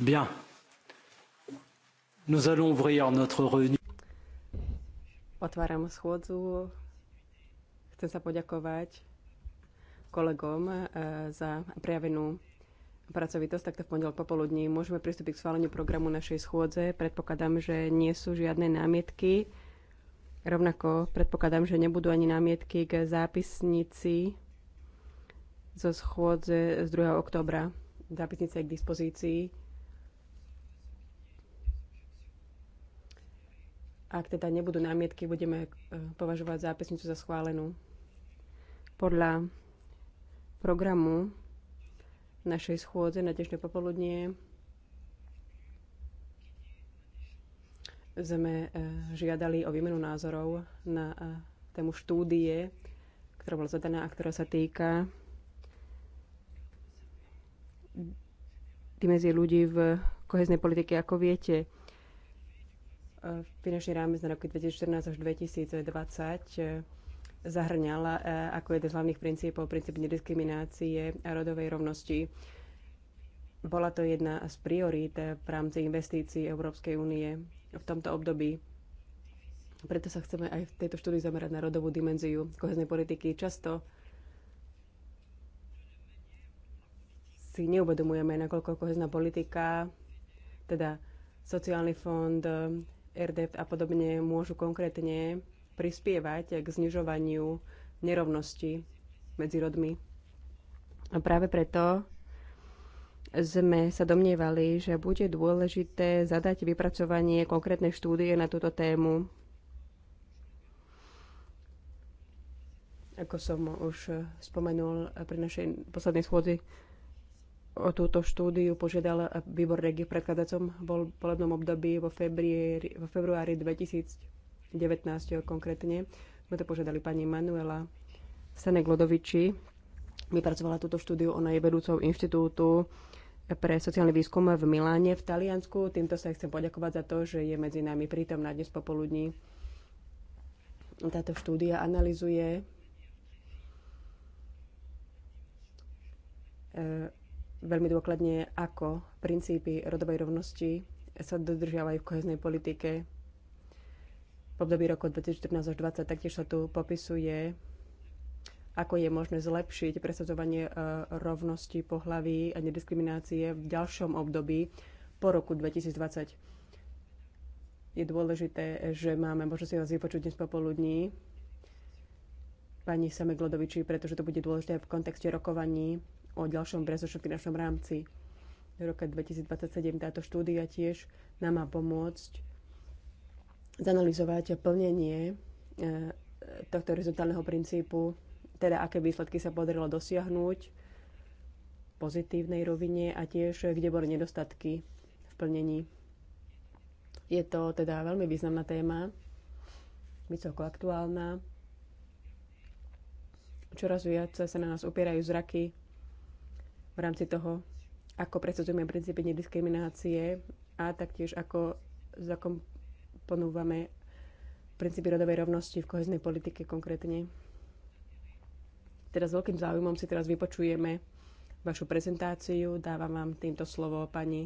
Bien. Nous allons ouvrir notre revenu. Otváram schôdzu. Chcem sa poďakovať kolegom eh, za prejavenú pracovitosť takto v pondelok popoludní. Môžeme pristúpiť k schváleniu programu našej schôdze. Predpokladám, že nie sú žiadne námietky. Rovnako predpokladám, že nebudú ani námietky k zápisnici zo schôdze z 2. oktobra. zápisnice je k dispozícii. Ak teda nebudú námietky, budeme e, považovať zápisnicu za schválenú. Podľa programu našej schôdze na dnešné popoludnie sme e, žiadali o výmenu názorov na e, tému štúdie, ktorá bola zadaná a ktorá sa týka dimenzie ľudí v koheznej politike. Ako viete, finančný rámec na roky 2014 až 2020 eh, zahrňal eh, ako jeden z hlavných princípov princíp nediskriminácie a rodovej rovnosti. Bola to jedna z priorít eh, v rámci investícií Európskej únie v tomto období. Preto sa chceme aj v tejto štúdii zamerať na rodovú dimenziu koheznej politiky. Často si neuvedomujeme, nakoľko kohezná politika, teda sociálny fond, RDF a podobne môžu konkrétne prispievať k znižovaniu nerovnosti medzi rodmi. A práve preto sme sa domnievali, že bude dôležité zadať vypracovanie konkrétnej štúdie na túto tému. Ako som už spomenul pri našej poslednej schôdzi o túto štúdiu požiadal výbor regie v predkladacom volebnom období vo februári, vo februári 2019 konkrétne. Sme to požiadali pani Manuela Seneglodoviči. Vypracovala túto štúdiu, ona je vedúcou inštitútu pre sociálny výskum v Miláne v Taliansku. Týmto sa chcem poďakovať za to, že je medzi nami prítomná dnes popoludní. Táto štúdia analizuje e, veľmi dôkladne, ako princípy rodovej rovnosti sa dodržiavajú v koheznej politike. V období roku 2014 až 2020 taktiež sa tu popisuje, ako je možné zlepšiť presadzovanie e, rovnosti pohlaví a nediskriminácie v ďalšom období po roku 2020. Je dôležité, že máme možnosť si vás vypočuť dnes popoludní pani Sameglodoviči, pretože to bude dôležité v kontexte rokovaní o ďalšom brezočnom finančnom rámci v roka 2027. Táto štúdia tiež nám má pomôcť zanalizovať plnenie e, tohto horizontálneho princípu, teda aké výsledky sa podarilo dosiahnuť v pozitívnej rovine a tiež kde boli nedostatky v plnení. Je to teda veľmi významná téma, vysoko aktuálna. Čoraz viac sa na nás upierajú zraky v rámci toho, ako presadzujeme princípy nediskriminácie a taktiež ako zakomponúvame princípy rodovej rovnosti v koheznej politike konkrétne. Teraz veľkým záujmom si teraz vypočujeme vašu prezentáciu. Dávam vám týmto slovo pani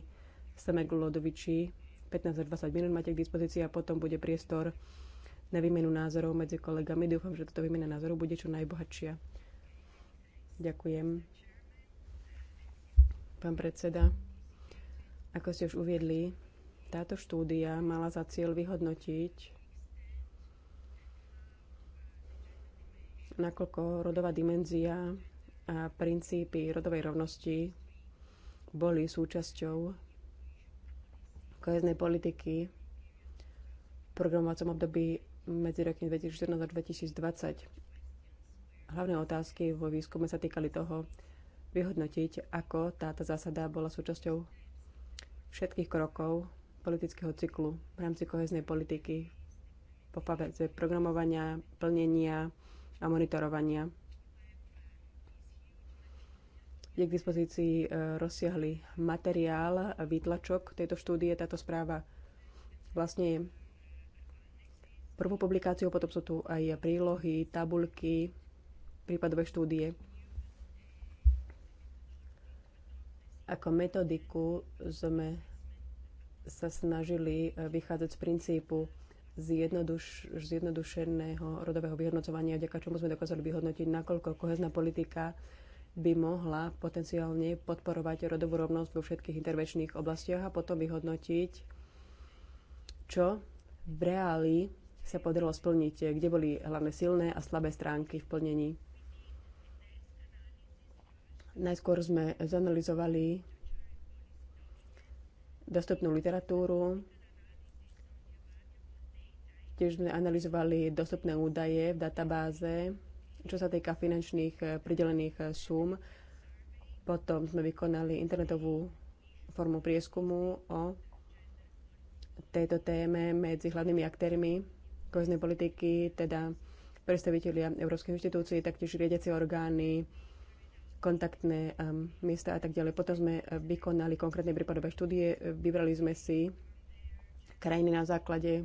Semeglu Lodoviči. 15 až 20 minút máte k dispozícii a potom bude priestor na výmenu názorov medzi kolegami. Dúfam, že toto výmena názorov bude čo najbohatšia. Ďakujem pán predseda. Ako ste už uviedli, táto štúdia mala za cieľ vyhodnotiť, nakoľko rodová dimenzia a princípy rodovej rovnosti boli súčasťou koheznej politiky v programovacom období medzi rokmi 2014 a 2020. Hlavné otázky vo výskume sa týkali toho, vyhodnotiť, ako táto zásada bola súčasťou všetkých krokov politického cyklu v rámci koheznej politiky po fáze programovania, plnenia a monitorovania. Je k dispozícii e, rozsiahly materiál, výtlačok tejto štúdie. Táto správa vlastne je prvou publikáciou, potom sú tu aj prílohy, tabulky, prípadové štúdie. Ako metodiku sme sa snažili eh, vychádzať z princípu zjednoduš- zjednodušeného rodového vyhodnocovania, vďaka čomu sme dokázali vyhodnotiť, nakoľko kohezná politika by mohla potenciálne podporovať rodovú rovnosť vo všetkých intervenčných oblastiach a potom vyhodnotiť, čo v reáli sa podarilo splniť, eh, kde boli hlavne silné a slabé stránky v plnení. Najskôr sme zanalizovali dostupnú literatúru, tiež sme analyzovali dostupné údaje v databáze, čo sa týka finančných eh, pridelených eh, súm. Potom sme vykonali internetovú formu prieskumu o tejto téme medzi hlavnými aktérmi kohezné politiky, teda predstavitelia európskych inštitúcií, taktiež riadiacie orgány, kontaktné um, miesta a tak ďalej. Potom sme eh, vykonali konkrétne prípadové štúdie, vybrali sme si krajiny na základe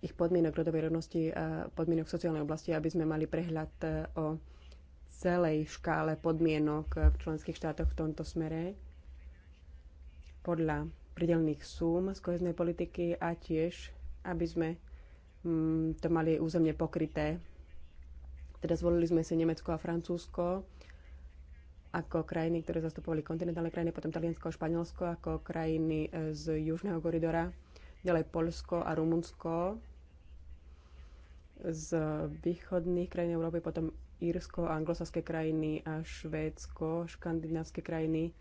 ich podmienok rodovej rovnosti a podmienok sociálnej oblasti, aby sme mali prehľad eh, o celej škále podmienok eh, v členských štátoch v tomto smere podľa pridelných súm z koheznej politiky a tiež, aby sme mm, to mali územne pokryté teda zvolili sme si Nemecko a Francúzsko ako krajiny, ktoré zastupovali kontinentálne krajiny, potom Taliansko a Španielsko ako krajiny e, z južného koridora, ďalej Polsko a Rumunsko z východných krajín Európy, potom Írsko, anglosaské krajiny a Švédsko, škandinávské krajiny.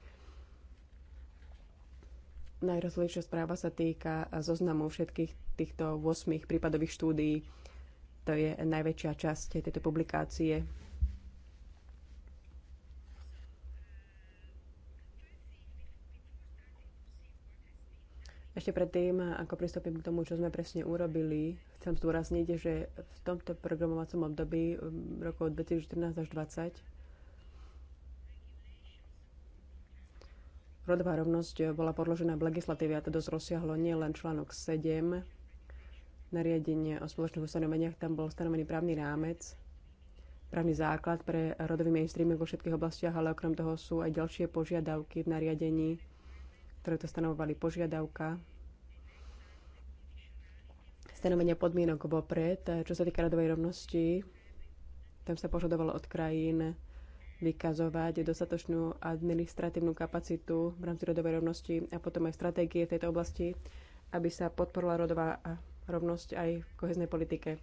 Najrozličnejšia správa sa týka e, zoznamu všetkých týchto 8 prípadových štúdií to je najväčšia časť tejto publikácie. Ešte predtým, ako pristúpim k tomu, čo sme presne urobili, chcem zdôrazniť, že v tomto programovacom období um, rokov 2014 až 2020 rodová rovnosť bola podložená v legislatíve a to dosť rozsiahlo nielen článok 7 nariadenie o spoločných ustanoveniach, tam bol stanovený právny rámec, právny základ pre rodový mainstreaming vo všetkých oblastiach, ale okrem toho sú aj ďalšie požiadavky v nariadení, ktoré to stanovovali požiadavka stanovenia podmienok vopred. Čo sa týka radovej rovnosti, tam sa požadovalo od krajín vykazovať dostatočnú administratívnu kapacitu v rámci rodovej rovnosti a potom aj stratégie v tejto oblasti, aby sa podporila rodová rovnosť aj v koheznej politike.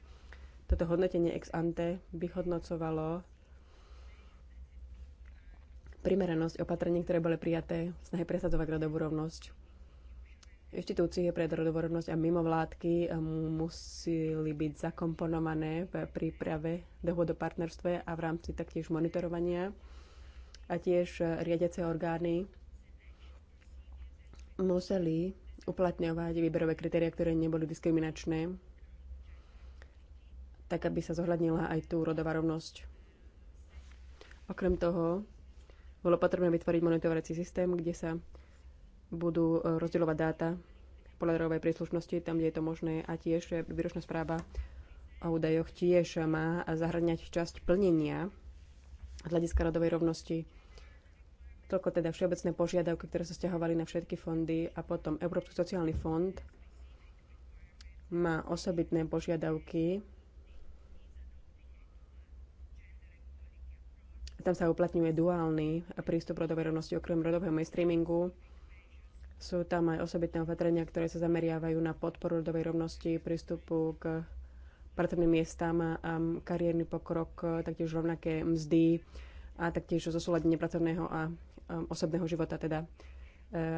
Toto hodnotenie ex ante vyhodnocovalo primeranosť opatrení, ktoré boli prijaté v snahe presadzovať rodovú rovnosť. Inštitúcie pre rodovú rovnosť a mimovládky eh, museli byť zakomponované v príprave dohod o partnerstve a v rámci taktiež monitorovania a tiež eh, riadiace orgány museli uplatňovať výberové kritéria, ktoré neboli diskriminačné, tak aby sa zohľadnila aj tú rodová rovnosť. Okrem toho, bolo potrebné vytvoriť monitorovací systém, kde sa budú e, rozdielovať dáta podľa rodovej príslušnosti, tam, kde je to možné, a tiež e, výročná správa o údajoch tiež má zahrňať časť plnenia z hľadiska rodovej rovnosti Toľko teda všeobecné požiadavky, ktoré sa stiahovali na všetky fondy a potom Európsky sociálny fond má osobitné požiadavky. Tam sa uplatňuje duálny prístup rodovej rovnosti okrem rodového mainstreamingu. Sú tam aj osobitné opatrenia, ktoré sa zameriavajú na podporu rodovej rovnosti, prístupu k pracovným miestam, a kariérny pokrok, taktiež rovnaké mzdy a taktiež zosúladenie pracovného a Um, osobného života. Teda uh,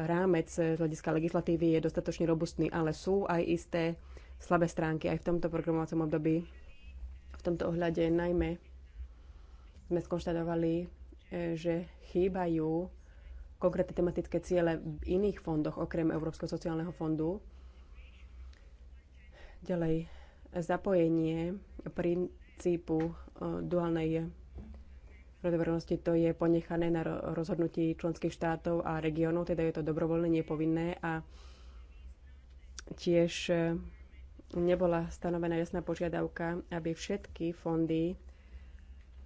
rámec uh, z hľadiska legislatívy je dostatočne robustný, ale sú aj isté slabé stránky aj v tomto programovacom období. V tomto ohľade najmä sme skonštatovali, uh, že chýbajú konkrétne tematické ciele v iných fondoch, okrem Európskeho sociálneho fondu. Ďalej, zapojenie princípu duálnej Rodovernosti to je ponechané na rozhodnutí členských štátov a regiónov, teda je to dobrovoľné, nepovinné a tiež e, nebola stanovená jasná požiadavka, aby všetky fondy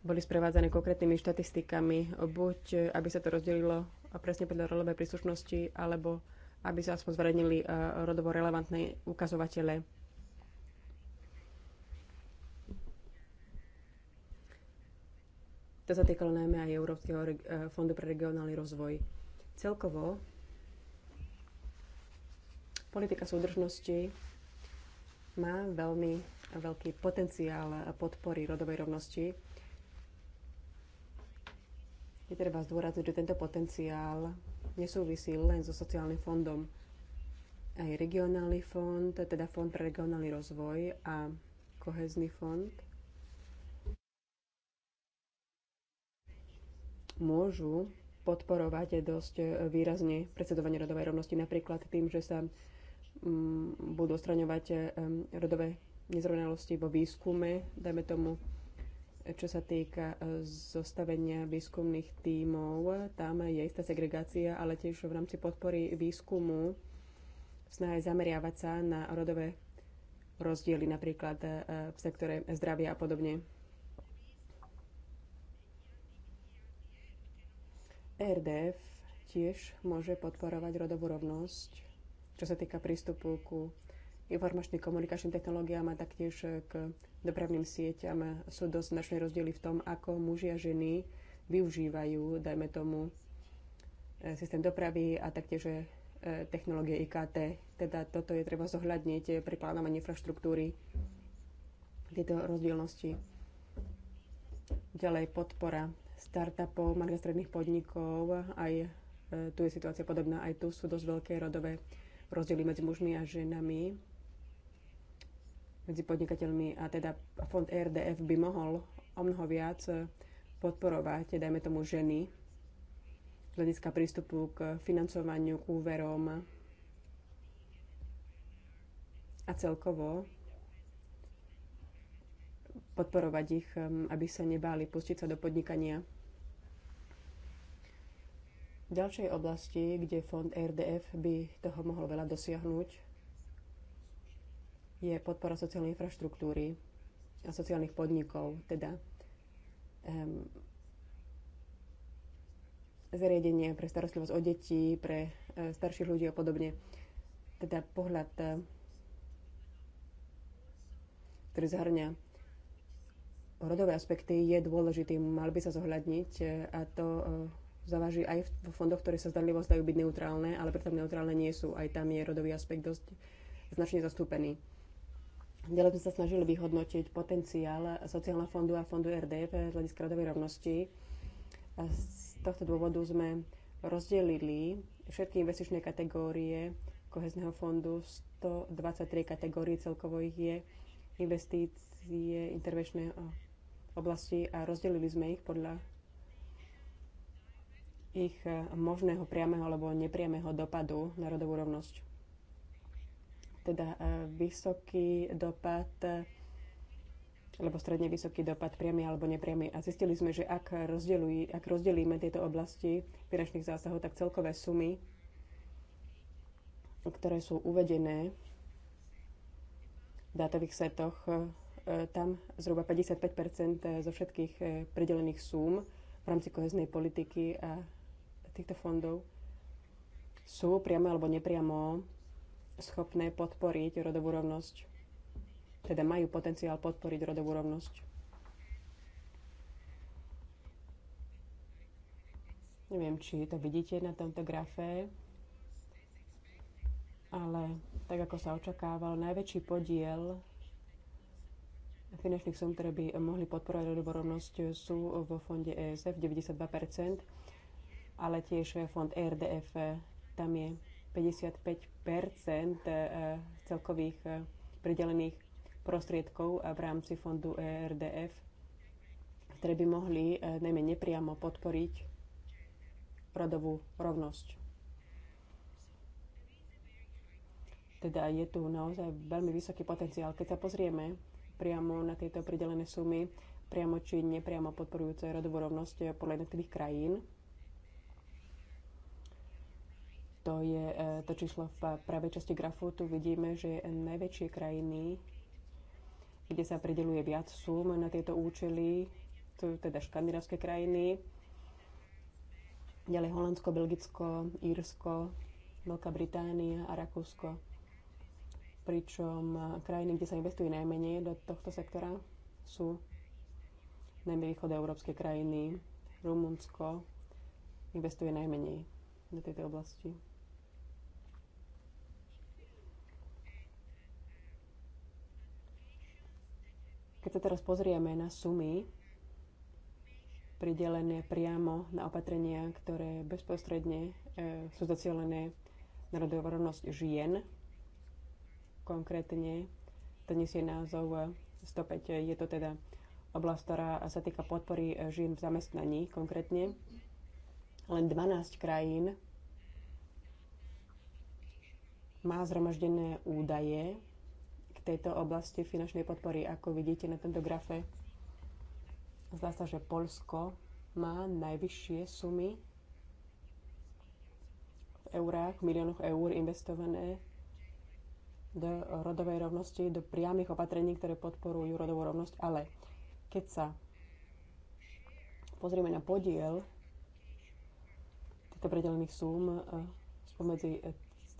boli sprevádzané konkrétnymi štatistikami, buď e, aby sa to rozdelilo presne podľa rolovej príslušnosti, alebo aby sa aspoň zverejnili e, rodovo relevantné ukazovatele To sa týkalo najmä aj Európskeho eh, fondu pre regionálny rozvoj. Celkovo politika súdržnosti má veľmi veľký potenciál podpory rodovej rovnosti. Je treba zdôrazniť, že tento potenciál nesúvisí len so sociálnym fondom. Aj regionálny fond, teda fond pre regionálny rozvoj a kohezný fond – môžu podporovať dosť výrazne predsedovanie rodovej rovnosti, napríklad tým, že sa mm, budú ostraňovať e, rodové nezrovnalosti vo výskume, dajme tomu, čo sa týka e, zostavenia výskumných tímov, tam je istá segregácia, ale tiež v rámci podpory výskumu snaha snahe zameriavať sa na rodové rozdiely, napríklad e, v sektore zdravia a podobne. RDF tiež môže podporovať rodovú rovnosť, čo sa týka prístupu ku informačným komunikačným technológiám a taktiež k dopravným sieťam. Sú dosť značné rozdiely v tom, ako muži a ženy využívajú, dajme tomu, e, systém dopravy a taktiež e, technológie IKT. Teda toto je treba zohľadniť e, pri plánovaní infraštruktúry tieto rozdielnosti. Ďalej podpora startupov, malých a stredných podnikov. Aj e, tu je situácia podobná, aj tu sú dosť veľké rodové rozdiely medzi mužmi a ženami, medzi podnikateľmi. A teda fond RDF by mohol o mnoho viac e, podporovať, dajme tomu, ženy z hľadiska prístupu k financovaniu, k úverom a celkovo podporovať ich, um, aby sa nebáli pustiť sa do podnikania. V ďalšej oblasti, kde fond RDF by toho mohol veľa dosiahnuť, je podpora sociálnej infraštruktúry a sociálnych podnikov, teda um, zariadenie pre starostlivosť o deti, pre uh, starších ľudí a podobne. Teda pohľad, uh, ktorý zahrňa rodové aspekty je dôležitý, mal by sa zohľadniť e, a to e, zavaží aj v fondoch, ktoré sa zdanlivo zdajú byť neutrálne, ale pritom neutrálne nie sú. Aj tam je rodový aspekt dosť značne zastúpený. Ďalej sme sa snažili vyhodnotiť potenciál sociálneho fondu a fondu RDF z hľadiska rodovej rovnosti. A z tohto dôvodu sme rozdelili všetky investičné kategórie kohezného fondu, 123 kategórií celkovo ich je, investície, intervenčné oblasti a rozdelili sme ich podľa ich eh, možného priamého alebo nepriamého dopadu na rodovú rovnosť. Teda eh, vysoký dopad eh, alebo stredne vysoký dopad, priamy alebo nepriamy. A zistili sme, že ak, rozdeluj, ak rozdelíme tieto oblasti finančných zásahov, tak celkové sumy, ktoré sú uvedené v dátových setoch, E, tam zhruba 55 e, zo všetkých e, predelených súm v rámci koheznej politiky a týchto fondov sú priamo alebo nepriamo schopné podporiť rodovú rovnosť. Teda majú potenciál podporiť rodovú rovnosť. Neviem, či to vidíte na tomto grafe, ale tak ako sa očakával, najväčší podiel finančných sum, ktoré by mohli podporovať rodovú rovnosť, eh, sú vo fonde e ESF 92%, ale tiež eh, fond ERDF, eh, tam je 55% celkových pridelených prostriedkov v rámci fondu ERDF, ktoré by mohli najmä nepriamo podporiť rodovú rovnosť. Teda je tu naozaj veľmi vysoký potenciál. Keď sa pozrieme priamo na tieto pridelené sumy, priamo či nepriamo podporujúce rodovú rovnosť eh, podľa jednotlivých krajín. To je eh, to číslo v pravej časti grafu. Tu vidíme, že najväčšie krajiny, kde sa prideluje viac sum na tieto účely, to teda škandinávské krajiny, ďalej Holandsko, Belgicko, Írsko, Veľká Británia a Rakúsko pričom e, krajiny, kde sa investuje najmenej do tohto sektora, sú najmä európske krajiny. Rumunsko investuje najmenej do tejto oblasti. Keď sa teraz pozrieme na sumy pridelené priamo na opatrenia, ktoré bezprostredne e, sú zacielené na rodovú žien, Konkrétne to nesie názov 105. E, e, je to teda oblasť, ktorá sa týka podpory e, žien v zamestnaní konkrétne. Len 12 krajín má zhromaždené údaje k tejto oblasti finančnej podpory. Ako vidíte na tomto grafe, zdá sa, že Polsko má najvyššie sumy v eurách, v miliónoch eur investované do rodovej rovnosti, do priamých opatrení, ktoré podporujú rodovú rovnosť, ale keď sa pozrieme na podiel týchto predelených súm eh, spomedzi eh,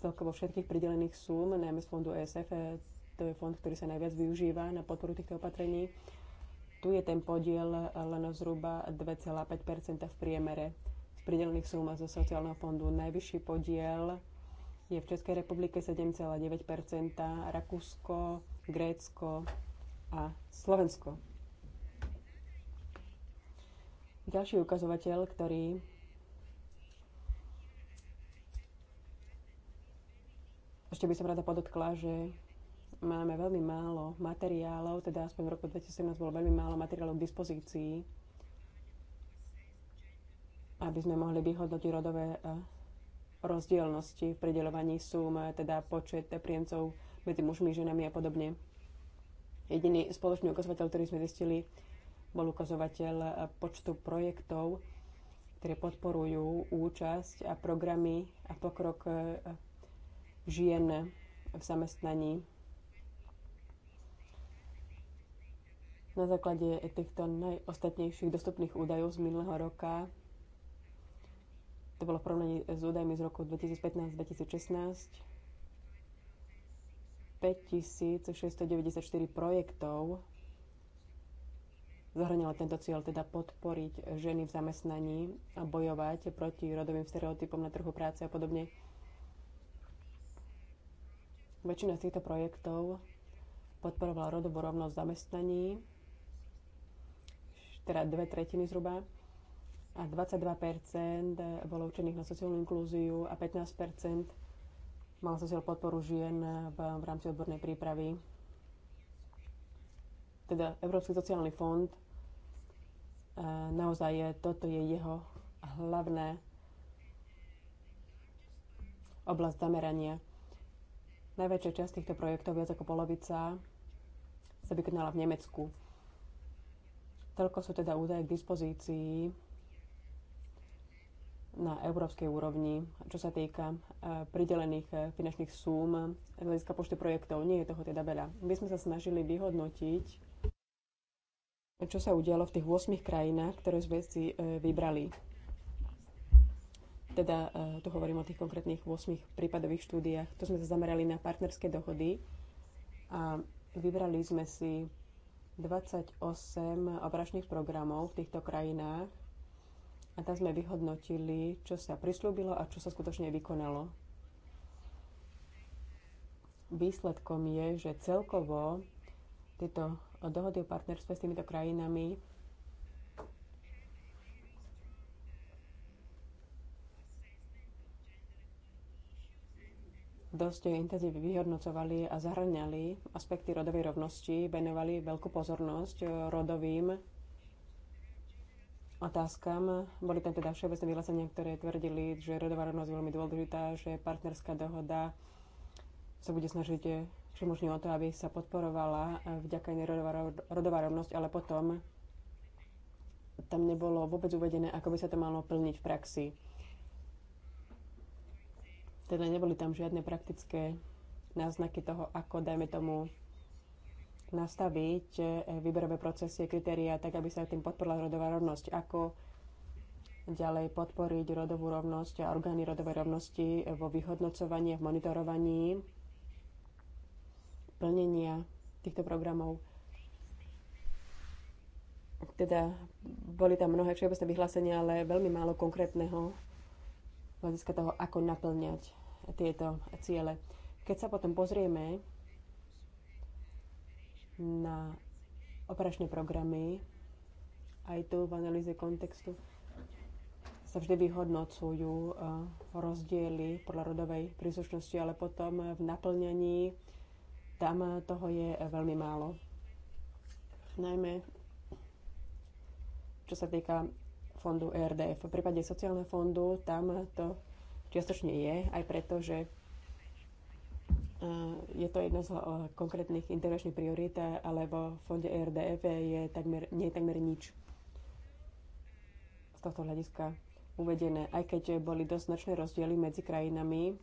celkovo všetkých pridelených súm, najmä z fondu ESF, eh, to je fond, ktorý sa najviac využíva na podporu týchto opatrení, tu je ten podiel len zhruba 2,5 v priemere z pridelených súm zo sociálneho fondu. Najvyšší podiel je v Českej republike 7,9 Rakúsko, Grécko a Slovensko. Ďalší ukazovateľ, ktorý ešte by som rada podotkla, že máme veľmi málo materiálov, teda aspoň v roku 2017 bolo veľmi málo materiálov k dispozícii, aby sme mohli vyhodnotiť rodové eh, rozdielnosti v pridelovaní súm, teda počet príjemcov medzi mužmi, ženami a podobne. Jediný spoločný ukazovateľ, ktorý sme zistili, bol ukazovateľ počtu projektov, ktoré podporujú účasť a programy a pokrok e, žien v zamestnaní. Na základe týchto najostatnejších dostupných údajov z minulého roka to bolo v porovnaní s údajmi z roku 2015-2016. 5694 projektov zahrňal tento cieľ, teda podporiť ženy v zamestnaní a bojovať proti rodovým stereotypom na trhu práce a podobne. Väčšina z týchto projektov podporovala rodovú rovnosť v zamestnaní, teda dve tretiny zhruba a 22% bolo určených na sociálnu inklúziu a 15% mal sociálnu podporu žien v, v rámci odbornej prípravy. Teda Európsky sociálny fond, e, naozaj je, toto je jeho hlavné oblasť zamerania. Najväčšia časť týchto projektov, viac ako polovica, sa vykonala v Nemecku. Toľko sú teda údaje k dispozícii na európskej úrovni, čo sa týka e, pridelených e, finančných súm z hľadiska počtu projektov. Nie je toho teda veľa. My sme sa snažili vyhodnotiť, čo sa udialo v tých 8 krajinách, ktoré sme si vybrali. Teda e, tu hovorím o tých konkrétnych 8 prípadových štúdiách. To sme sa zamerali na partnerské dohody a vybrali sme si 28 operačných programov v týchto krajinách a tam sme vyhodnotili, čo sa prislúbilo a čo sa skutočne vykonalo. Výsledkom je, že celkovo tieto dohody o partnerstve s týmito krajinami dosť intenzívne vyhodnocovali a zahrňali aspekty rodovej rovnosti, venovali veľkú pozornosť eh, rodovým otázkam. Boli tam teda všeobecné vyhlásenia, ktoré tvrdili, že rodová rovnosť je veľmi dôležitá, že partnerská dohoda sa bude snažiť všemožne eh, o to, aby sa podporovala eh, vďaka nej rodová, rodová rovnosť, ale potom tam nebolo vôbec uvedené, ako by sa to malo plniť v praxi. Teda neboli tam žiadne praktické náznaky toho, ako, dajme tomu, nastaviť e, výberové procesy, kritéria, tak aby sa tým podporila rodová rovnosť. Ako ďalej podporiť rodovú rovnosť a orgány rodovej rovnosti vo vyhodnocovaní, v monitorovaní plnenia týchto programov. Teda boli tam mnohé všeobecné vyhlásenia, ale veľmi málo konkrétneho hľadiska toho, ako naplňať tieto ciele. Keď sa potom pozrieme na operačné programy. Aj tu v analýze kontextu sa vždy vyhodnocujú eh, rozdiely podľa rodovej príslušnosti, ale potom v naplňaní tam toho je veľmi málo. Najmä čo sa týka fondu ERDF. V prípade sociálneho fondu tam to čiastočne je, aj preto, že je to jedna z eh, konkrétnych intervenčných priorít, eh, ale vo fonde ERDF e je takmer, nie je takmer nič z tohto hľadiska uvedené. Aj keď boli dosť značné rozdiely medzi krajinami,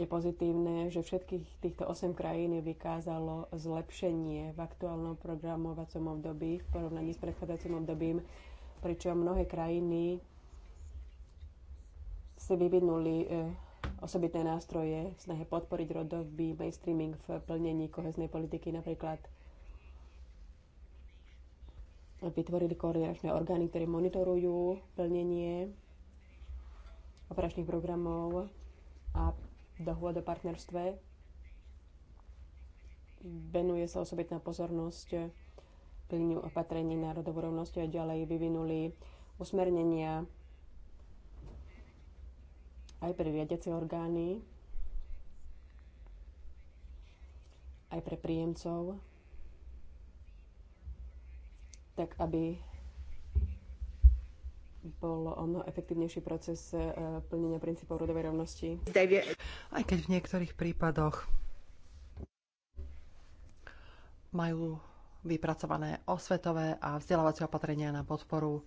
je pozitívne, že všetkých týchto 8 krajín vykázalo zlepšenie v aktuálnom programovacom období v porovnaní s predchádzajúcim obdobím, pričom mnohé krajiny sme vyvinuli e, osobitné nástroje v snahe podporiť rodový mainstreaming v plnení koheznej politiky napríklad vytvorili koordinačné orgány, ktoré monitorujú plnenie operačných programov a dohôd o partnerstve. Venuje sa osobitná pozornosť plneniu opatrení na rodovú rovnosť a ďalej vyvinuli usmernenia aj pre riadiace orgány, aj pre príjemcov, tak aby bol o mnoho efektívnejší proces e, plnenia princípov rodovej rovnosti. Aj keď v niektorých prípadoch majú vypracované osvetové a vzdelávacie opatrenia na podporu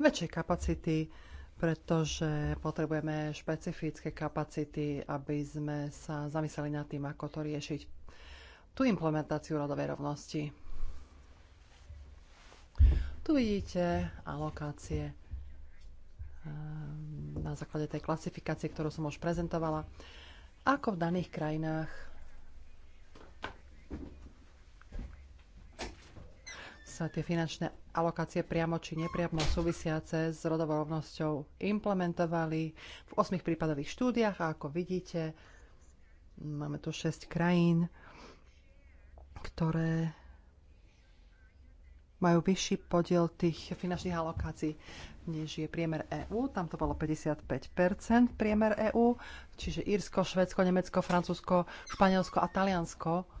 väčšej kapacity pretože potrebujeme špecifické kapacity, aby sme sa zamysleli nad tým, ako to riešiť tú implementáciu rodovej rovnosti. Tu vidíte alokácie eh, na základe tej klasifikácie, ktorú som už prezentovala, ako v daných krajinách sa tie finančné alokácie priamo či nepriamo súvisiace s rodovou rovnosťou implementovali v 8 prípadových štúdiách a ako vidíte, máme tu 6 krajín, ktoré majú vyšší podiel tých finančných alokácií, než je priemer EÚ. Tam to bolo 55% priemer EÚ, čiže Írsko, Švedsko, Nemecko, Francúzsko, Španielsko a Taliansko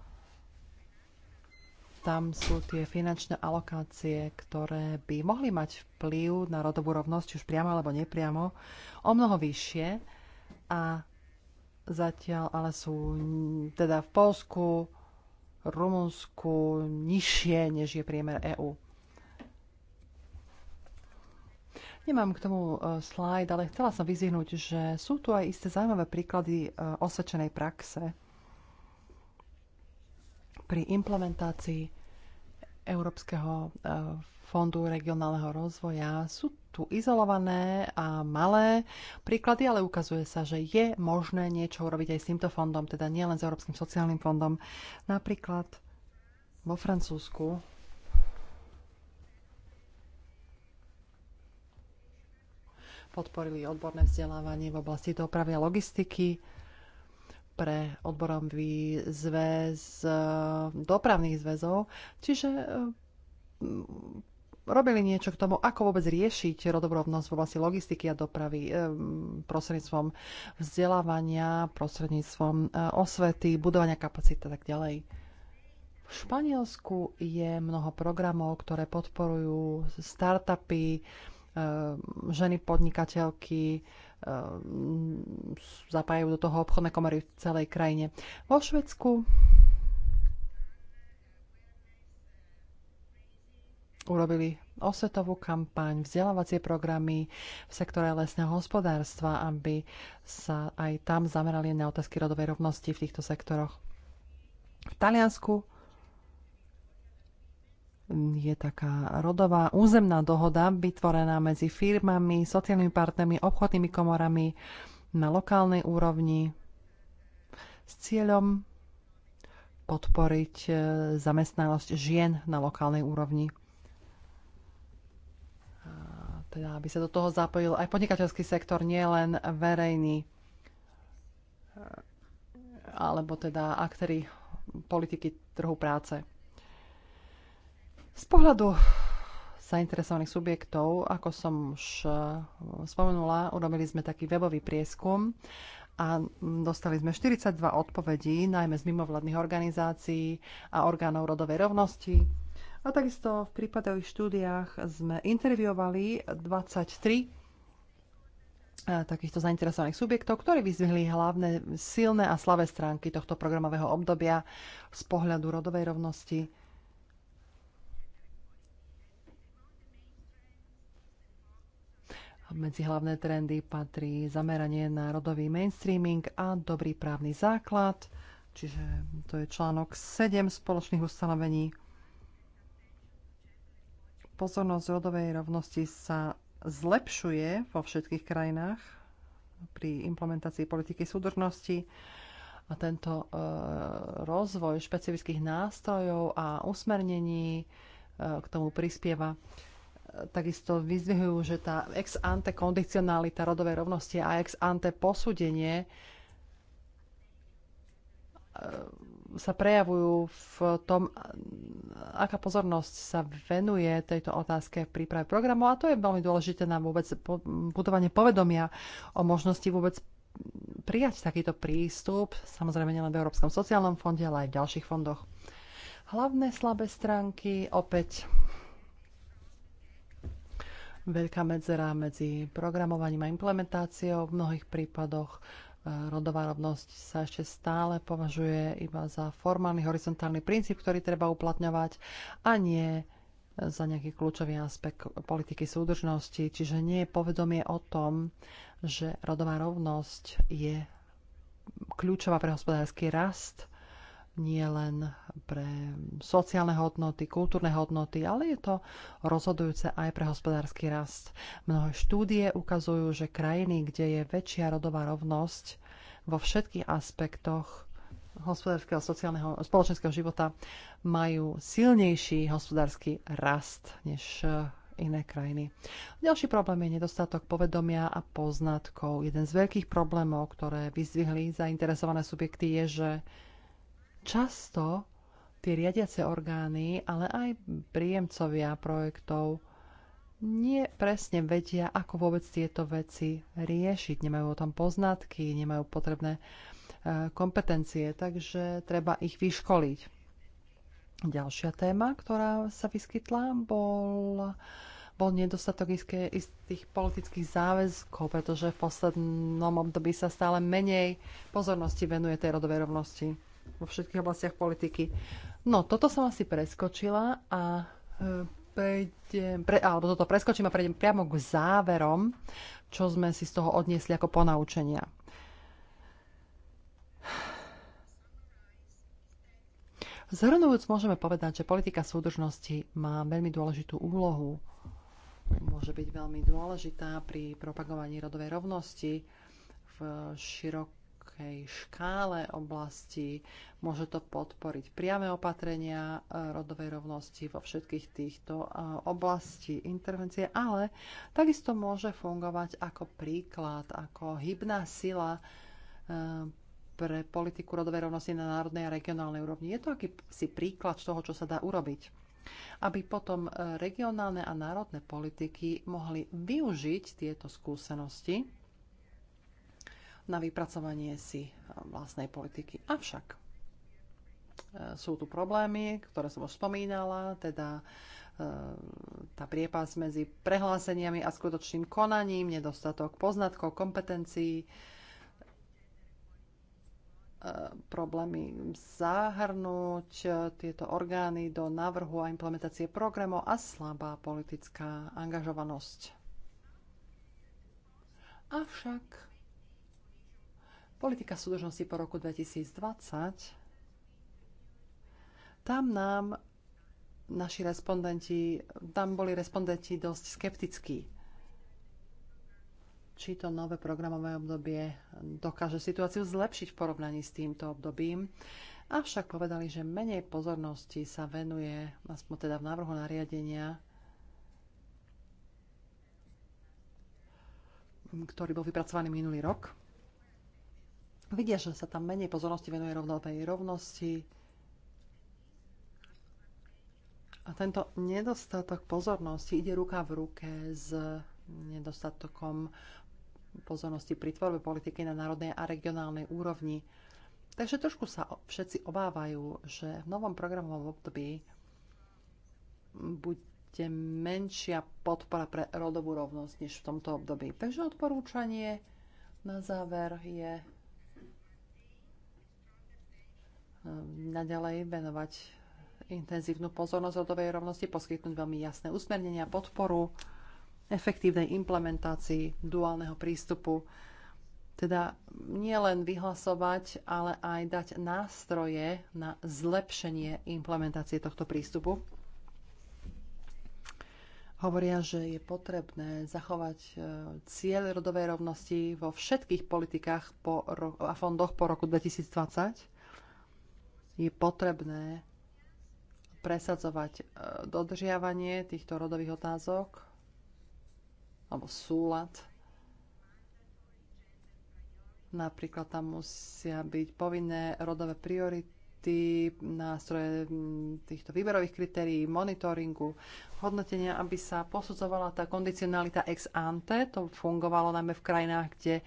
tam sú tie finančné alokácie, ktoré by mohli mať vplyv na rodovú rovnosť, už priamo alebo nepriamo, o mnoho vyššie. A zatiaľ ale sú teda v Polsku, Rumunsku nižšie, než je priemer EÚ. Nemám k tomu e, slajd, ale chcela som vyzvihnúť, že sú tu aj isté zaujímavé príklady e, osvedčenej praxe pri implementácii Európskeho e, fondu regionálneho rozvoja. Sú tu izolované a malé príklady, ale ukazuje sa, že je možné niečo urobiť aj s týmto fondom, teda nielen s Európskym sociálnym fondom. Napríklad vo Francúzsku podporili odborné vzdelávanie v oblasti dopravy a logistiky pre odborový zväz eh, dopravných zväzov. Čiže eh, robili niečo k tomu, ako vôbec riešiť rodobrovnosť v oblasti logistiky a dopravy eh, prostredníctvom vzdelávania, prostredníctvom osvety, budovania kapacity a tak ďalej. V Španielsku je mnoho programov, ktoré podporujú startupy, ženy podnikateľky, Eh, zapájajú do toho obchodné komory v celej krajine. Vo Švedsku urobili osvetovú kampaň, vzdelávacie programy v sektore lesného hospodárstva, aby sa aj tam zamerali na otázky rodovej rovnosti v týchto sektoroch. V Taliansku je taká rodová územná dohoda vytvorená medzi firmami, sociálnymi partnermi, obchodnými komorami na lokálnej úrovni s cieľom podporiť e, zamestnanosť žien na lokálnej úrovni. Teda, aby sa do toho zapojil aj podnikateľský sektor, nie len verejný, e, alebo teda aktéry politiky trhu práce. Z pohľadu zainteresovaných subjektov, ako som už eh, spomenula, urobili sme taký webový prieskum a dostali sme 42 odpovedí, najmä z mimovladných organizácií a orgánov rodovej rovnosti. A takisto v prípadových štúdiách sme interviovali 23 eh, takýchto zainteresovaných subjektov, ktorí vyzvihli hlavné silné a slavé stránky tohto programového obdobia z pohľadu rodovej rovnosti, Medzi hlavné trendy patrí zameranie na rodový mainstreaming a dobrý právny základ, čiže to je článok 7 spoločných ustanovení. Pozornosť rodovej rovnosti sa zlepšuje vo všetkých krajinách pri implementácii politiky súdržnosti a tento e, rozvoj špecifických nástrojov a usmernení e, k tomu prispieva. E, takisto vyzvihujú, že tá ex ante kondicionalita rodovej rovnosti a ex ante posúdenie e, sa prejavujú v tom, aká pozornosť sa venuje tejto otázke v príprave programu a to je veľmi dôležité na vôbec budovanie povedomia o možnosti vôbec prijať takýto prístup, samozrejme nielen v Európskom sociálnom fonde, ale aj v ďalších fondoch. Hlavné slabé stránky, opäť veľká medzera medzi programovaním a implementáciou. V mnohých prípadoch e, rodová rovnosť sa ešte stále považuje iba za formálny horizontálny princíp, ktorý treba uplatňovať a nie za nejaký kľúčový aspekt politiky súdržnosti. Čiže nie je povedomie o tom, že rodová rovnosť je kľúčová pre hospodársky rast nie len pre sociálne hodnoty, kultúrne hodnoty, ale je to rozhodujúce aj pre hospodársky rast. Mnohé štúdie ukazujú, že krajiny, kde je väčšia rodová rovnosť vo všetkých aspektoch hospodárskeho, sociálneho, spoločenského života, majú silnejší hospodársky rast než eh, iné krajiny. Ďalší problém je nedostatok povedomia a poznatkov. Jeden z veľkých problémov, ktoré vyzvihli zainteresované subjekty, je, že Často tie riadiace orgány, ale aj príjemcovia projektov nie presne vedia, ako vôbec tieto veci riešiť. Nemajú o tom poznatky, nemajú potrebné e, kompetencie, takže treba ich vyškoliť. Ďalšia téma, ktorá sa vyskytla, bol, bol nedostatok istých politických záväzkov, pretože v poslednom období sa stále menej pozornosti venuje tej rodovej rovnosti vo všetkých oblastiach politiky. No, toto som asi preskočila a e, prejdem, pre, alebo toto preskočím a prejdem priamo k záverom, čo sme si z toho odniesli ako ponaučenia. Zhrnujúc môžeme povedať, že politika súdržnosti má veľmi dôležitú úlohu. Môže byť veľmi dôležitá pri propagovaní rodovej rovnosti v širok širokej škále oblastí. Môže to podporiť priame opatrenia e, rodovej rovnosti vo všetkých týchto e, oblastí intervencie, ale takisto môže fungovať ako príklad, ako hybná sila e, pre politiku rodovej rovnosti na národnej a regionálnej úrovni. Je to akýsi príklad toho, čo sa dá urobiť aby potom regionálne a národné politiky mohli využiť tieto skúsenosti na vypracovanie si e, vlastnej politiky. Avšak e, sú tu problémy, ktoré som už spomínala, teda e, tá priepas medzi prehláseniami a skutočným konaním, nedostatok poznatkov, kompetencií, problémy zahrnúť tieto orgány do návrhu a implementácie programov a slabá politická angažovanosť. Avšak politika súdržnosti po roku 2020, tam nám naši respondenti, tam boli respondenti dosť skeptickí či to nové programové obdobie dokáže situáciu zlepšiť v porovnaní s týmto obdobím. Avšak povedali, že menej pozornosti sa venuje, aspoň teda v návrhu nariadenia, ktorý bol vypracovaný minulý rok, Vidia, že sa tam menej pozornosti venuje tej rovnosti. A tento nedostatok pozornosti ide ruka v ruke s nedostatkom pozornosti pri tvorbe politiky na národnej a regionálnej úrovni. Takže trošku sa všetci obávajú, že v novom programovom období bude menšia podpora pre rodovú rovnosť než v tomto období. Takže odporúčanie na záver je Ehm, naďalej venovať intenzívnu pozornosť rodovej rovnosti, poskytnúť veľmi jasné usmernenia, podporu efektívnej implementácii duálneho prístupu. Teda nie len vyhlasovať, ale aj dať nástroje na zlepšenie implementácie tohto prístupu. Hovoria, že je potrebné zachovať e, cieľ rodovej rovnosti vo všetkých politikách po a fondoch po roku 2020 je potrebné presadzovať e, dodržiavanie týchto rodových otázok alebo súlad. Napríklad tam musia byť povinné rodové priority aspekty, nástroje týchto výberových kritérií, monitoringu, hodnotenia, aby sa posudzovala tá kondicionalita ex ante. To fungovalo najmä v krajinách, kde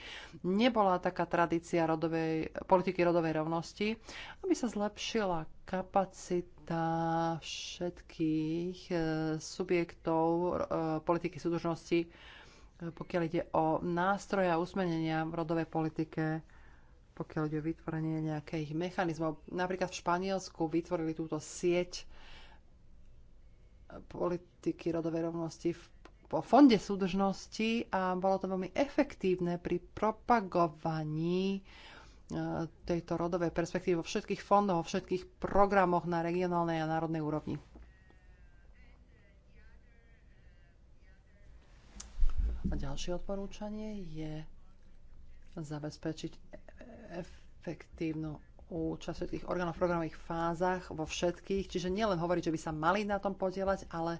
nebola taká tradícia rodovej, politiky rodovej rovnosti, aby sa zlepšila kapacita všetkých e, subjektov e, politiky súdržnosti, e, pokiaľ ide o nástroje a usmenenia v rodovej politike pokiaľ ide o vytvorenie nejakých mechanizmov. Napríklad v Španielsku vytvorili túto sieť politiky rodovej rovnosti v, po fonde súdržnosti a bolo to veľmi efektívne pri propagovaní e, tejto rodovej perspektívy vo všetkých fondoch, vo všetkých programoch na regionálnej a národnej úrovni. A ďalšie odporúčanie je zabezpečiť efektívnu účasť všetkých orgánov v programových fázach vo všetkých, čiže nielen hovoriť, že by sa mali na tom podielať, ale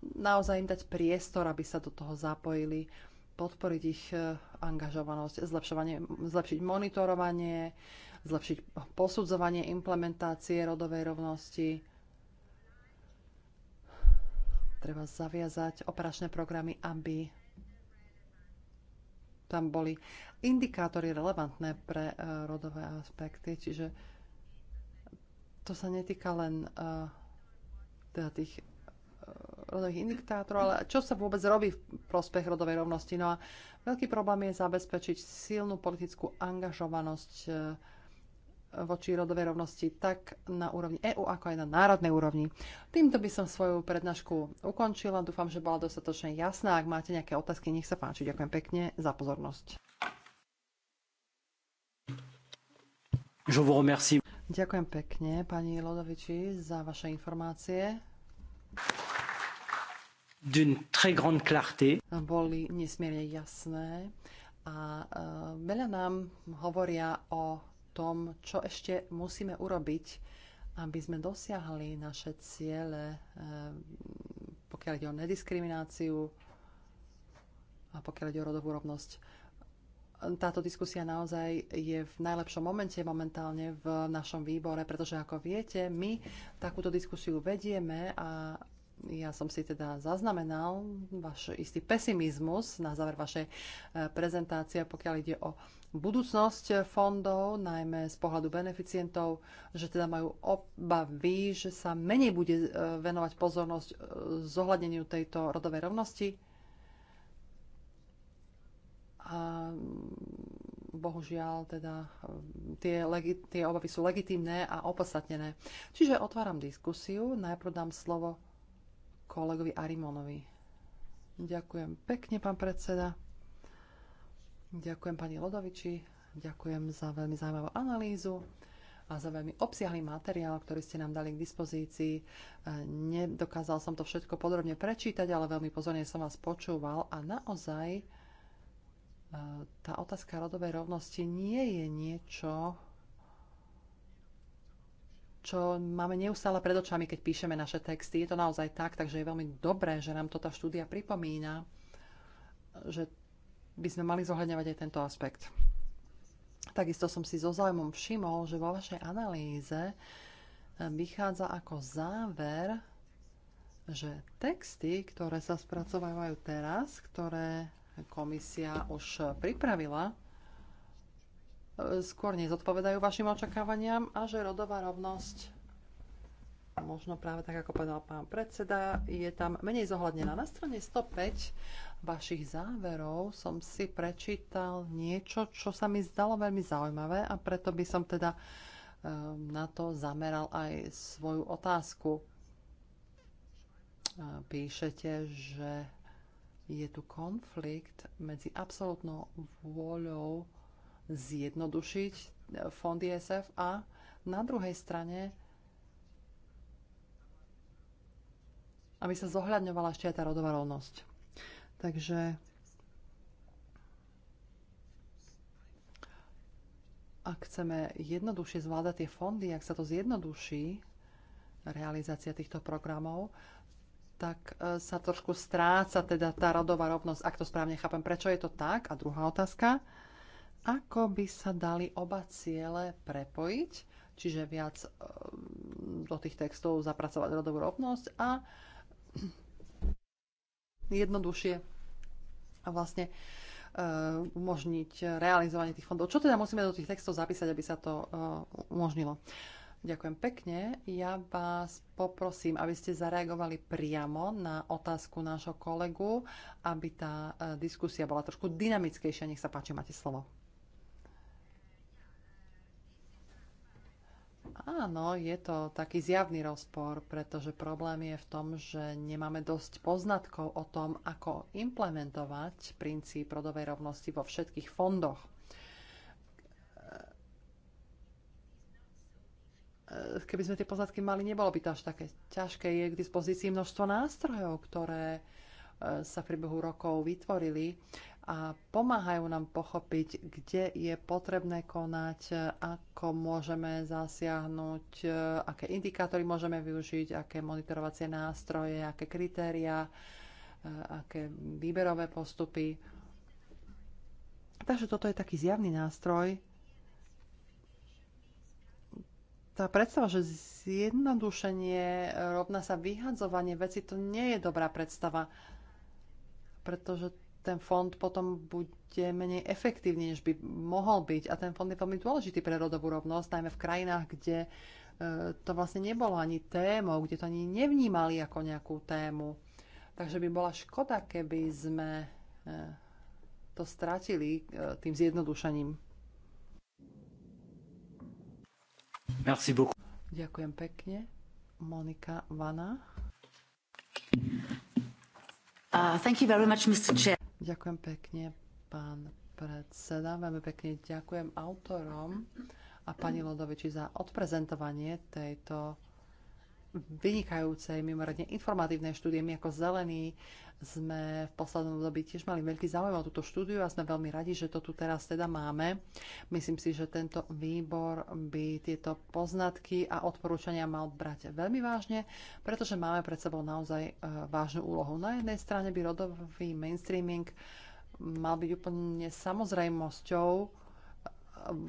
naozaj im dať priestor, aby sa do toho zapojili, podporiť ich eh, angažovanosť, zlepšiť monitorovanie, zlepšiť posudzovanie implementácie rodovej rovnosti. Treba zaviazať operačné programy, aby tam boli indikátory relevantné pre e, rodové aspekty, čiže to sa netýka len e, teda tých e, rodových indikátorov, ale čo sa vôbec robí v prospech rodovej rovnosti. No a veľký problém je zabezpečiť silnú politickú angažovanosť voči rodovej rovnosti tak na úrovni EÚ, ako aj na národnej úrovni. Týmto by som svoju prednášku ukončila. Dúfam, že bola dostatočne jasná. Ak máte nejaké otázky, nech sa páči. Ďakujem pekne za pozornosť. Je vous remercie. Ďakujem pekne, pani Lodoviči, za vaše informácie. D'une très grande clarté. Boli nesmierne jasné a e, veľa nám hovoria o tom, čo ešte musíme urobiť, aby sme dosiahli naše ciele, e, pokiaľ ide o nediskrimináciu a pokiaľ ide o rodovú rovnosť táto diskusia naozaj je v najlepšom momente momentálne v našom výbore, pretože ako viete, my takúto diskusiu vedieme a ja som si teda zaznamenal váš istý pesimizmus na záver vašej e, prezentácie, pokiaľ ide o budúcnosť fondov, najmä z pohľadu beneficientov, že teda majú obavy, že sa menej bude e, venovať pozornosť e, zohľadneniu tejto rodovej rovnosti. A bohužiaľ, teda tie, legi- tie obavy sú legitimné a opodstatnené. Čiže otváram diskusiu. Najprv dám slovo kolegovi Arimonovi. Ďakujem pekne, pán predseda. Ďakujem pani Lodoviči. Ďakujem za veľmi zaujímavú analýzu a za veľmi obsiahlý materiál, ktorý ste nám dali k dispozícii. E, nedokázal som to všetko podrobne prečítať, ale veľmi pozorne som vás počúval a naozaj tá otázka rodovej rovnosti nie je niečo, čo máme neustále pred očami, keď píšeme naše texty. Je to naozaj tak, takže je veľmi dobré, že nám to tá štúdia pripomína, že by sme mali zohľadňovať aj tento aspekt. Takisto som si so záujmom všimol, že vo vašej analýze eh, vychádza ako záver, že texty, ktoré sa spracovávajú teraz, ktoré komisia už pripravila, e, skôr nezodpovedajú vašim očakávaniam a že rodová rovnosť možno práve tak, ako povedal pán predseda, je tam menej zohľadnená. Na strane 105 vašich záverov som si prečítal niečo, čo sa mi zdalo veľmi zaujímavé a preto by som teda e, na to zameral aj svoju otázku. E, píšete, že je tu konflikt medzi absolútnou vôľou zjednodušiť eh, fond ISF a na druhej strane aby sa zohľadňovala ešte aj tá rodová rovnosť. Takže ak chceme jednoduchšie zvládať tie fondy, ak sa to zjednoduší, realizácia týchto programov, tak e, sa trošku stráca teda tá rodová rovnosť, ak to správne chápem. Prečo je to tak? A druhá otázka, ako by sa dali oba ciele prepojiť, čiže viac e, do tých textov zapracovať rodovú rovnosť a jednoduchšie a vlastne e, umožniť realizovanie tých fondov. Čo teda musíme do tých textov zapísať, aby sa to umožnilo? Ďakujem pekne. Ja vás poprosím, aby ste zareagovali priamo na otázku nášho kolegu, aby tá e, diskusia bola trošku dynamickejšia. Nech sa páči, máte slovo. Áno, je to taký zjavný rozpor, pretože problém je v tom, že nemáme dosť poznatkov o tom, ako implementovať princíp rodovej rovnosti vo všetkých fondoch. E, keby sme tie poznatky mali, nebolo by to až také ťažké. Je k dispozícii množstvo nástrojov, ktoré e, sa v priebehu rokov vytvorili a pomáhajú nám pochopiť, kde je potrebné konať, ako môžeme zasiahnuť, e, aké indikátory môžeme využiť, aké monitorovacie nástroje, aké kritéria, aké výberové postupy. Takže toto je taký zjavný nástroj, tá predstava, že zjednodušenie rovná sa vyhadzovanie veci, to nie je dobrá predstava, pretože ten fond potom bude menej efektívny, než by mohol byť. A ten fond je veľmi dôležitý pre rodovú rovnosť, najmä v krajinách, kde e, to vlastne nebolo ani témou, kde to ani nevnímali ako nejakú tému. Takže by bola škoda, keby sme e, to stratili e, tým zjednodušením. Merci beaucoup. Ďakujem pekne. Monika Vana. Uh, thank you very much, Mr. Chair. Ďakujem pekne, pán predseda. Veľmi pekne ďakujem autorom a pani Lodoviči za odprezentovanie tejto vynikajúcej, mimoriadne informatívnej štúdie. My ako zelení sme v poslednom období tiež mali veľký záujem o túto štúdiu a sme veľmi radi, že to tu teraz teda máme. Myslím si, že tento výbor by tieto poznatky a odporúčania mal brať veľmi vážne, pretože máme pred sebou naozaj e, vážnu úlohu. Na jednej strane by rodový mainstreaming mal byť úplne samozrejmosťou e,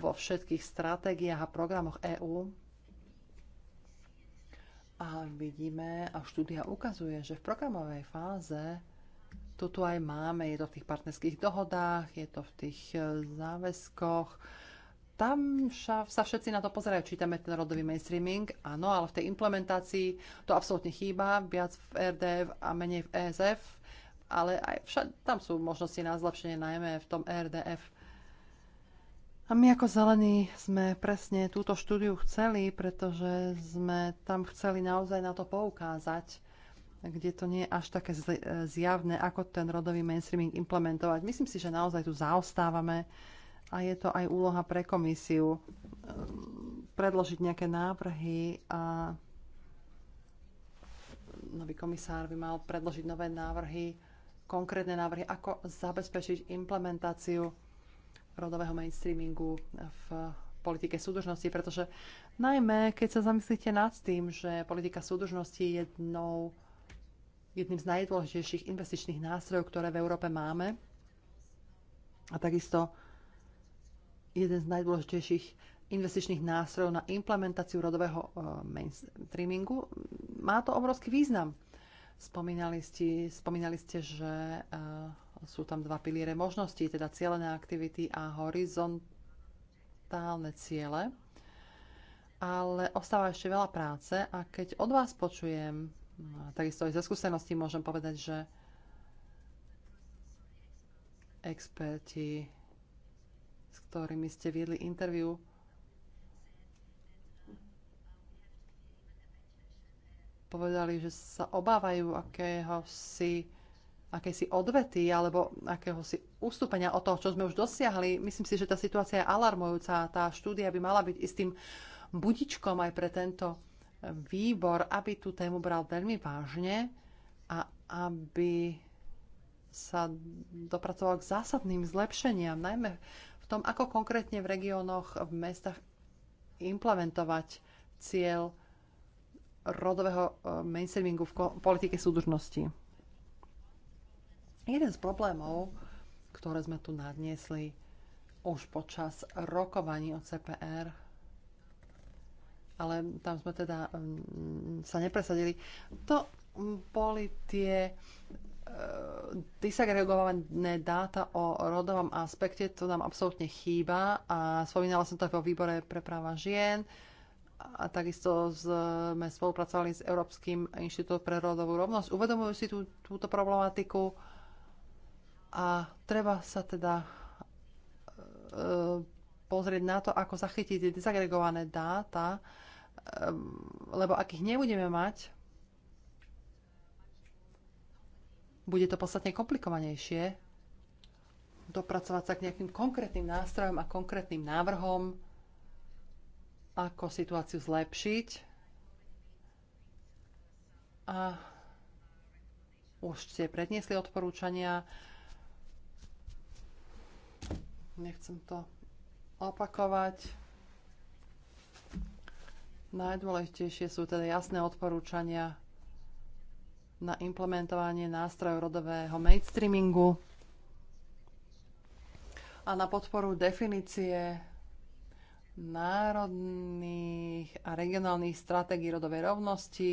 vo všetkých stratégiách a programoch EÚ, a vidíme, a štúdia ukazuje, že v programovej fáze to tu aj máme, je to v tých partnerských dohodách, je to v tých e, záväzkoch. Tam sa všetci na to pozerajú, čítame ten rodový mainstreaming, áno, ale v tej implementácii to absolútne chýba, viac v RDF a menej v ESF, ale aj však, tam sú možnosti na zlepšenie najmä v tom e RDF a my ako zelení sme presne túto štúdiu chceli, pretože sme tam chceli naozaj na to poukázať, kde to nie je až také zjavné, ako ten rodový mainstreaming implementovať. Myslím si, že naozaj tu zaostávame a je to aj úloha pre komisiu um, predložiť nejaké návrhy a nový komisár by mal predložiť nové návrhy, konkrétne návrhy, ako zabezpečiť implementáciu rodového mainstreamingu v politike súdržnosti, pretože najmä keď sa zamyslíte nad tým, že politika súdržnosti je jednou, jedným z najdôležitejších investičných nástrojov, ktoré v Európe máme a takisto jeden z najdôležitejších investičných nástrojov na implementáciu rodového e, mainstreamingu, má to obrovský význam. Spomínali ste, spomínali ste že e, sú tam dva piliere možností, teda cieľené aktivity a horizontálne ciele. Ale ostáva ešte veľa práce a keď od vás počujem, takisto aj ze skúseností môžem povedať, že experti, s ktorými ste viedli interviu, povedali, že sa obávajú akého si akési odvety alebo akéhosi ústupenia od toho, čo sme už dosiahli. Myslím si, že tá situácia je alarmujúca. Tá štúdia by mala byť istým budičkom aj pre tento výbor, aby tú tému bral veľmi vážne a aby sa dopracoval k zásadným zlepšeniam, najmä v tom, ako konkrétne v regiónoch, v mestách implementovať cieľ rodového eh, mainstreamingu v politike súdržnosti. Jeden z problémov, ktoré sme tu nadniesli už počas rokovaní o CPR, ale tam sme teda mm, sa nepresadili, to boli tie e, disagregované dáta o rodovom aspekte, to nám absolútne chýba a spomínala som to aj vo výbore pre práva žien a takisto sme spolupracovali s Európskym inštitútom pre rodovú rovnosť. Uvedomujú si tú, túto problematiku a treba sa teda e, pozrieť na to, ako zachytiť tie dezagregované dáta, e, lebo ak ich nebudeme mať, bude to podstatne komplikovanejšie dopracovať sa k nejakým konkrétnym nástrojom a konkrétnym návrhom, ako situáciu zlepšiť. A už ste predniesli odporúčania, Nechcem to opakovať. Najdôležitejšie sú teda jasné odporúčania na implementovanie nástrojov rodového mainstreamingu a na podporu definície národných a regionálnych stratégií rodovej rovnosti.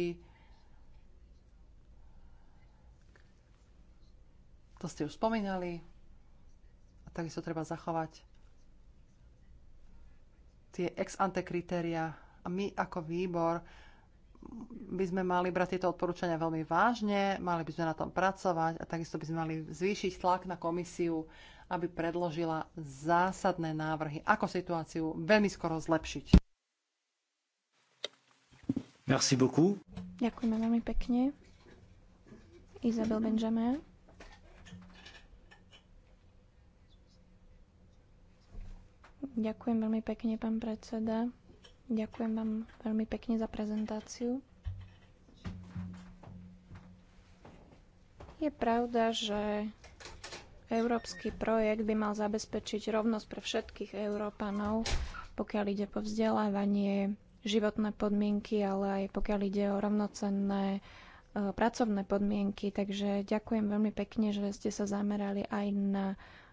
To ste už spomínali takisto treba zachovať tie ex ante kritéria. A my ako výbor by sme mali brať tieto odporúčania veľmi vážne, mali by sme na tom pracovať a takisto by sme mali zvýšiť tlak na komisiu, aby predložila zásadné návrhy, ako situáciu veľmi skoro zlepšiť. Merci beaucoup. Ďakujeme veľmi pekne. Izabel Benjamin. Ďakujem veľmi pekne, pán predseda. Ďakujem vám veľmi pekne za prezentáciu. Je pravda, že Európsky projekt by mal zabezpečiť rovnosť pre všetkých Európanov, pokiaľ ide po vzdelávanie, životné podmienky, ale aj pokiaľ ide o rovnocenné e, pracovné podmienky. Takže ďakujem veľmi pekne, že ste sa zamerali aj na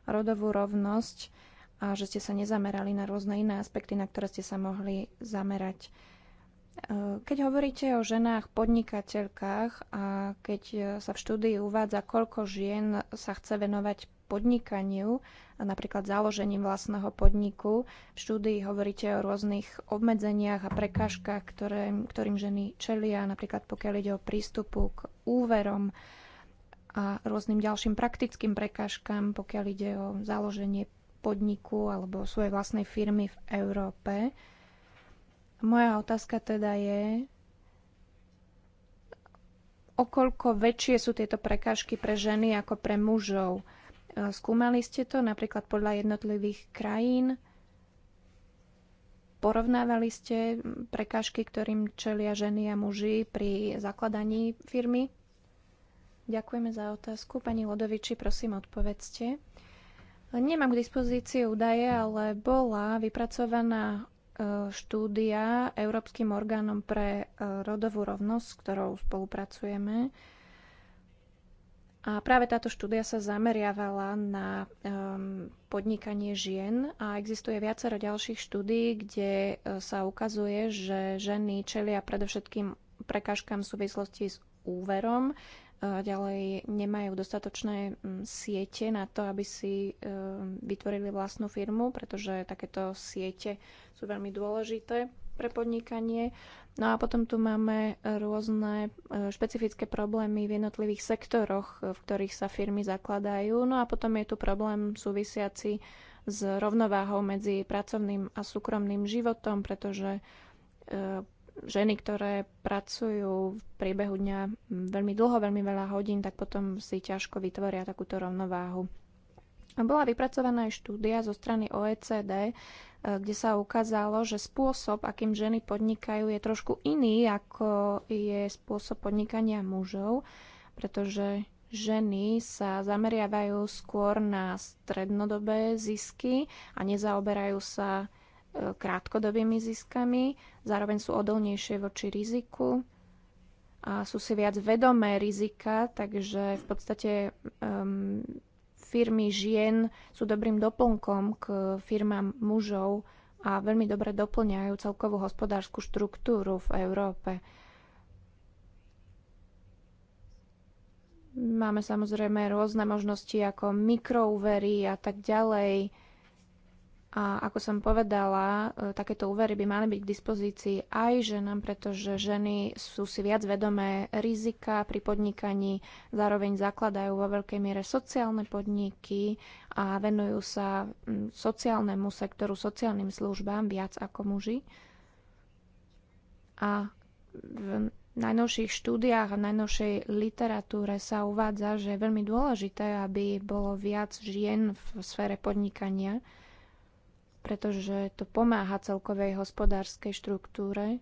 rodovú rovnosť a že ste sa nezamerali na rôzne iné aspekty, na ktoré ste sa mohli zamerať. E, keď hovoríte o ženách podnikateľkách a keď e, sa v štúdii uvádza, koľko žien sa chce venovať podnikaniu, napríklad založením vlastného podniku, v štúdii hovoríte o rôznych obmedzeniach a prekážkach, ktoré, ktorým ženy čelia, napríklad pokiaľ ide o prístupu k úverom a rôznym ďalším praktickým prekážkam, pokiaľ ide o založenie podniku alebo svojej vlastnej firmy v Európe. Moja otázka teda je, okoľko väčšie sú tieto prekážky pre ženy ako pre mužov. Skúmali ste to napríklad podľa jednotlivých krajín? Porovnávali ste prekážky, ktorým čelia ženy a muži pri zakladaní firmy? Ďakujeme za otázku. Pani Lodoviči, prosím, odpovedzte. Nemám k dispozícii údaje, ale bola vypracovaná e, štúdia Európskym orgánom pre e, rodovú rovnosť, s ktorou spolupracujeme. A práve táto štúdia sa zameriavala na um, podnikanie žien a existuje viacero ďalších štúdí, kde sa ukazuje, že ženy čelia predovšetkým prekážkam v súvislosti s úverom, ďalej nemajú dostatočné mm, siete na to, aby si e, vytvorili vlastnú firmu, pretože takéto siete sú veľmi dôležité pre podnikanie. No a potom tu máme rôzne e, špecifické problémy v jednotlivých sektoroch, e, v ktorých sa firmy zakladajú. No a potom je tu problém súvisiaci s rovnováhou medzi pracovným a súkromným životom, pretože ženy, ktoré pracujú v priebehu dňa veľmi dlho, veľmi veľa hodín, tak potom si ťažko vytvoria takúto rovnováhu. Bola vypracovaná aj štúdia zo strany OECD, e, kde sa ukázalo, že spôsob, akým ženy podnikajú, je trošku iný, ako je spôsob podnikania mužov, pretože ženy sa zameriavajú skôr na strednodobé zisky a nezaoberajú sa krátkodobými ziskami, zároveň sú odolnejšie voči riziku a sú si viac vedomé rizika, takže v podstate um, firmy žien sú dobrým doplnkom k firmám mužov a veľmi dobre doplňajú celkovú hospodárskú štruktúru v Európe. Máme samozrejme rôzne možnosti ako mikroúvery a tak ďalej a ako som povedala, e, takéto úvery by mali byť k dispozícii aj ženám, pretože ženy sú si viac vedomé rizika pri podnikaní, zároveň zakladajú vo veľkej miere sociálne podniky a venujú sa sociálnemu sektoru, sociálnym službám viac ako muži. A v najnovších štúdiách a najnovšej literatúre sa uvádza, že je veľmi dôležité, aby bolo viac žien v sfére podnikania, pretože to pomáha celkovej hospodárskej štruktúre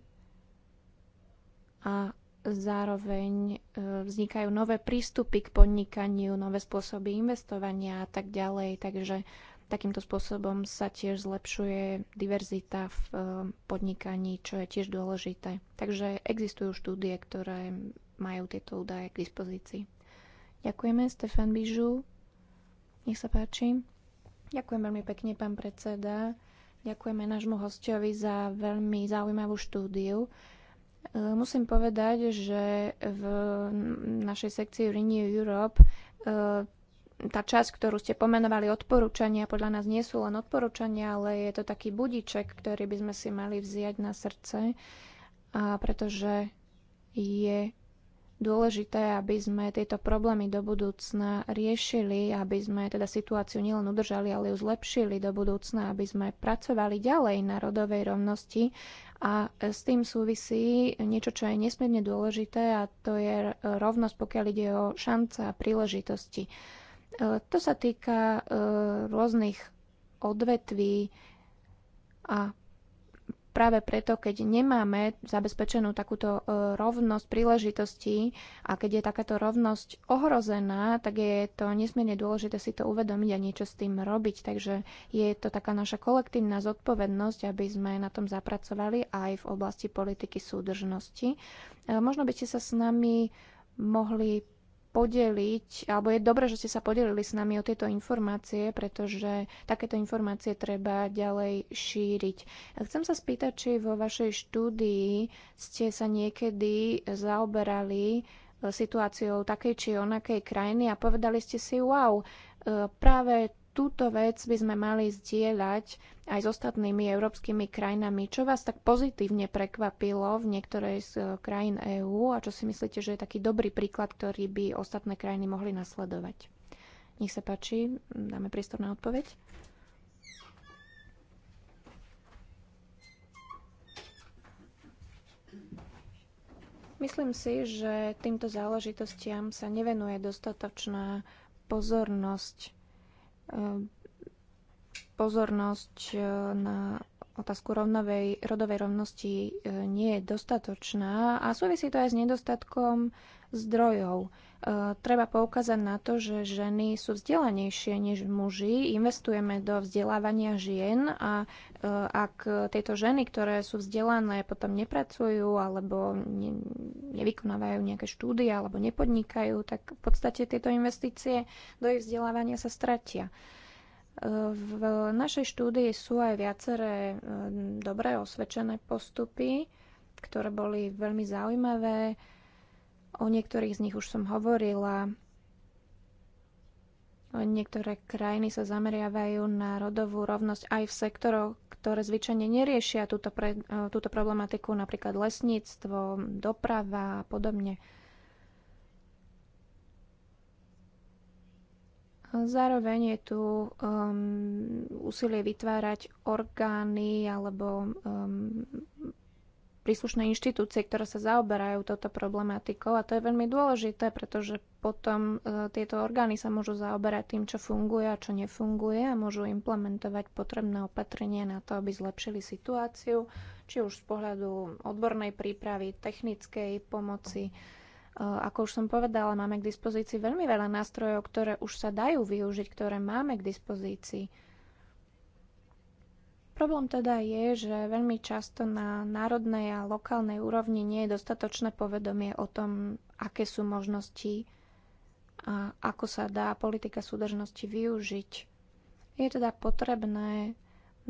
a zároveň e, vznikajú nové prístupy k podnikaniu, nové spôsoby investovania a tak ďalej. Takže takýmto spôsobom sa tiež zlepšuje diverzita v e, podnikaní, čo je tiež dôležité. Takže existujú štúdie, ktoré majú tieto údaje k dispozícii. Ďakujeme, Stefan Bižu. Nech sa páči. Ďakujem veľmi pekne, pán predseda. Ďakujeme nášmu hostovi za veľmi zaujímavú štúdiu. E, musím povedať, že v našej sekcii Renew Europe e, tá časť, ktorú ste pomenovali, odporúčania, podľa nás nie sú len odporúčania, ale je to taký budiček, ktorý by sme si mali vziať na srdce, pretože je dôležité, aby sme tieto problémy do budúcna riešili, aby sme teda situáciu nielen udržali, ale ju zlepšili do budúcna, aby sme pracovali ďalej na rodovej rovnosti. A s tým súvisí niečo, čo je nesmierne dôležité a to je rovnosť, pokiaľ ide o šance a príležitosti. E, to sa týka e, rôznych odvetví a práve preto, keď nemáme zabezpečenú takúto e, rovnosť príležitostí a keď je takáto rovnosť ohrozená, tak je to nesmierne dôležité si to uvedomiť a niečo s tým robiť. Takže je to taká naša kolektívna zodpovednosť, aby sme na tom zapracovali aj v oblasti politiky súdržnosti. E, možno by ste sa s nami mohli podeliť, alebo je dobré, že ste sa podelili s nami o tieto informácie, pretože takéto informácie treba ďalej šíriť. chcem sa spýtať, či vo vašej štúdii ste sa niekedy zaoberali e, situáciou takej či onakej krajiny a povedali ste si, wow, e, práve túto vec by sme mali zdieľať aj s ostatnými európskymi krajinami. Čo vás tak pozitívne prekvapilo v niektorej z eh, krajín EÚ a čo si myslíte, že je taký dobrý príklad, ktorý by ostatné krajiny mohli nasledovať? Nech sa páči, dáme priestor na odpoveď. Myslím si, že týmto záležitostiam sa nevenuje dostatočná pozornosť Ehm, pozornosť eh, na otázku rovnovej, rodovej rovnosti e, nie je dostatočná a súvisí to aj s nedostatkom zdrojov. E, treba poukázať na to, že ženy sú vzdelanejšie než muži, investujeme do vzdelávania žien a e, ak tieto ženy, ktoré sú vzdelané, potom nepracujú alebo ne, nevykonávajú nejaké štúdie alebo nepodnikajú, tak v podstate tieto investície do ich vzdelávania sa stratia. V našej štúdii sú aj viaceré e, dobré osvedčené postupy, ktoré boli veľmi zaujímavé. O niektorých z nich už som hovorila. Niektoré krajiny sa zameriavajú na rodovú rovnosť aj v sektoroch, ktoré zvyčajne neriešia túto, pre, e, túto problematiku, napríklad lesníctvo, doprava a podobne. Zároveň je tu um, úsilie vytvárať orgány alebo um, príslušné inštitúcie, ktoré sa zaoberajú touto problematikou a to je veľmi dôležité, pretože potom uh, tieto orgány sa môžu zaoberať tým, čo funguje a čo nefunguje a môžu implementovať potrebné opatrenia na to, aby zlepšili situáciu, či už z pohľadu odbornej prípravy, technickej pomoci, uh, Eh, ako už som povedala, máme k dispozícii veľmi veľa nástrojov, ktoré už sa dajú využiť, ktoré máme k dispozícii. Problém teda je, že veľmi často na národnej a lokálnej úrovni nie je dostatočné povedomie o tom, aké sú možnosti a ako sa dá politika súdržnosti využiť. Je teda potrebné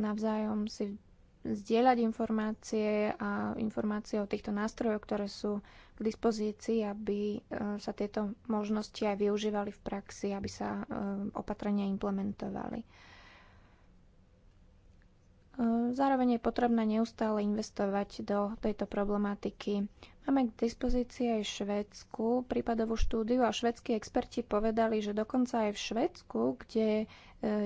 navzájom si zdieľať informácie a informácie o týchto nástrojoch, ktoré sú k dispozícii, aby e, sa tieto možnosti aj využívali v praxi, aby sa e, opatrenia implementovali. Zároveň je potrebné neustále investovať do tejto problematiky. Máme k dispozícii aj Švedsku prípadovú štúdiu a švedskí experti povedali, že dokonca aj v Švedsku, kde e,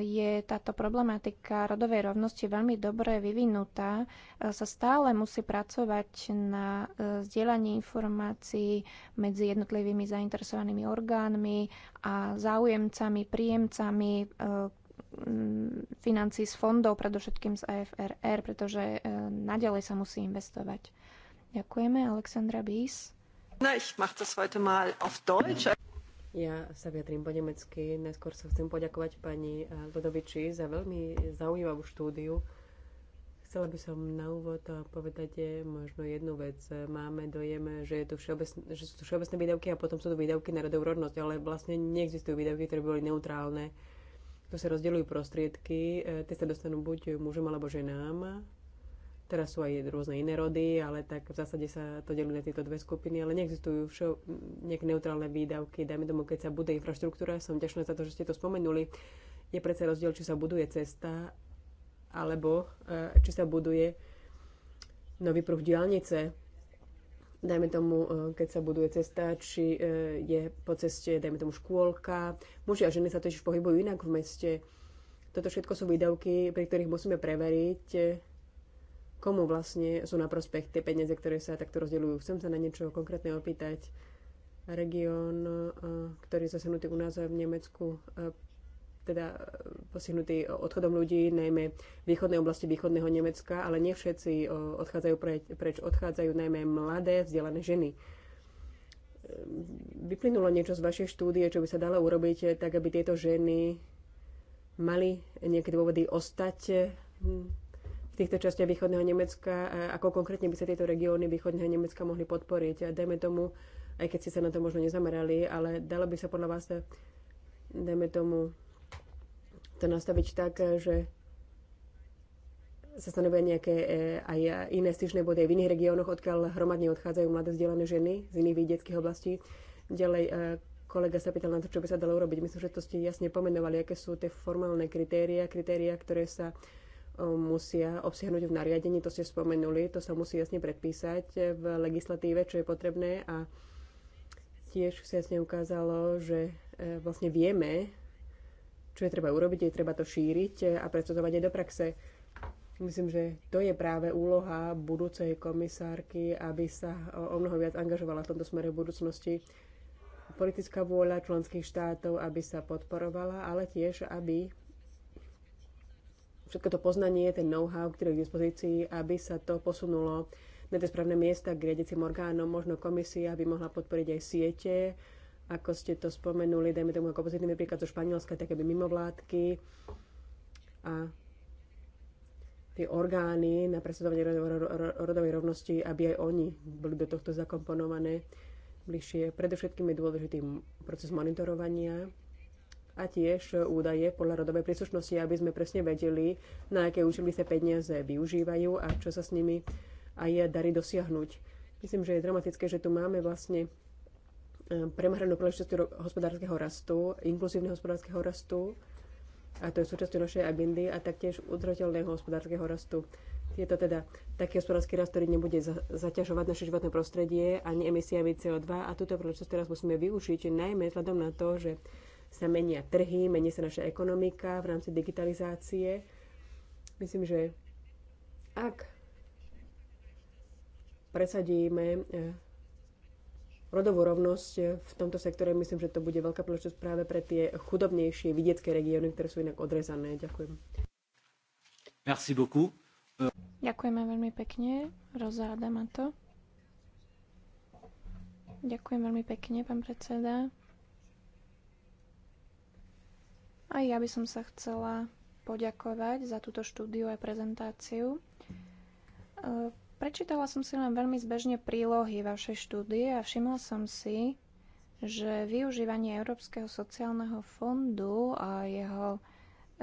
je táto problematika rodovej rovnosti veľmi dobre vyvinutá, e, sa stále musí pracovať na e, zdieľaní informácií medzi jednotlivými zainteresovanými orgánmi a záujemcami, príjemcami Mm, financí z fondov, predovšetkým z AFRR, pretože eh, naďalej sa musí investovať. Ďakujeme, Alexandra Bies. No, ja sa vyjadrím po nemecky. Najskôr sa chcem poďakovať pani eh, Ludoviči za veľmi zaujímavú štúdiu. Chcela by som na úvod eh, povedať možno jednu vec. Máme dojem, že, je tu všeobecné, že sú tu všeobecné výdavky a potom sú tu výdavky na rodovú rodnosť, ale vlastne neexistujú výdavky, ktoré by boli neutrálne to sa rozdeľujú prostriedky, e, tie sa dostanú buď mužom alebo ženám. Teraz sú aj rôzne iné rody, ale tak v zásade sa to delí na tieto dve skupiny, ale neexistujú všo, nejaké neutrálne výdavky. Dajme tomu, keď sa bude infraštruktúra, som ťažná za to, že ste to spomenuli, je predsa rozdiel, či sa buduje cesta, alebo e, či sa buduje nový pruh diálnice dajme tomu, e, keď sa buduje cesta, či e, je po ceste, dajme tomu, škôlka. Muži a ženy sa totiž pohybujú inak v meste. Toto všetko sú výdavky, pri ktorých musíme preveriť, e, komu vlastne sú na prospech tie peniaze, ktoré sa takto rozdeľujú. Chcem sa na niečo konkrétne opýtať. Región, ktorý je zasenutý u nás v Nemecku, teda e, postihnutí odchodom ľudí, najmä v východnej oblasti východného Nemecka, ale nie všetci e, odchádzajú preč, preč odchádzajú najmä mladé, vzdelané ženy. E, vyplynulo niečo z vašej štúdie, čo by sa dalo urobiť, tak aby tieto ženy mali nejaké dôvody ostať v týchto častiach východného Nemecka, ako konkrétne by sa tieto regióny východného Nemecka mohli podporiť. A dajme tomu, aj keď ste sa na to možno nezamerali, ale dalo by sa podľa vás, dajme tomu, to nastaviť tak, že sa stanovia nejaké e, aj iné styčné body v iných regiónoch, odkiaľ hromadne odchádzajú mladé vzdelané ženy z iných výdeckých oblastí. Ďalej e, kolega sa pýtal na to, čo by sa dalo urobiť. Myslím, že to ste jasne pomenovali, aké sú tie formálne kritéria, kritéria, ktoré sa e, musia obsiahnuť v nariadení, to ste spomenuli, to sa musí jasne predpísať v legislatíve, čo je potrebné a tiež sa jasne ukázalo, že vlastne vieme, čo je treba urobiť, je treba to šíriť a predstavovať aj do praxe. Myslím, že to je práve úloha budúcej komisárky, aby sa o mnoho viac angažovala v tomto smere v budúcnosti. Politická vôľa členských štátov, aby sa podporovala, ale tiež, aby všetko to poznanie, ten know-how, ktorý je k dispozícii, aby sa to posunulo na tie správne miesta k riadiacim orgánom. Možno komisia by mohla podporiť aj siete, ako ste to spomenuli, dajme tomu ako pozitívny príklad zo Španielska, také by mimovládky a tie orgány na presadovanie rodovej rovnosti, aby aj oni boli do tohto zakomponované bližšie. Predovšetkým je dôležitý proces monitorovania a tiež údaje podľa rodovej príslušnosti, aby sme presne vedeli, na aké účely sa peniaze využívajú a čo sa s nimi aj darí dosiahnuť. Myslím, že je dramatické, že tu máme vlastne Eh, premrhanú príležitosť hospodárskeho rastu, inkluzívneho hospodárskeho rastu, a to je súčasťou našej agendy, a taktiež udržateľného hospodárskeho rastu. Je to teda taký hospodársky rast, ktorý nebude zaťažovať naše životné prostredie ani emisiami CO2 a túto príležitosť teraz musíme využiť, najmä vzhľadom na to, že sa menia trhy, mení sa naša ekonomika v rámci digitalizácie. Myslím, že ak presadíme eh, rodovú rovnosť v tomto sektore. Myslím, že to bude veľká príležitosť práve pre tie chudobnejšie vidiecké regióny, ktoré sú inak odrezané. Ďakujem. Merci beaucoup. E- Ďakujeme veľmi pekne, Roza Adamato. Ďakujem veľmi pekne, pán predseda. A ja by som sa chcela poďakovať za túto štúdiu a prezentáciu e- Prečítala som si len veľmi zbežne prílohy vašej štúdie a všimla som si, že využívanie Európskeho sociálneho fondu a jeho e,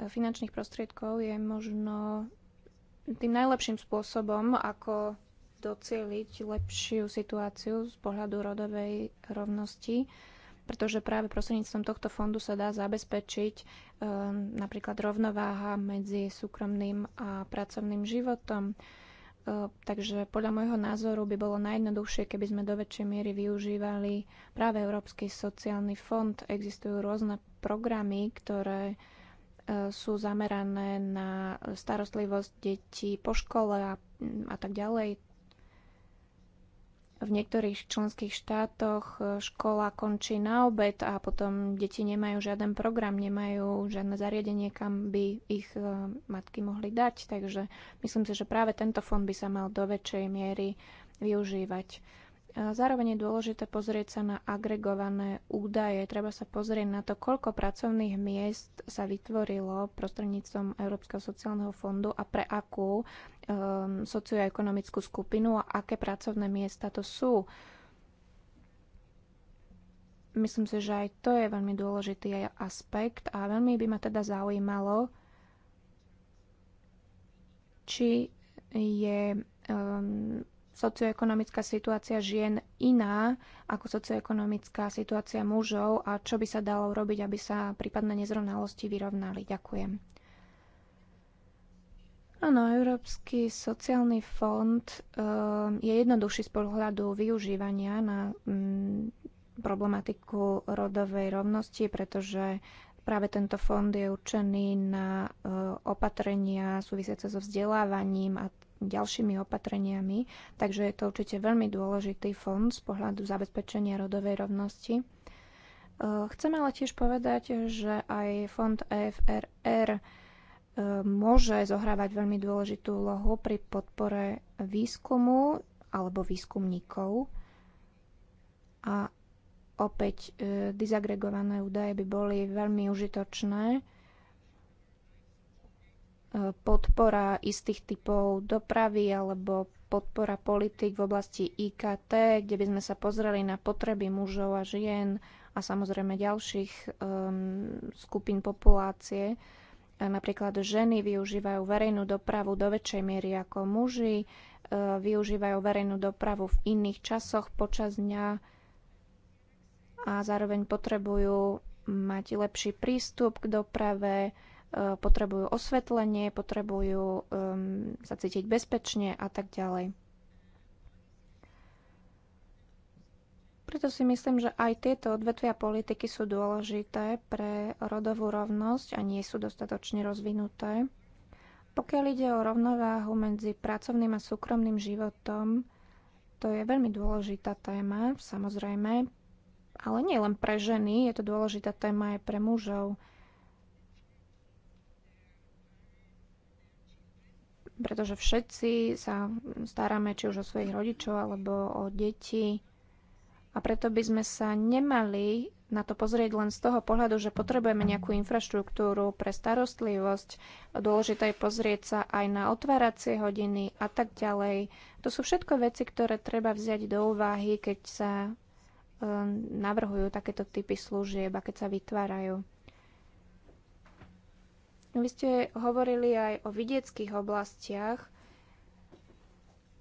finančných prostriedkov je možno tým najlepším spôsobom, ako docieliť lepšiu situáciu z pohľadu rodovej rovnosti, pretože práve prostredníctvom tohto fondu sa dá zabezpečiť um, napríklad rovnováha medzi súkromným a pracovným životom. E, takže podľa môjho názoru by bolo najjednoduchšie, keby sme do väčšej miery využívali práve Európsky sociálny fond. Existujú rôzne programy, ktoré e, sú zamerané na starostlivosť detí po škole a, a tak ďalej v niektorých členských štátoch e, škola končí na obed a potom deti nemajú žiaden program, nemajú žiadne zariadenie, kam by ich e, matky mohli dať. Takže myslím si, že práve tento fond by sa mal do väčšej miery využívať. Zároveň je dôležité pozrieť sa na agregované údaje. Treba sa pozrieť na to, koľko pracovných miest sa vytvorilo prostredníctvom Európskeho sociálneho fondu a pre akú um, socioekonomickú skupinu a aké pracovné miesta to sú. Myslím si, že aj to je veľmi dôležitý aspekt a veľmi by ma teda zaujímalo, či je um, socioekonomická situácia žien iná ako socioekonomická situácia mužov a čo by sa dalo robiť, aby sa prípadné nezrovnalosti vyrovnali. Ďakujem. Áno, Európsky sociálny fond ehm, je jednoduchší z pohľadu využívania na mm, problematiku rodovej rovnosti, pretože práve tento fond je určený na e, opatrenia súvisiace so vzdelávaním a ďalšími opatreniami, takže je to určite veľmi dôležitý fond z pohľadu zabezpečenia rodovej rovnosti. E, Chcem ale tiež povedať, že aj fond EFRR e, môže zohrávať veľmi dôležitú úlohu pri podpore výskumu alebo výskumníkov. A opäť e, disagregované údaje by boli veľmi užitočné podpora istých typov dopravy alebo podpora politik v oblasti IKT, kde by sme sa pozreli na potreby mužov a žien a samozrejme ďalších um, skupín populácie. Napríklad ženy využívajú verejnú dopravu do väčšej miery ako muži, uh, využívajú verejnú dopravu v iných časoch počas dňa a zároveň potrebujú mať lepší prístup k doprave, Eh, potrebujú osvetlenie, potrebujú sa cítiť bezpečne a tak ďalej. Preto si myslím, že aj tieto odvetvia politiky sú dôležité pre rodovú rovnosť a nie sú dostatočne rozvinuté. Pokiaľ ide o rovnováhu medzi pracovným a súkromným životom, to je veľmi dôležitá téma, samozrejme, ale nie len pre ženy, je to dôležitá téma aj pre mužov. pretože všetci sa staráme či už o svojich rodičov alebo o deti a preto by sme sa nemali na to pozrieť len z toho pohľadu, že potrebujeme nejakú infraštruktúru pre starostlivosť, dôležité je pozrieť sa aj na otváracie hodiny a tak ďalej. To sú všetko veci, ktoré treba vziať do úvahy, keď sa um, navrhujú takéto typy služieb a keď sa vytvárajú. Vy ste hovorili aj o vidieckých oblastiach.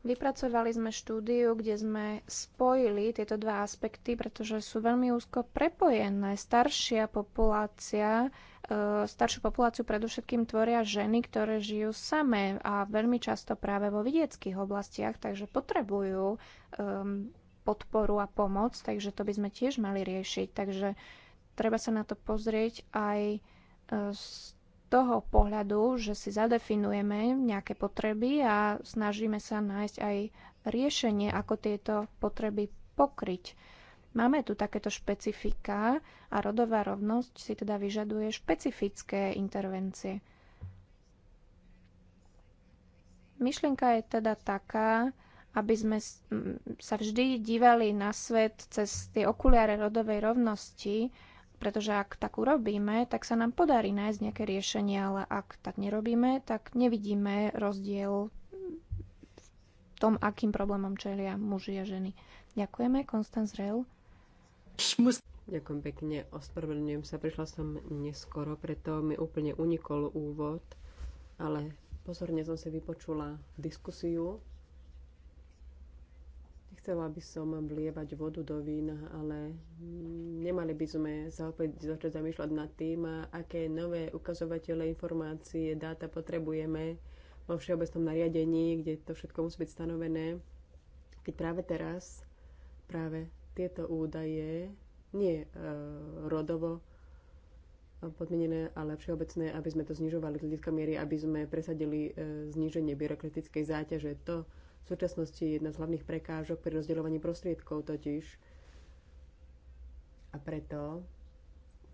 Vypracovali sme štúdiu, kde sme spojili tieto dva aspekty, pretože sú veľmi úzko prepojené. Staršia populácia, e, staršiu populáciu predovšetkým tvoria ženy, ktoré žijú samé a veľmi často práve vo vidieckých oblastiach, takže potrebujú podporu a pomoc, takže to by sme tiež mali riešiť. Takže treba sa na to pozrieť aj e, z toho pohľadu, že si zadefinujeme nejaké potreby a snažíme sa nájsť aj riešenie, ako tieto potreby pokryť. Máme tu takéto špecifika a rodová rovnosť si teda vyžaduje špecifické intervencie. Myšlienka je teda taká, aby sme sa vždy dívali na svet cez tie okuliare rodovej rovnosti, pretože ak tak urobíme, tak sa nám podarí nájsť nejaké riešenie, ale ak tak nerobíme, tak nevidíme rozdiel v tom, akým problémom čelia muži a ženy. Ďakujeme, Konstanz Rel. Ďakujem pekne, ospravedlňujem sa, prišla som neskoro, preto mi úplne unikol úvod, ale pozorne som si vypočula diskusiu Nechcela by som vlievať vodu do vín, ale nemali by sme sa opäť začať zamýšľať nad tým, aké nové ukazovatele, informácie, dáta potrebujeme vo všeobecnom nariadení, kde to všetko musí byť stanovené. Keď práve teraz, práve tieto údaje, nie e, rodovo podmienené, ale všeobecné, aby sme to znižovali z hľadiska miery, aby sme presadili e, zníženie byrokratickej záťaže. To, v súčasnosti jedna z hlavných prekážok pri rozdeľovaní prostriedkov totiž. A preto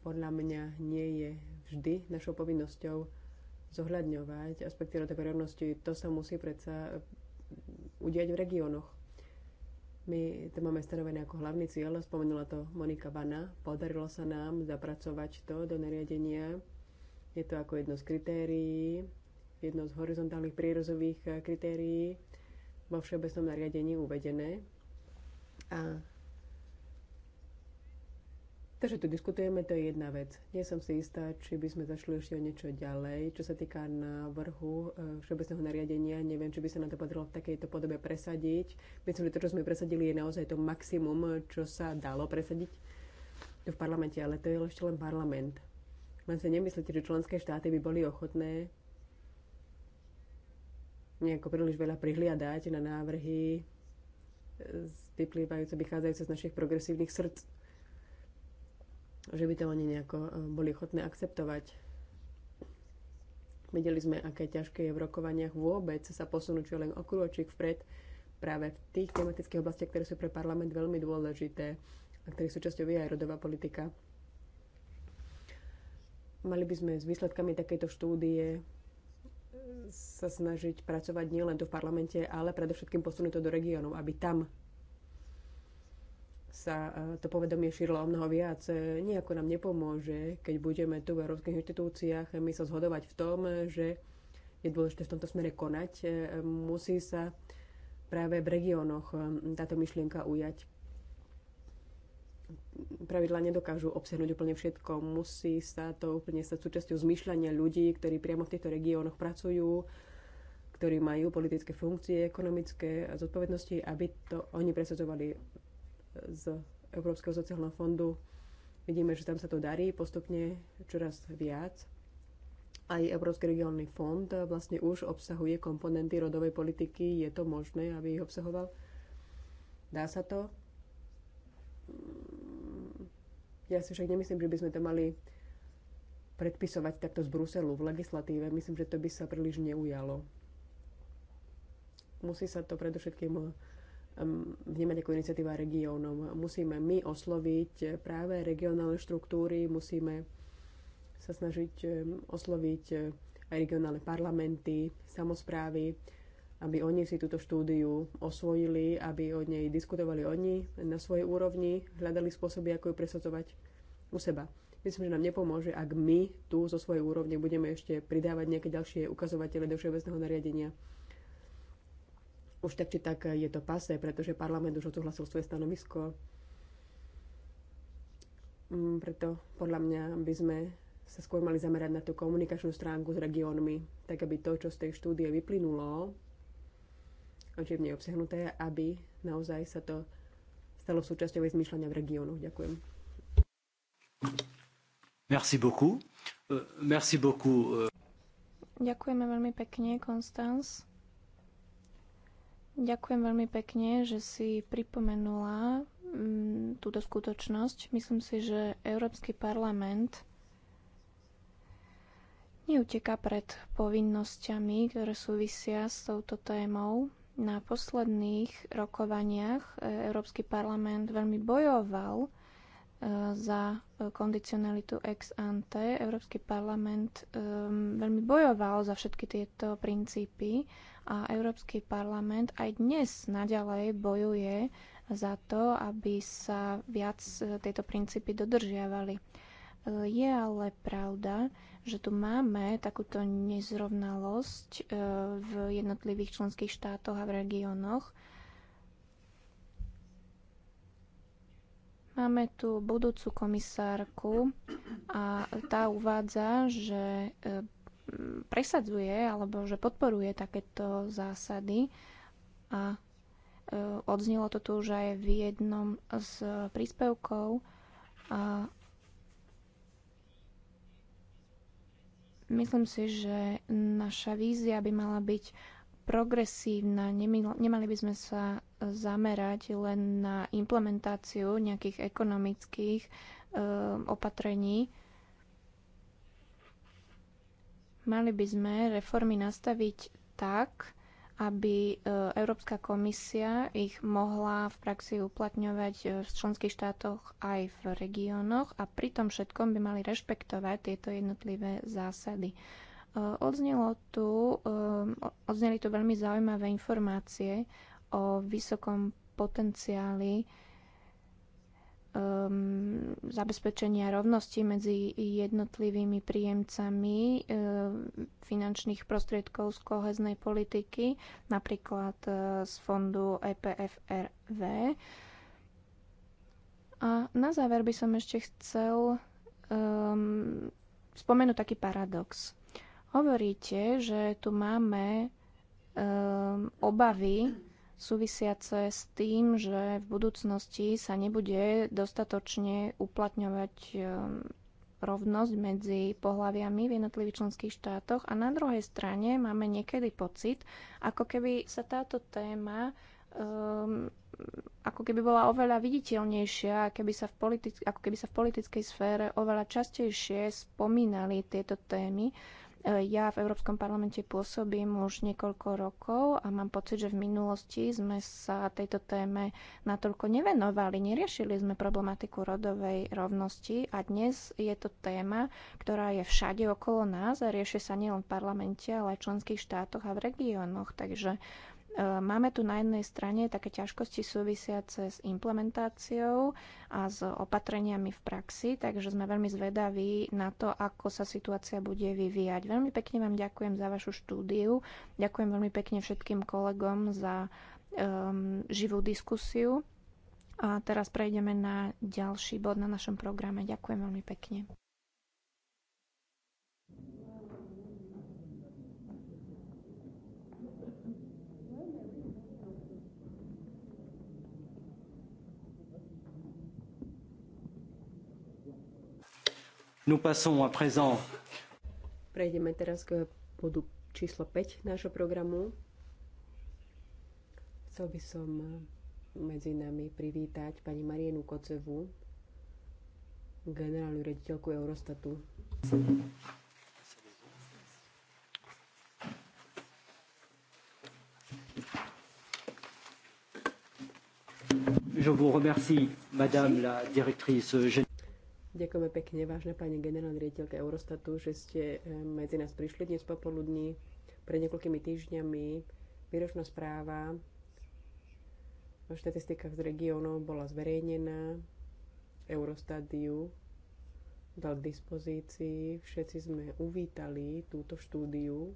podľa mňa nie je vždy našou povinnosťou zohľadňovať aspekty rodovej rovnosti. To sa musí predsa e, udiať v regiónoch. My to máme stanovené ako hlavný cieľ, spomenula to Monika Vana. Podarilo sa nám zapracovať to do nariadenia. Je to ako jedno z kritérií, jedno z horizontálnych prírozových e, kritérií vo všeobecnom nariadení uvedené. A to, že tu diskutujeme, to je jedna vec. Nie som si istá, či by sme zašli ešte o niečo ďalej. Čo sa týka návrhu e, všeobecného nariadenia, neviem, či by sa nám to podarilo v takejto podobe presadiť. Myslím, že to, čo sme presadili, je naozaj to maximum, čo sa dalo presadiť tu v parlamente, ale to je ešte len parlament. Len si nemyslíte, že členské štáty by boli ochotné nejako príliš veľa prihliadať na návrhy e, vyplývajúce, vychádzajúce z našich progresívnych srdc. Že by to oni nejako e, boli ochotné akceptovať. Videli sme, aké ťažké je v rokovaniach vôbec sa posunúť čo len o vpred práve v tých tematických oblastiach, ktoré sú pre parlament veľmi dôležité a ktoré sú je aj rodová politika. Mali by sme s výsledkami takejto štúdie sa snažiť pracovať nielen tu v parlamente, ale predovšetkým posunúť to do regiónov, aby tam sa e, to povedomie šírilo o mnoho viac. E, Nijako nám nepomôže, keď budeme tu v európskych inštitúciách e, my sa zhodovať v tom, že je dôležité v tomto smere konať. Musí sa práve v regiónoch táto myšlienka ujať pravidla nedokážu obsiahnuť úplne všetko. Musí sa to úplne stať súčasťou zmýšľania ľudí, ktorí priamo v týchto regiónoch pracujú, ktorí majú politické funkcie, ekonomické a zodpovednosti, aby to oni presadzovali z Európskeho sociálneho fondu. Vidíme, že tam sa to darí postupne čoraz viac. Aj Európsky regionálny fond vlastne už obsahuje komponenty rodovej politiky. Je to možné, aby ich obsahoval? Dá sa to? Ja si však nemyslím, že by sme to mali predpisovať takto z Bruselu v legislatíve. Myslím, že to by sa príliš neujalo. Musí sa to predovšetkým um, vnímať ako iniciatíva regiónom. Musíme my osloviť práve regionálne štruktúry, musíme sa snažiť um, osloviť um, aj regionálne parlamenty, samozprávy, aby oni si túto štúdiu osvojili, aby o nej diskutovali oni na svojej úrovni, hľadali spôsoby, ako ju presadzovať u seba. Myslím, že nám nepomôže, ak my tu zo svojej úrovne budeme ešte pridávať nejaké ďalšie ukazovatele do všeobecného nariadenia. Už tak či tak je to pase, pretože parlament už odsúhlasil svoje stanovisko. Mm, preto podľa mňa by sme sa skôr mali zamerať na tú komunikačnú stránku s regiónmi, tak aby to, čo z tej štúdie vyplynulo, či v nej obsahnuté, aby naozaj sa to stalo súčasťou zmýšľania v regiónoch. Ďakujem. Merci beaucoup. Euh, merci beaucoup. Euh. Ďakujeme veľmi pekne, Konstanz. Ďakujem veľmi pekne, že si pripomenula mm, túto skutočnosť. Myslím si, že Európsky parlament neuteká pred povinnosťami, ktoré súvisia s touto témou. Na posledných rokovaniach e, Európsky parlament veľmi bojoval za e, kondicionalitu ex ante. Európsky parlament um, veľmi bojoval za všetky tieto princípy a Európsky parlament aj dnes naďalej bojuje za to, aby sa viac e, tieto princípy dodržiavali. Je ale pravda, že tu máme takúto nezrovnalosť v jednotlivých členských štátoch a v regiónoch Máme tu budúcu komisárku a tá uvádza, že e, presadzuje alebo že podporuje takéto zásady a e, odznilo to tu už aj v jednom z príspevkov a myslím si, že naša vízia by mala byť progresívna. Nemali by sme sa e, zamerať len na implementáciu nejakých ekonomických e, opatrení. Mali by sme reformy nastaviť tak, aby e, Európska komisia ich mohla v praxi uplatňovať v členských štátoch aj v regiónoch a pri tom všetkom by mali rešpektovať tieto jednotlivé zásady. Eh, odznelo tu, eh, odzneli tu veľmi zaujímavé informácie o vysokom potenciáli um, zabezpečenia rovnosti medzi jednotlivými príjemcami um, finančných prostriedkov z koheznej politiky, napríklad uh, z fondu EPFRV. A na záver by som ešte chcel um, spomenúť taký paradox. Hovoríte, že tu máme um, obavy súvisiace s tým, že v budúcnosti sa nebude dostatočne uplatňovať um, rovnosť medzi pohľaviami v jednotlivých členských štátoch a na druhej strane máme niekedy pocit, ako keby sa táto téma um, ako keby bola oveľa viditeľnejšia, keby sa v ako keby sa v politickej sfére oveľa častejšie spomínali tieto témy E, ja v Európskom parlamente pôsobím už niekoľko rokov a mám pocit, že v minulosti sme sa tejto téme natoľko nevenovali, neriešili sme problematiku rodovej rovnosti a dnes je to téma, ktorá je všade okolo nás a rieši sa nielen v parlamente, ale aj v členských štátoch a v regiónoch. Takže E, máme tu na jednej strane také ťažkosti súvisiace s implementáciou a s opatreniami v praxi, takže sme veľmi zvedaví na to, ako sa situácia bude vyvíjať. Veľmi pekne vám ďakujem za vašu štúdiu, ďakujem veľmi pekne všetkým kolegom za um, živú diskusiu. A teraz prejdeme na ďalší bod na našom programe. Ďakujem veľmi pekne. Nous passons à présent. Prejdeme teraz k bodu číslo 5 nášho programu. Chcel by som medzi nami privítať pani Marienu Kocevu, generálnu rediteľku Eurostatu. Je vous remercie, madame la directrice générale. Ďakujeme pekne, vážna pani generálna riaditeľka Eurostatu, že ste e, medzi nás prišli dnes popoludní. Pred niekoľkými týždňami výročná správa o štatistikách z regiónov bola zverejnená. Eurostadiu dal k dispozícii. Všetci sme uvítali túto štúdiu.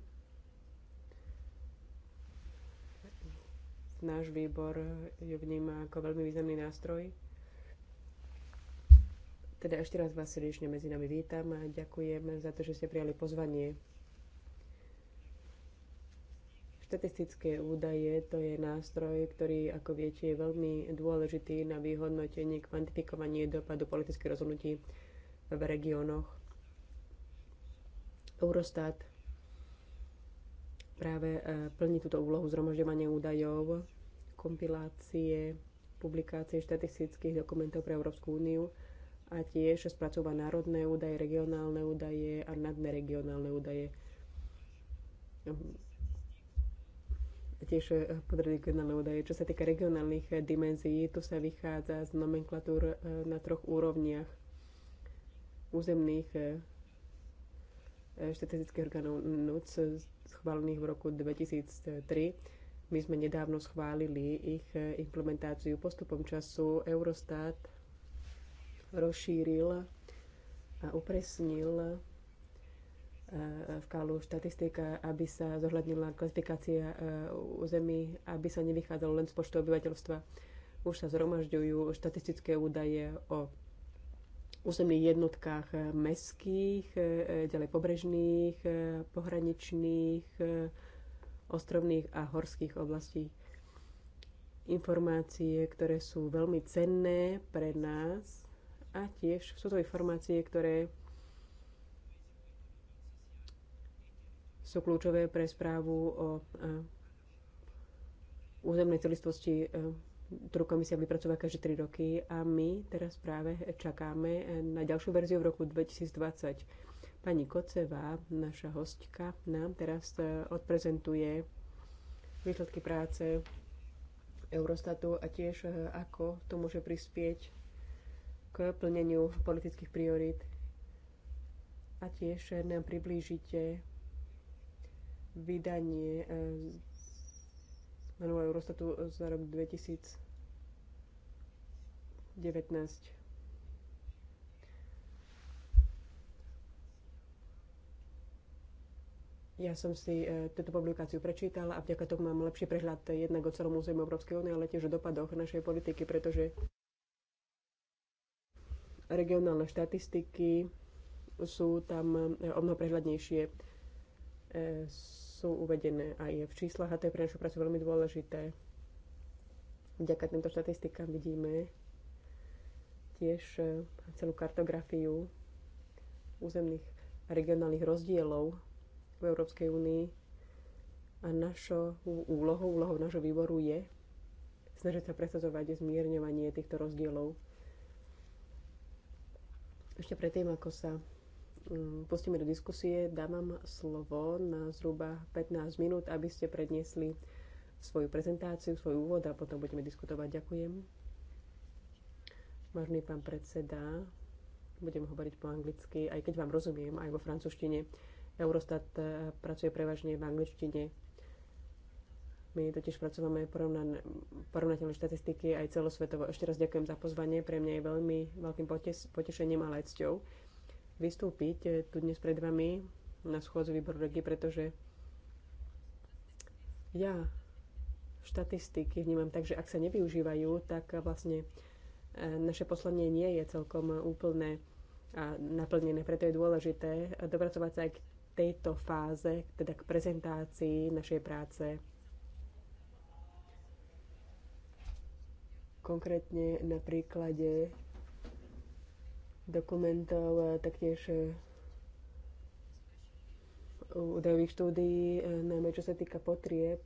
Náš výbor ju vníma ako veľmi významný nástroj teda ešte raz vás srdečne medzi nami vítam a ďakujem za to, že ste prijali pozvanie. Štatistické údaje to je nástroj, ktorý, ako viete, je veľmi dôležitý na vyhodnotenie, kvantifikovanie dopadu politických rozhodnutí v regiónoch. Eurostat práve e, plní túto úlohu zhromažďovania údajov, kompilácie, publikácie štatistických dokumentov pre Európsku úniu a tiež spracúva národné údaje, regionálne údaje a nadneregionálne údaje. A tiež eh, podregionálne údaje. Čo sa týka regionálnych eh, dimenzií, tu sa vychádza z nomenklatúr eh, na troch úrovniach územných štatistických orgánov NUC schválených v roku 2003 my sme nedávno schválili ich implementáciu postupom času. Eurostat rozšíril a upresnil e, v Kalu štatistika, aby sa zohľadnila klasifikácia území, e, aby sa nevychádzalo len z počtu obyvateľstva. Už sa zhromažďujú štatistické údaje o územných jednotkách e, mestských, ďalej pobrežných, pohraničných, ostrovných a horských oblastí. Informácie, ktoré sú veľmi cenné pre nás, a tiež sú to informácie, ktoré sú kľúčové pre správu o územnej celistvosti, e, ktorú komisia vypracová každé 3 roky a my teraz práve čakáme e, na ďalšiu verziu v roku 2020. Pani Kocevá, naša hostka, nám teraz e, odprezentuje výsledky práce Eurostatu a tiež ako to môže prispieť k plneniu politických priorít a tiež nám priblížite vydanie eh, manuálu Eurostatu za rok 2019. Ja som si e, túto publikáciu prečítala a vďaka tomu mám lepší prehľad jednak o celom území Európskej únie, ale tiež o dopadoch našej politiky, pretože regionálne štatistiky sú tam e, o mnoho prehľadnejšie, e, sú uvedené aj v číslach a to je pre našu prácu veľmi dôležité. Vďaka týmto štatistikám vidíme tiež e, celú kartografiu územných a regionálnych rozdielov v Európskej únii a našou úlohou, úlohou nášho výboru je snažiť sa presadzovať zmierňovanie týchto rozdielov ešte predtým, ako sa mm, pustíme do diskusie, dávam slovo na zhruba 15 minút, aby ste predniesli svoju prezentáciu, svoj úvod a potom budeme diskutovať. Ďakujem. Vážený pán predseda, budem hovoriť po anglicky, aj keď vám rozumiem, aj vo francúzštine. Eurostat eh, pracuje prevažne v angličtine, my totiž pracovame porovnan- porovnateľné štatistiky aj celosvetovo. Ešte raz ďakujem za pozvanie. Pre mňa je veľmi veľkým potes- potešením a lecťou vystúpiť eh, tu dnes pred vami na schôdzu výboru regi, pretože ja štatistiky vnímam tak, že ak sa nevyužívajú, tak vlastne eh, naše poslanie nie je celkom úplné a naplnené. Preto je dôležité dopracovať sa aj k tejto fáze, teda k prezentácii našej práce konkrétne na príklade dokumentov, taktiež e, údajových štúdií, e, najmä čo sa týka potrieb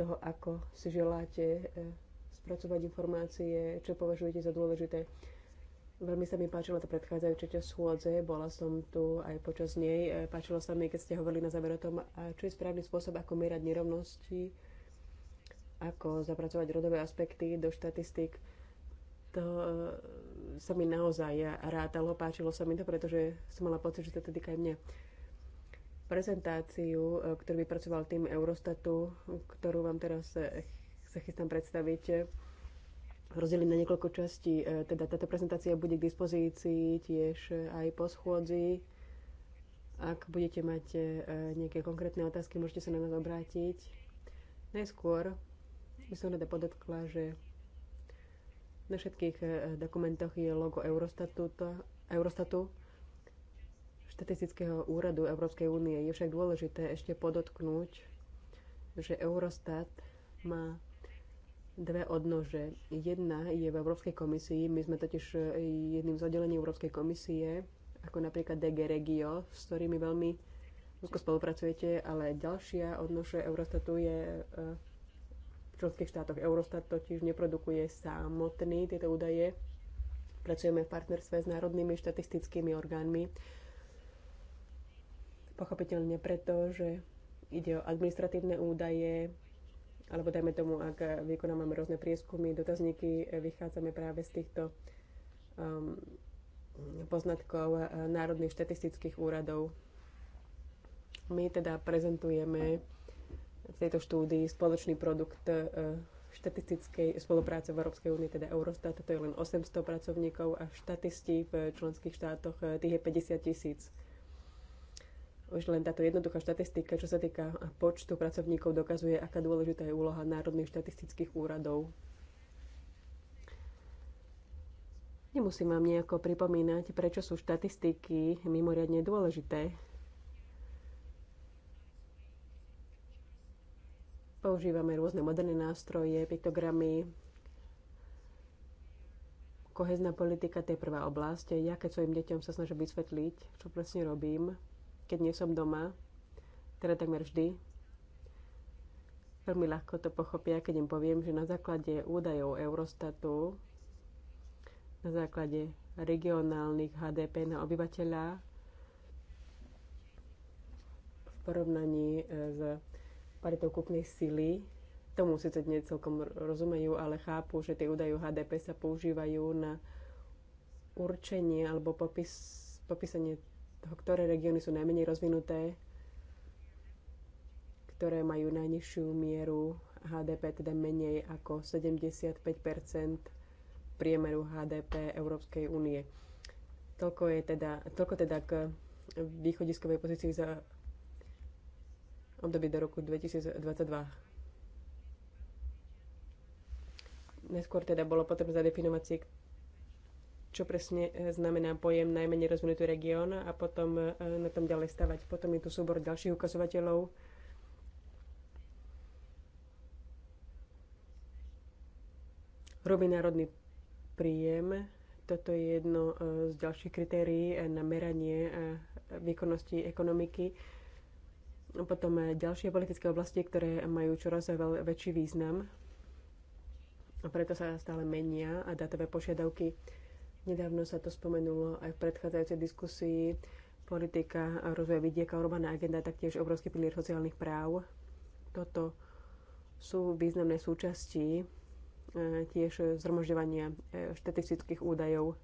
toho, ako si želáte e, spracovať informácie, čo považujete za dôležité. Veľmi sa mi páčila tá časť schôdze, bola som tu aj počas nej. Páčilo sa mi, keď ste hovorili na záver o tom, čo je správny spôsob, ako merať nerovnosti ako zapracovať rodové aspekty do štatistík. To e, sa mi naozaj rátalo, páčilo sa mi to, pretože som mala pocit, že to týka aj mňa. Prezentáciu, e, ktorú vypracoval tým Eurostatu, ktorú vám teraz e, sa chystám predstaviť, rozdeliť na niekoľko častí. Teda táto prezentácia bude k dispozícii tiež aj po schôdzi. Ak budete mať nejaké konkrétne otázky, môžete sa na nás obrátiť. Najskôr by som rada podotkla, že na všetkých eh, dokumentoch je logo Eurostatu, štatistického úradu Európskej únie. Je však dôležité ešte podotknúť, že Eurostat má dve odnože. Jedna je v Európskej komisii, my sme totiž eh, jedným z oddelení Európskej komisie, ako napríklad DG Regio, s ktorými veľmi úzko spolupracujete, ale ďalšia odnože Eurostatu je eh, v členských štátoch. Eurostat totiž neprodukuje samotný tieto údaje. Pracujeme v partnerstve s národnými štatistickými orgánmi. Pochopiteľne preto, že ide o administratívne údaje, alebo dajme tomu, ak vykonávame rôzne prieskumy, dotazníky, vychádzame práve z týchto um, poznatkov eh, národných štatistických úradov. My teda prezentujeme v tejto štúdii spoločný produkt e, štatistickej spolupráce v Európskej únii, teda Eurostat, to je len 800 pracovníkov a štatisti v členských štátoch e, tých je 50 tisíc. Už len táto jednoduchá štatistika, čo sa týka počtu pracovníkov, dokazuje, aká dôležitá je úloha národných štatistických úradov. Nemusím vám nejako pripomínať, prečo sú štatistiky mimoriadne dôležité Používame rôzne moderné nástroje, piktogramy. Kohezná politika, to je prvá oblasť. Ja keď svojim deťom sa snažím vysvetliť, čo presne robím, keď nie som doma, teda takmer vždy, veľmi ľahko to pochopia, keď im poviem, že na základe údajov Eurostatu, na základe regionálnych HDP na obyvateľa, v porovnaní e, s paritou kúpnej sily. Tomu síce dnes celkom rozumejú, ale chápu, že tie údaje HDP sa používajú na určenie alebo popis, popísanie toho, ktoré regióny sú najmenej rozvinuté, ktoré majú najnižšiu mieru HDP, teda menej ako 75 priemeru HDP Európskej únie. Toľko, je teda, toľko teda k východiskovej pozícii za období do roku 2022. Neskôr teda bolo potrebné zadefinovať si, čo presne e, znamená pojem najmenej rozvinutý región a potom e, na tom ďalej stavať. Potom je tu súbor ďalších ukazovateľov, Hrubý národný príjem, toto je jedno e, z ďalších kritérií na meranie výkonnosti ekonomiky potom eh, ďalšie politické oblasti, ktoré majú čoraz väčší význam. A preto sa stále menia a dátové požiadavky. Nedávno sa to spomenulo aj v predchádzajúcej diskusii. Politika rozvoj vidieka, urbaná agenda, taktiež obrovský pilier sociálnych práv. Toto sú významné súčasti eh, tiež zhromažďovania eh, štatistických údajov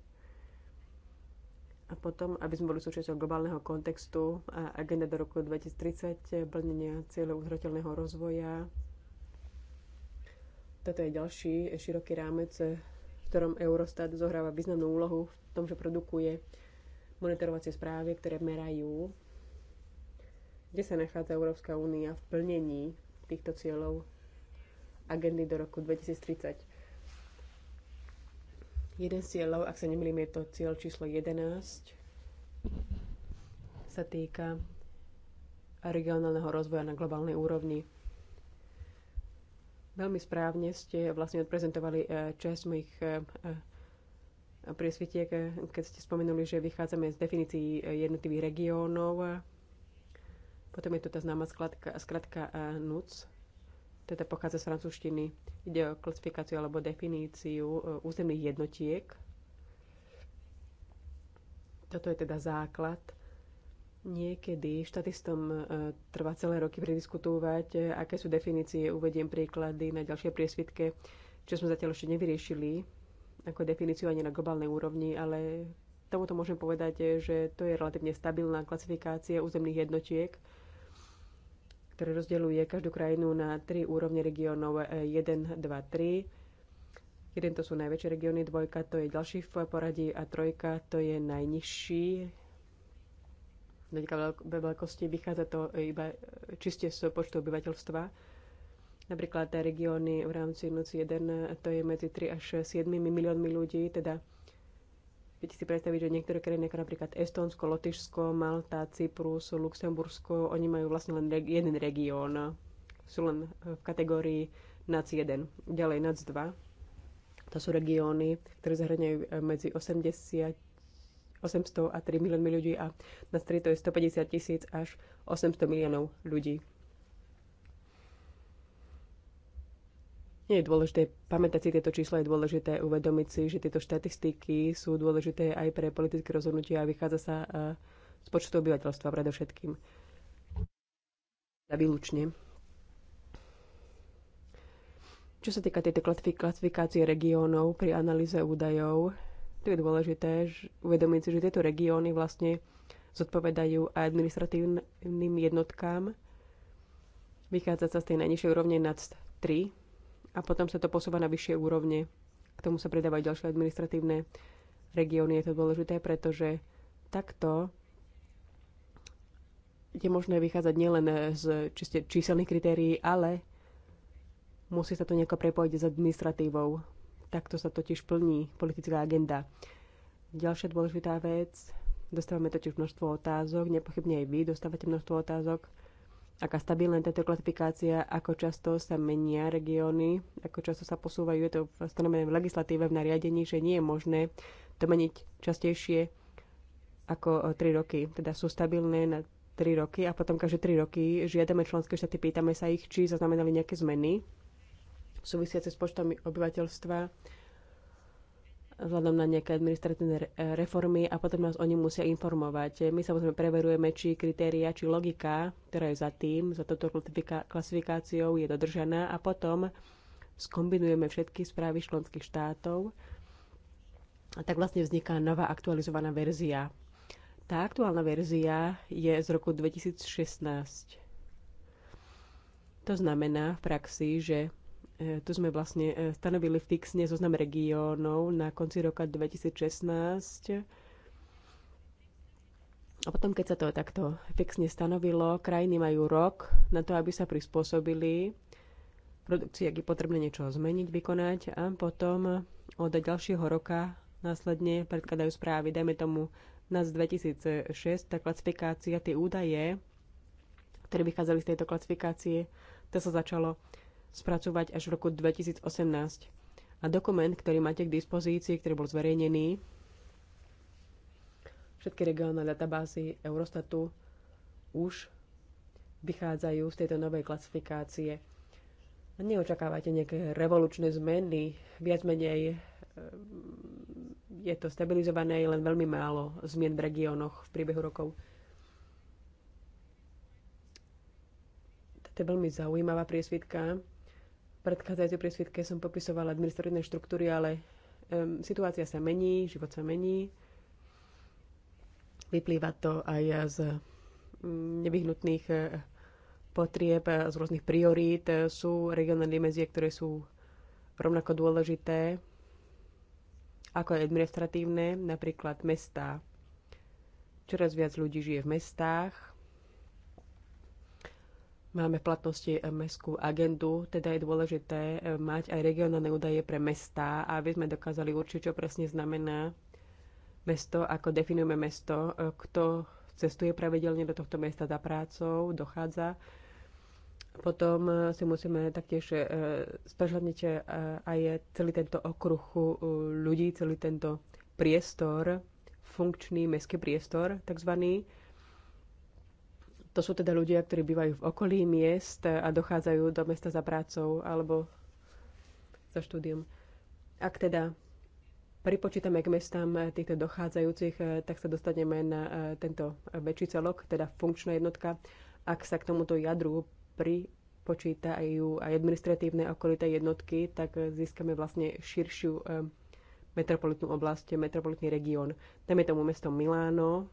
a potom, aby sme boli súčasťou globálneho kontextu a agenda do roku 2030, plnenia cieľov udržateľného rozvoja. Toto je ďalší široký rámec, v ktorom Eurostat zohráva významnú úlohu v tom, že produkuje monitorovacie správy, ktoré merajú, kde sa nachádza Európska únia v plnení týchto cieľov agendy do roku 2030. Jeden z cieľov, ak sa nemýlim, je to cieľ číslo 11, sa týka regionálneho rozvoja na globálnej úrovni. Veľmi správne ste vlastne odprezentovali e, časť mojich e, e, priesvitiek, keď ste spomenuli, že vychádzame z definícií jednotlivých regiónov. Potom je tu tá známa skratka, skratka NUC, teda pochádza z francúzštiny. Ide o klasifikáciu alebo definíciu e, územných jednotiek. Toto je teda základ. Niekedy štatistom e, trvá celé roky prediskutovať, e, aké sú definície. Uvediem príklady na ďalšie priesvitke, čo sme zatiaľ ešte nevyriešili ako definíciu ani na globálnej úrovni, ale tomuto môžem povedať, že to je relatívne stabilná klasifikácia územných jednotiek – ktoré rozdeľuje každú krajinu na tri úrovne regiónov 1, 2, 3. Jeden to sú najväčšie regióny, dvojka to je ďalší v poradí a trojka to je najnižší. Veľká veľkosti vychádza to iba e, čiste z počtu obyvateľstva. Napríklad e, regióny v rámci NUC 1 e, to je medzi 3 až 7 miliónmi ľudí, teda Viete si predstaviť, že niektoré krajiny, ako napríklad Estonsko, Lotyšsko, Malta, Cyprus, Luxembursko, oni majú vlastne len reg- jeden región. Sú len eh, v kategórii NAC 1. Ďalej NAC 2. To sú regióny, ktoré zahrňajú eh, medzi 80 800 a 3 miliónmi ľudí a na to je 150 tisíc až 800 miliónov ľudí. Nie je dôležité pamätať si tieto čísla, je dôležité uvedomiť si, že tieto štatistiky sú dôležité aj pre politické rozhodnutia a vychádza sa e, z počtu obyvateľstva predovšetkým. A výlučne. Čo sa týka tejto klasifikácie regiónov pri analýze údajov, tu je dôležité uvedomiť si, že tieto regióny vlastne zodpovedajú aj administratívnym jednotkám. Vychádza sa z tej najnižšej úrovne nad 3, a potom sa to posúva na vyššie úrovne. K tomu sa pridávajú ďalšie administratívne regióny. Je to dôležité, pretože takto je možné vychádzať nielen z čiste číselných kritérií, ale musí sa to nejako prepojiť s administratívou. Takto sa totiž plní politická agenda. Ďalšia dôležitá vec, dostávame totiž množstvo otázok, nepochybne aj vy dostávate množstvo otázok aká stabilná je táto klasifikácia, ako často sa menia regióny, ako často sa posúvajú. Je to stanovené v legislatíve, v nariadení, že nie je možné to meniť častejšie ako 3 e, roky. Teda sú stabilné na 3 roky a potom každé 3 roky žiadame členské štáty, pýtame sa ich, či zaznamenali nejaké zmeny súvisiace s počtom obyvateľstva, vzhľadom na nejaké administratívne reformy a potom nás o ne musia informovať. My samozrejme preverujeme, či kritéria, či logika, ktorá je za tým, za touto klasifikáciou je dodržaná a potom skombinujeme všetky správy členských štátov a tak vlastne vzniká nová aktualizovaná verzia. Tá aktuálna verzia je z roku 2016. To znamená v praxi, že E, tu sme vlastne e, stanovili fixne zoznam regiónov na konci roka 2016. A potom, keď sa to takto fixne stanovilo, krajiny majú rok na to, aby sa prispôsobili produkcii, ak je potrebné niečo zmeniť, vykonať a potom od ďalšieho roka následne predkladajú správy. Dajme tomu nás 2006, tá klasifikácia, tie údaje, ktoré vychádzali z tejto klasifikácie, to sa začalo spracovať až v roku 2018. A dokument, ktorý máte k dispozícii, ktorý bol zverejnený, všetky regionálne databázy Eurostatu už vychádzajú z tejto novej klasifikácie. Neočakávate nejaké revolučné zmeny, viac menej e, je to stabilizované, len veľmi málo zmien v regiónoch v priebehu rokov. To je veľmi zaujímavá priesvitka predchádzajúcej prísvitke som popisovala administratívne štruktúry, ale um, situácia sa mení, život sa mení. Vyplýva to aj z mm, nevyhnutných eh, potrieb, eh, z rôznych priorít. Eh, sú regionálne dimenzie, ktoré sú rovnako dôležité ako aj administratívne, napríklad mestá. Čoraz viac ľudí žije v mestách, Máme v platnosti eh, mestskú agendu, teda je dôležité eh, mať aj regionálne údaje pre mesta, aby sme dokázali určiť, čo presne znamená mesto, ako definujeme mesto, eh, kto cestuje pravidelne do tohto mesta za prácou, dochádza. Potom si musíme taktiež spešľadniť aj celý tento okruh ľudí, celý tento priestor, funkčný mestský priestor, takzvaný, to sú teda ľudia, ktorí bývajú v okolí miest a dochádzajú do mesta za prácou alebo za štúdium. Ak teda pripočítame k mestám týchto dochádzajúcich, eh, tak sa dostaneme na eh, tento väčší celok, teda funkčná jednotka. Ak sa k tomuto jadru pripočítajú aj administratívne okolité jednotky, tak eh, získame vlastne širšiu metropolitnú oblasť, metropolitný región. Tam je tomu mesto Miláno,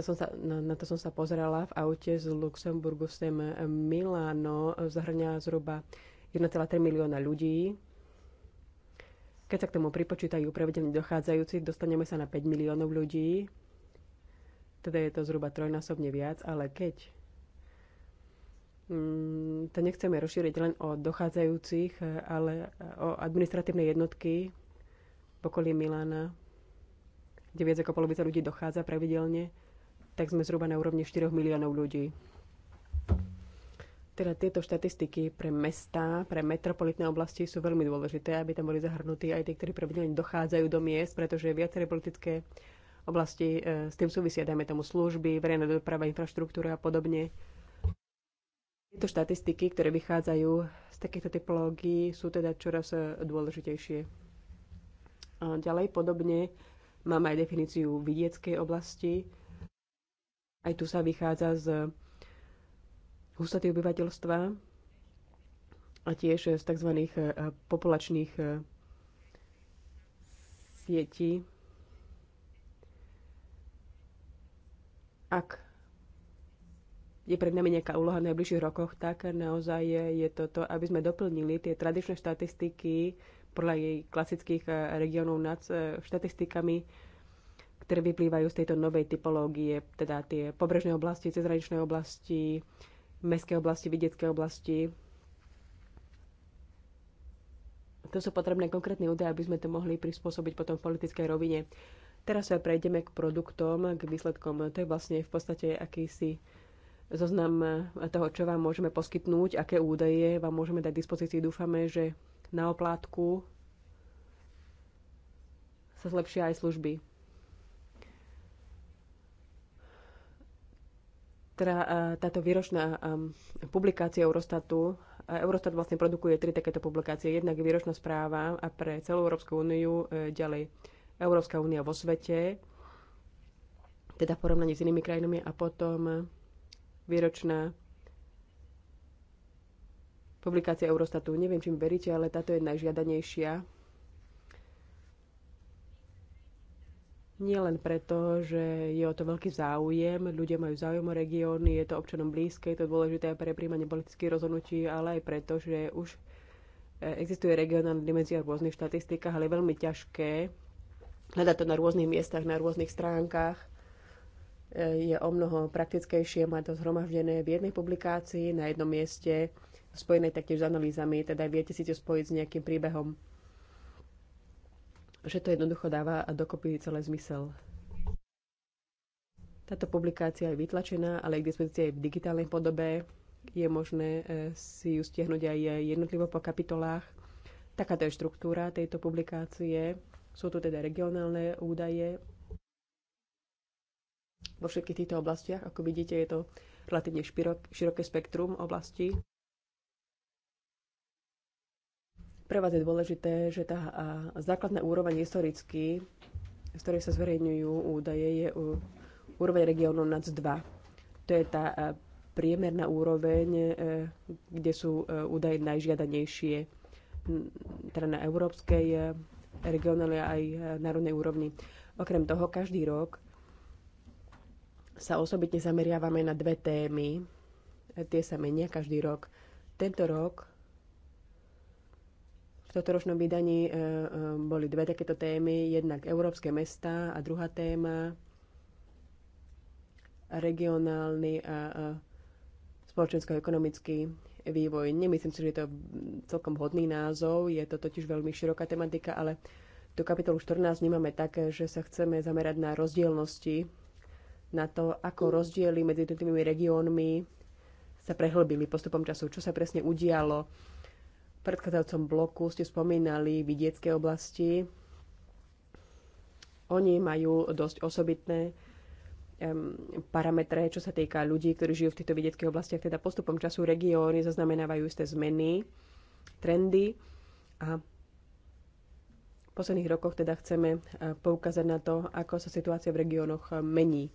To som sa, na, na to som sa pozerala v aute z Luxemburgu sem eh, Milano eh, zahrňa zhruba 1,3 milióna ľudí. Keď sa k tomu pripočítajú prevedení dochádzajúci, dostaneme sa na 5 miliónov ľudí. Teda je to zhruba trojnásobne viac, ale keď mm, to nechceme rozšíriť len o dochádzajúcich, eh, ale o administratívne jednotky v okolí Milána, kde viac ako polovica ľudí dochádza pravidelne tak sme zhruba na úrovni 4 miliónov ľudí. Teda tieto štatistiky pre mesta, pre metropolitné oblasti sú veľmi dôležité, aby tam boli zahrnutí aj tí, ktorí pravidelne dochádzajú do miest, pretože viaceré politické oblasti e, s tým súvisia, dajme tomu služby, verejná doprava, infraštruktúra a podobne. Tieto štatistiky, ktoré vychádzajú z takýchto typológií, sú teda čoraz e, dôležitejšie. A ďalej podobne máme aj definíciu vidieckej oblasti, aj tu sa vychádza z hustoty obyvateľstva a tiež z tzv. Eh, populačných eh, sietí. Ak je pred nami nejaká úloha v najbližších rokoch, tak naozaj je, je toto, aby sme doplnili tie tradičné štatistiky podľa jej klasických eh, regionov nad štatistikami ktoré vyplývajú z tejto novej typológie, teda tie pobrežné oblasti, cezhraničné oblasti, mestské oblasti, vidiecké oblasti. To sú potrebné konkrétne údaje, aby sme to mohli prispôsobiť potom v politickej rovine. Teraz sa prejdeme k produktom, k výsledkom. To je vlastne v podstate akýsi zoznam toho, čo vám môžeme poskytnúť, aké údaje vám môžeme dať dispozícii. Dúfame, že na oplátku sa zlepšia aj služby. teda e, táto výročná e, publikácia Eurostatu, e, Eurostat vlastne produkuje tri takéto publikácie. Jednak je výročná správa a pre celú Európsku úniu, ďalej Európska únia vo svete, teda v porovnaní s inými krajinami a potom výročná publikácia Eurostatu. Neviem, či mi veríte, ale táto je najžiadanejšia Nie len preto, že je o to veľký záujem, ľudia majú záujem o regióny, je to občanom blízke, je to dôležité aj pre príjmanie politických rozhodnutí, ale aj preto, že už e, existuje regionálna dimenzia v rôznych štatistikách, ale je veľmi ťažké hľadať to na rôznych miestach, na rôznych stránkach. E, je o mnoho praktickejšie mať to zhromaždené v jednej publikácii, na jednom mieste, spojené taktiež s analýzami, teda viete si to spojiť s nejakým príbehom že to jednoducho dáva dokopy celé zmysel. Táto publikácia je vytlačená, ale je k dispozícii aj v digitálnej podobe. Je možné e, si ju stiahnuť aj e, jednotlivo po kapitolách. Takáto je štruktúra tejto publikácie. Sú tu teda regionálne údaje vo všetkých týchto oblastiach. Ako vidíte, je to relatívne široké spektrum oblastí. Pre vás je dôležité, že tá základná úroveň historicky, z ktorej sa zverejňujú údaje, je e, úroveň regiónu NAC 2. To je tá e, priemerná úroveň, e, kde sú údaje najžiadanejšie, teda na európskej, regionálnej aj národnej úrovni. Okrem toho, každý rok sa osobitne zameriavame na dve témy. Tie sa menia každý rok. Tento rok v ročnom vydaní e, e, boli dve takéto témy, jednak európske mesta a druhá téma regionálny a spoločensko-ekonomický vývoj. Nemyslím si, že je to celkom hodný názov, je to totiž veľmi široká tematika, ale tú kapitolu 14 vnímame tak, že sa chceme zamerať na rozdielnosti, na to, ako rozdiely medzi jednotlivými regiónmi sa prehlbili postupom času, čo sa presne udialo predchádzajúcom bloku ste spomínali vidiecké oblasti. Oni majú dosť osobitné parametre, čo sa týka ľudí, ktorí žijú v týchto vidieckých oblastiach. Teda postupom času regióny zaznamenávajú isté zmeny, trendy a v posledných rokoch teda chceme eh, poukázať na to, ako sa situácia v regiónoch eh, mení.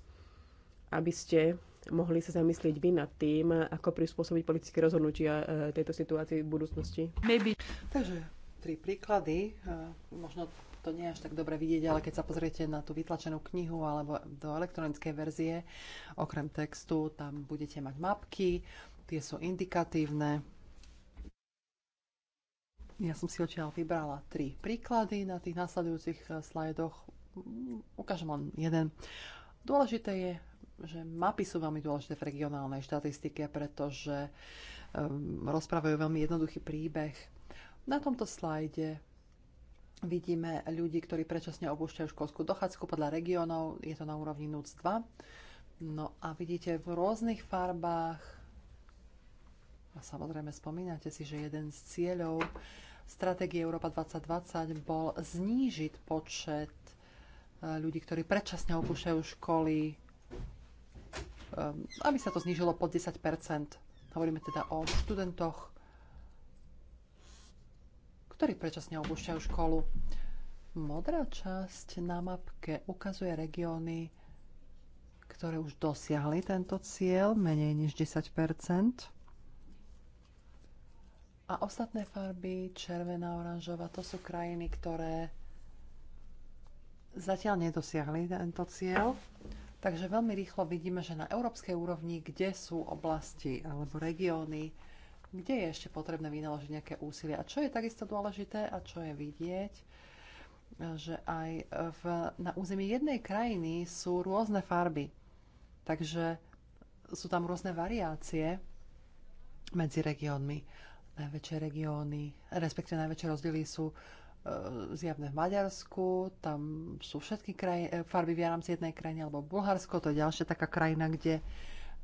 Aby ste mohli sa zamyslieť vy nad tým, ako prispôsobiť politické rozhodnutia e, tejto situácii v budúcnosti? Maybe. Takže tri príklady, e, možno to nie je až tak dobre vidieť, ale keď sa pozriete na tú vytlačenú knihu alebo do elektronickej verzie, okrem textu, tam budete mať mapky, tie sú indikatívne. Ja som si odtiaľ vybrala tri príklady na tých nasledujúcich e, slajdoch. Mm, ukážem len jeden. Dôležité je že mapy sú veľmi dôležité v regionálnej štatistike, pretože um, rozprávajú veľmi jednoduchý príbeh. Na tomto slajde vidíme ľudí, ktorí predčasne opúšťajú školskú dochádzku podľa regiónov, je to na úrovni NUC 2. No a vidíte v rôznych farbách, a samozrejme spomínate si, že jeden z cieľov stratégie Európa 2020 bol znížiť počet e, ľudí, ktorí predčasne opúšťajú školy Ehm, aby sa to znížilo pod 10 Hovoríme teda o študentoch, ktorí predčasne opúšťajú školu. Modrá časť na mapke ukazuje regióny, ktoré už dosiahli tento cieľ, menej než 10 A ostatné farby, červená, oranžová, to sú krajiny, ktoré zatiaľ nedosiahli tento cieľ. Takže veľmi rýchlo vidíme, že na európskej úrovni, kde sú oblasti alebo regióny, kde je ešte potrebné vynaložiť nejaké úsilie. A čo je takisto dôležité a čo je vidieť, že aj v, na území jednej krajiny sú rôzne farby. Takže sú tam rôzne variácie medzi regiónmi. Najväčšie regióny, respektíve najväčšie rozdiely sú E, zjavne v Maďarsku, tam sú všetky kraj- e, farby v rámci jednej krajiny, alebo Bulharsko, to je ďalšia taká krajina, kde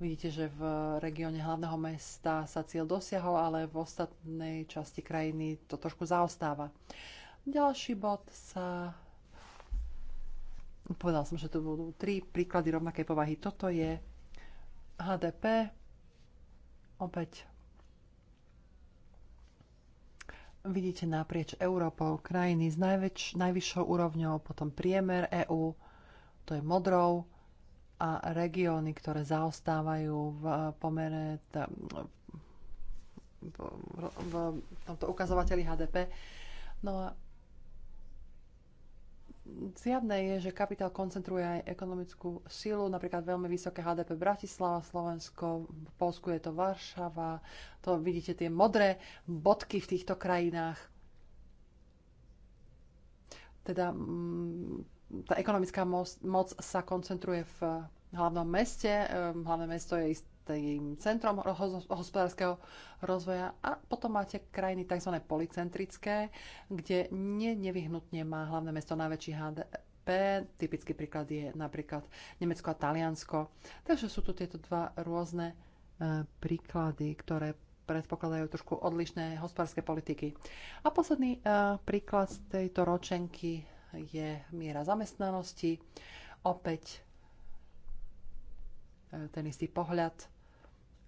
vidíte, že v regióne hlavného mesta sa cieľ dosiahol, ale v ostatnej časti krajiny to trošku zaostáva. Ďalší bod sa... Povedal som, že tu budú tri príklady rovnakej povahy. Toto je HDP, opäť vidíte naprieč Európou krajiny s najväč, najvyššou úrovňou, potom priemer EÚ, to je modrou, a regióny, ktoré zaostávajú v pomere t- v, v, v tomto ukazovateli HDP. No a Zjavné je, že kapitál koncentruje aj ekonomickú silu, napríklad veľmi vysoké HDP Bratislava, Slovensko, v Polsku je to Varšava, to vidíte tie modré bodky v týchto krajinách. Teda mm, tá ekonomická moc, moc sa koncentruje v hlavnom meste. Ehm, hlavné mesto je ist, tým centrom hospodárskeho rozvoja a potom máte krajiny tzv. policentrické, kde nie nevyhnutne má hlavné mesto najväčší HDP. Typický príklad je napríklad Nemecko a Taliansko. Takže sú tu tieto dva rôzne e, príklady, ktoré predpokladajú trošku odlišné hospodárske politiky. A posledný e, príklad z tejto ročenky je miera zamestnanosti. Opäť ten istý pohľad.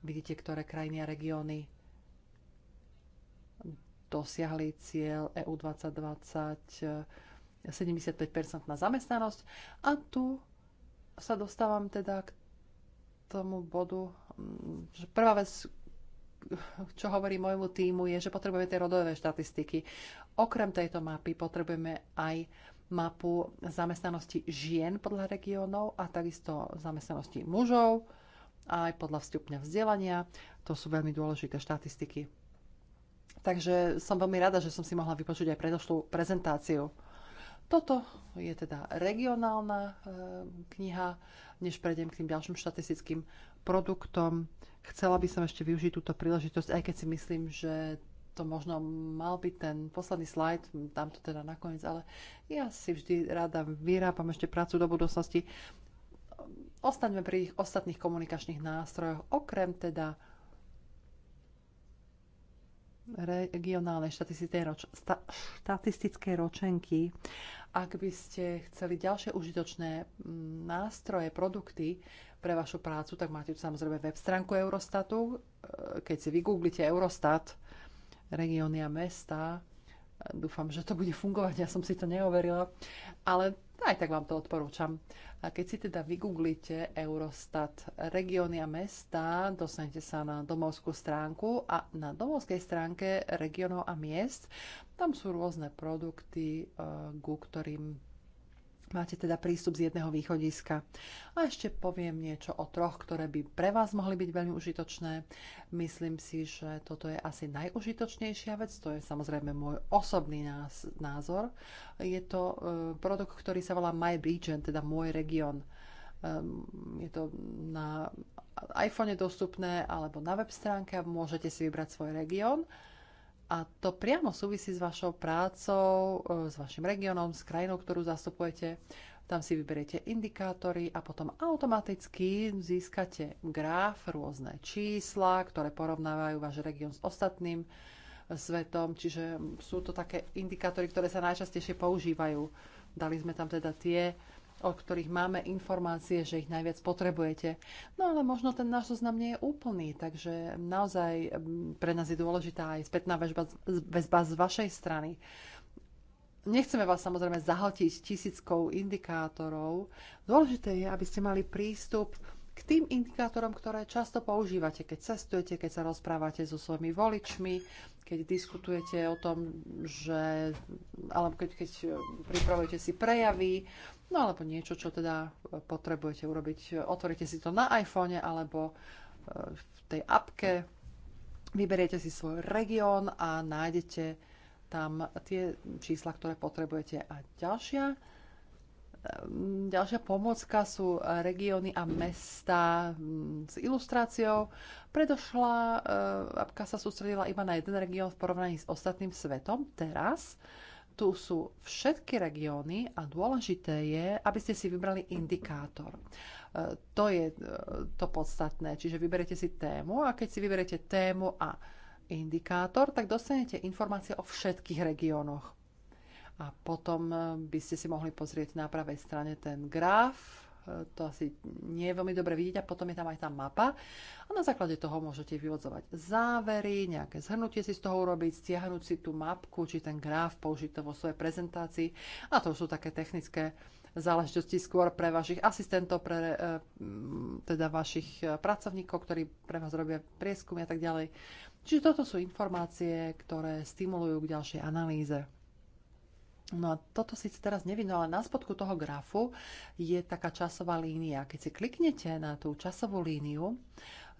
Vidíte, ktoré krajiny a regióny dosiahli cieľ EU 2020 75% na zamestnanosť. A tu sa dostávam teda k tomu bodu, mm, že prvá vec, čo hovorí môjmu týmu, je, že potrebujeme tie rodové štatistiky. Okrem tejto mapy potrebujeme aj mapu zamestnanosti žien podľa regiónov a takisto zamestnanosti mužov aj podľa vstupňa vzdelania. To sú veľmi dôležité štatistiky. Takže som veľmi rada, že som si mohla vypočuť aj predošlú prezentáciu. Toto je teda regionálna e, kniha. Než prejdem k tým ďalším štatistickým produktom, chcela by som ešte využiť túto príležitosť, aj keď si myslím, že to možno mal byť ten posledný slajd, dám to teda nakoniec, ale ja si vždy rada vyrábam ešte prácu do budúcnosti. Ostaňme pri ich ostatných komunikačných nástrojoch, okrem teda regionálnej roč, sta, štatistické ročenky. Ak by ste chceli ďalšie užitočné mm, nástroje, produkty pre vašu prácu, tak máte tu samozrejme web stránku Eurostatu. Keď si vygooglite Eurostat, regióny a mesta. Dúfam, že to bude fungovať, ja som si to neoverila, ale aj tak vám to odporúčam. A keď si teda vygooglite Eurostat regióny a mesta, dostanete sa na domovskú stránku a na domovskej stránke regionov a miest tam sú rôzne produkty, eh, ku ktorým Máte teda prístup z jedného východiska. A ešte poviem niečo o troch, ktoré by pre vás mohli byť veľmi užitočné. Myslím si, že toto je asi najužitočnejšia vec. To je samozrejme môj osobný názor. Je to e, produkt, ktorý sa volá My Region, teda môj región. Ehm, je to na iPhone dostupné alebo na web stránke a môžete si vybrať svoj región. A to priamo súvisí s vašou prácou, e, s vašim regiónom, s krajinou, ktorú zastupujete. Tam si vyberiete indikátory a potom automaticky získate graf, rôzne čísla, ktoré porovnávajú váš región s ostatným e, svetom. Čiže sú to také indikátory, ktoré sa najčastejšie používajú. Dali sme tam teda tie o ktorých máme informácie, že ich najviac potrebujete. No ale možno ten náš zoznam nie je úplný, takže naozaj pre nás je dôležitá aj spätná väzba, väzba z vašej strany. Nechceme vás samozrejme zahltiť tisíckou indikátorov. Dôležité je, aby ste mali prístup k tým indikátorom, ktoré často používate, keď cestujete, keď sa rozprávate so svojimi voličmi, keď diskutujete o tom, že, alebo keď, keď pripravujete si prejavy, no alebo niečo, čo teda potrebujete urobiť. Otvoríte si to na iPhone alebo e, v tej apke, vyberiete si svoj región a nájdete tam tie čísla, ktoré potrebujete. A ďalšia Ehm, ďalšia pomocka sú eh, regióny a mesta mm, s ilustráciou. Predošla eh, apka sa sústredila iba na jeden región v porovnaní s ostatným svetom. Teraz tu sú všetky regióny a dôležité je, aby ste si vybrali indikátor. Eh, to je to podstatné. Čiže vyberete si tému a keď si vyberete tému a indikátor, tak dostanete informácie o všetkých regiónoch. A potom eh, by ste si mohli pozrieť na pravej strane ten graf, eh, to asi nie je veľmi dobre vidieť a potom je tam aj tá mapa a na základe toho môžete vyvodzovať závery, nejaké zhrnutie si z toho urobiť, stiahnuť si tú mapku či ten graf, použiť to vo svojej prezentácii a to sú také technické záležitosti skôr pre vašich asistentov, pre eh, teda vašich pracovníkov, ktorí pre vás robia prieskumy a tak ďalej. Čiže toto sú informácie, ktoré stimulujú k ďalšej analýze. No a toto síce teraz nevidno, ale na spodku toho grafu je taká časová línia. Keď si kliknete na tú časovú líniu,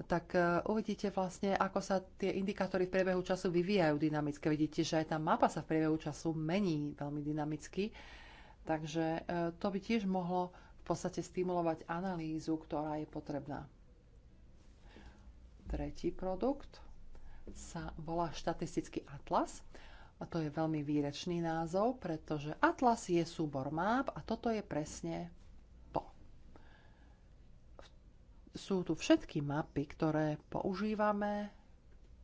tak e, uvidíte vlastne, ako sa tie indikátory v priebehu času vyvíjajú dynamicky. Vidíte, že aj tá mapa sa v priebehu času mení veľmi dynamicky. Takže e, to by tiež mohlo v podstate stimulovať analýzu, ktorá je potrebná. Tretí produkt sa volá štatistický atlas a to je veľmi výrečný názov, pretože Atlas je súbor máp a toto je presne to. Sú tu všetky mapy, ktoré používame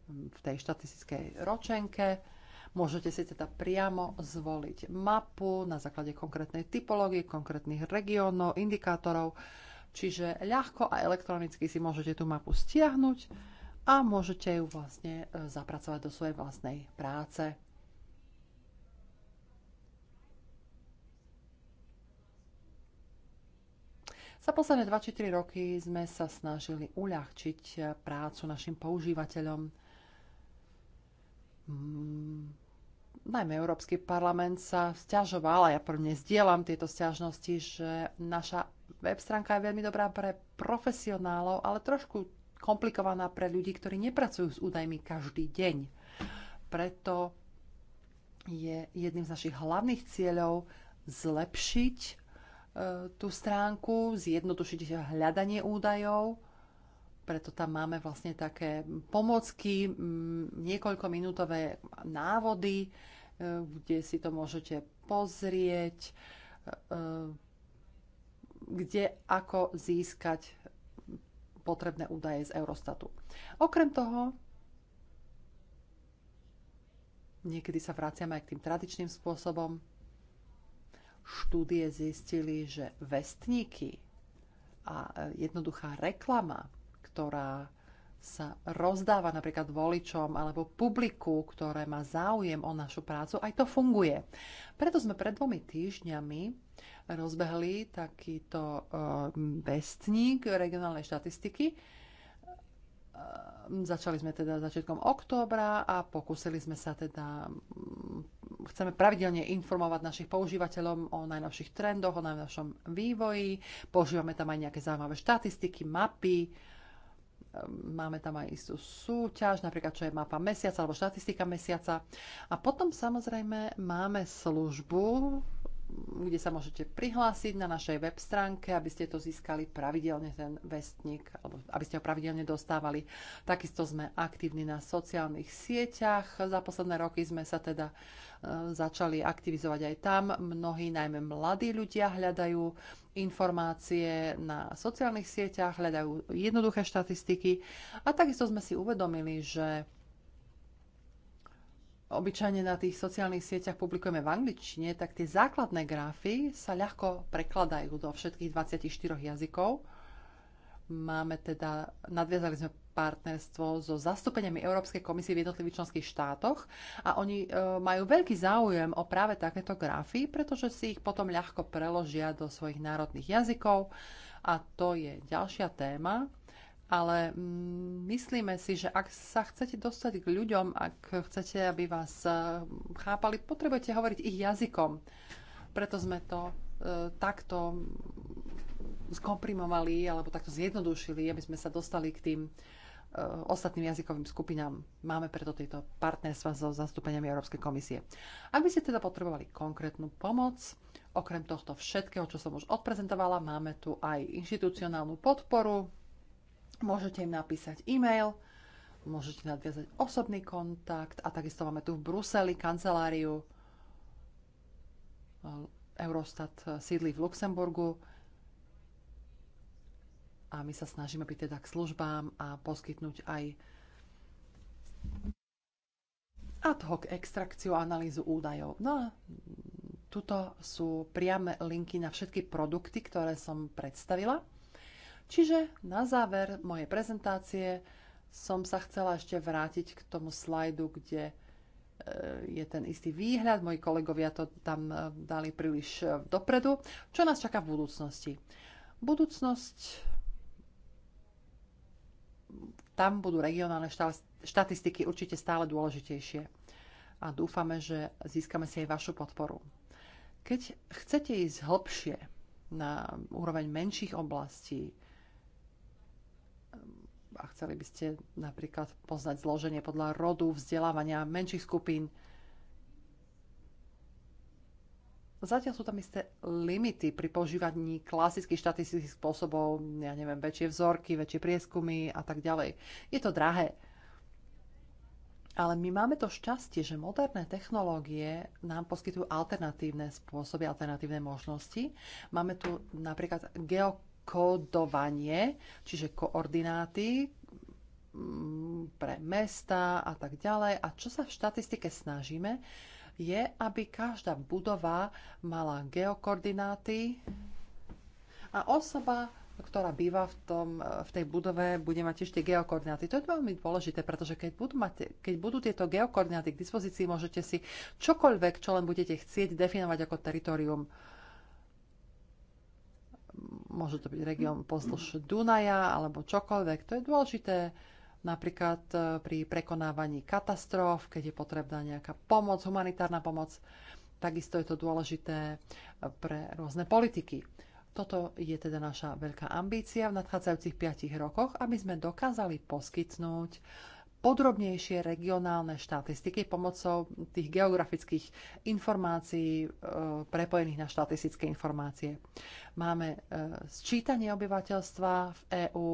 v tej štatistickej ročenke. Môžete si teda priamo zvoliť mapu na základe konkrétnej typológie, konkrétnych regiónov, indikátorov. Čiže ľahko a elektronicky si môžete tú mapu stiahnuť a môžete ju vlastne e, zapracovať do svojej vlastnej práce. Za posledné 2-3 roky sme sa snažili uľahčiť prácu našim používateľom. Mm, najmä Európsky parlament sa stiažoval, a ja prvne zdieľam tieto stiažnosti, že naša web stránka je veľmi dobrá pre profesionálov, ale trošku komplikovaná pre ľudí, ktorí nepracujú s údajmi každý deň. Preto je jedným z našich hlavných cieľov zlepšiť E, tú stránku, zjednodušiť hľadanie údajov, preto tam máme vlastne také pomocky, niekoľkominútové návody, e, kde si to môžete pozrieť, e, kde ako získať potrebné údaje z Eurostatu. Okrem toho, niekedy sa vraciame aj k tým tradičným spôsobom, štúdie zistili, že vestníky a e, jednoduchá reklama, ktorá sa rozdáva napríklad voličom alebo publiku, ktoré má záujem o našu prácu, aj to funguje. Preto sme pred dvomi týždňami rozbehli takýto e, vestník regionálnej štatistiky. E, začali sme teda začiatkom októbra a pokúsili sme sa teda chceme pravidelne informovať našich používateľov o najnovších trendoch, o najnovšom vývoji. Používame tam aj nejaké zaujímavé štatistiky, mapy. Máme tam aj istú súťaž, napríklad čo je mapa mesiaca alebo štatistika mesiaca. A potom samozrejme máme službu, kde sa môžete prihlásiť na našej web stránke, aby ste to získali pravidelne ten vestník, alebo aby ste ho pravidelne dostávali. Takisto sme aktívni na sociálnych sieťach. Za posledné roky sme sa teda e, začali aktivizovať aj tam. Mnohí, najmä mladí ľudia, hľadajú informácie na sociálnych sieťach, hľadajú jednoduché štatistiky. A takisto sme si uvedomili, že obyčajne na tých sociálnych sieťach publikujeme v angličtine, tak tie základné grafy sa ľahko prekladajú do všetkých 24 jazykov. Máme teda, nadviazali sme partnerstvo so zastúpeniami Európskej komisie v jednotlivých členských štátoch a oni e, majú veľký záujem o práve takéto grafy, pretože si ich potom ľahko preložia do svojich národných jazykov a to je ďalšia téma, ale mm, myslíme si, že ak sa chcete dostať k ľuďom, ak chcete, aby vás e, chápali, potrebujete hovoriť ich jazykom. Preto sme to e, takto skomprimovali alebo takto zjednodušili, aby sme sa dostali k tým e, ostatným jazykovým skupinám. Máme preto tieto partnerstva so zastúpeniami Európskej komisie. Ak by ste teda potrebovali konkrétnu pomoc, okrem tohto všetkého, čo som už odprezentovala, máme tu aj inštitucionálnu podporu, Môžete im napísať e-mail, môžete nadviazať osobný kontakt a takisto máme tu v Bruseli kanceláriu. E, Eurostat e, sídli v Luxemburgu a my sa snažíme byť teda k službám a poskytnúť aj ad hoc extrakciu a analýzu údajov. No a tuto sú priame linky na všetky produkty, ktoré som predstavila. Čiže na záver mojej prezentácie som sa chcela ešte vrátiť k tomu slajdu, kde e, je ten istý výhľad. Moji kolegovia to tam e, dali príliš e, dopredu. Čo nás čaká v budúcnosti? Budúcnosť tam budú regionálne štatistiky určite stále dôležitejšie. A dúfame, že získame si aj vašu podporu. Keď chcete ísť hĺbšie na úroveň menších oblastí, a chceli by ste napríklad poznať zloženie podľa rodu, vzdelávania menších skupín. Zatiaľ sú tam isté limity pri používaní klasických štatistických spôsobov, ja neviem, väčšie vzorky, väčšie prieskumy a tak ďalej. Je to drahé. Ale my máme to šťastie, že moderné technológie nám poskytujú alternatívne spôsoby, alternatívne možnosti. Máme tu napríklad geo kódovanie, čiže koordináty mm, pre mesta a tak ďalej. A čo sa v štatistike snažíme, je, aby každá budova mala geokoordináty a osoba, ktorá býva v, tom, v tej budove, bude mať tiež tie geokoordináty. To je veľmi dôležité, pretože keď budú, mať, keď budú tieto geokoordináty k dispozícii, môžete si čokoľvek, čo len budete chcieť, definovať ako teritorium môže to byť región pozdĺž Dunaja alebo čokoľvek. To je dôležité napríklad e, pri prekonávaní katastrof, keď je potrebná nejaká pomoc, humanitárna pomoc. Takisto je to dôležité e, pre rôzne politiky. Toto je teda naša veľká ambícia v nadchádzajúcich 5 rokoch, aby sme dokázali poskytnúť podrobnejšie regionálne štatistiky pomocou tých geografických informácií e, prepojených na štatistické informácie. Máme e, sčítanie obyvateľstva v EÚ,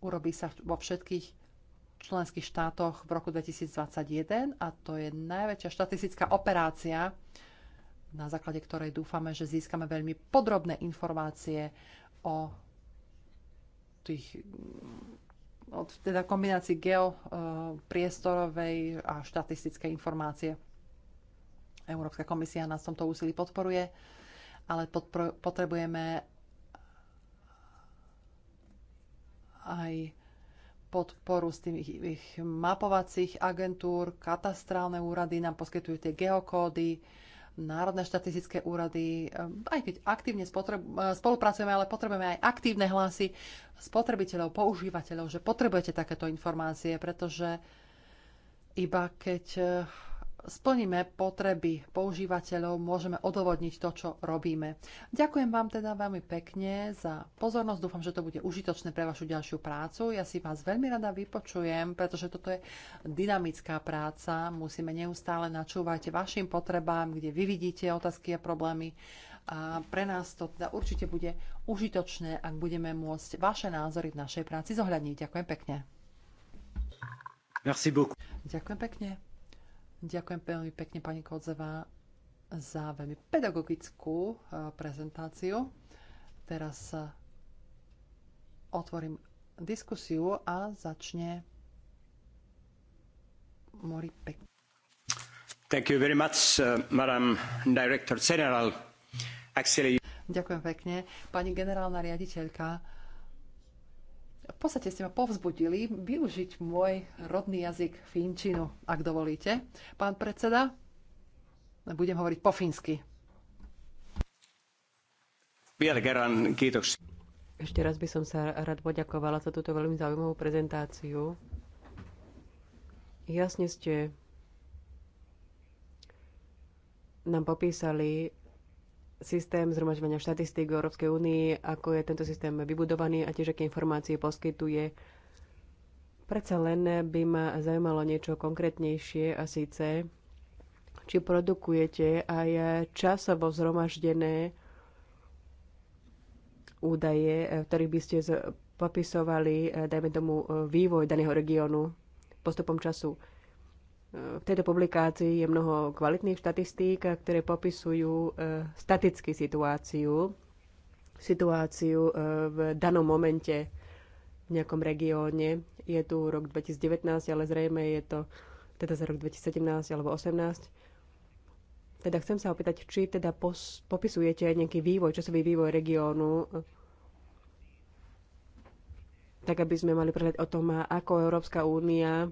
urobí sa vo všetkých členských štátoch v roku 2021 a to je najväčšia štatistická operácia, na základe ktorej dúfame, že získame veľmi podrobné informácie o tých od teda kombinácii geopriestorovej a štatistickej informácie. Európska komisia nás v tomto úsilí podporuje, ale potrebujeme aj podporu z tých ich mapovacích agentúr, katastrálne úrady nám poskytujú tie geokódy, národné štatistické úrady, eh, aj keď aktívne eh, spolupracujeme, ale potrebujeme aj aktívne hlasy spotrebiteľov, používateľov, že potrebujete takéto informácie, pretože iba keď eh, splníme potreby používateľov, môžeme odovodniť to, čo robíme. Ďakujem vám teda veľmi pekne za pozornosť. Dúfam, že to bude užitočné pre vašu ďalšiu prácu. Ja si vás veľmi rada vypočujem, pretože toto je dynamická práca. Musíme neustále načúvať vašim potrebám, kde vy vidíte otázky a problémy. A pre nás to teda určite bude užitočné, ak budeme môcť vaše názory v našej práci zohľadniť. Ďakujem pekne. Merci beaucoup. Ďakujem pekne. Ďakujem veľmi pekne pani Kodzeva za veľmi pedagogickú e, prezentáciu. Teraz e, otvorím diskusiu a začne Mori Pek. Thank you very much, uh, Madam Director General. Actually... Ďakujem pekne. Pani generálna riaditeľka, v podstate ste ma povzbudili využiť môj rodný jazyk finčinu, ak dovolíte. Pán predseda, budem hovoriť po fínsky. Ešte raz by som sa rád poďakovala za túto veľmi zaujímavú prezentáciu. Jasne ste nám popísali systém zhromažďovania štatistík v Európskej únii, ako je tento systém vybudovaný a tiež aké informácie poskytuje. Predsa len by ma zaujímalo niečo konkrétnejšie a síce, či produkujete aj časovo zhromaždené údaje, v ktorých by ste popisovali, dajme tomu, vývoj daného regiónu postupom času. V tejto publikácii je mnoho kvalitných štatistík, ktoré popisujú eh, staticky situáciu, situáciu eh, v danom momente v nejakom regióne. Je tu rok 2019, ale zrejme je to teda za rok 2017 alebo 2018. Teda chcem sa opýtať, či teda pos- popisujete nejaký vývoj, časový vývoj regiónu, eh, tak aby sme mali prehľad o tom, ako Európska únia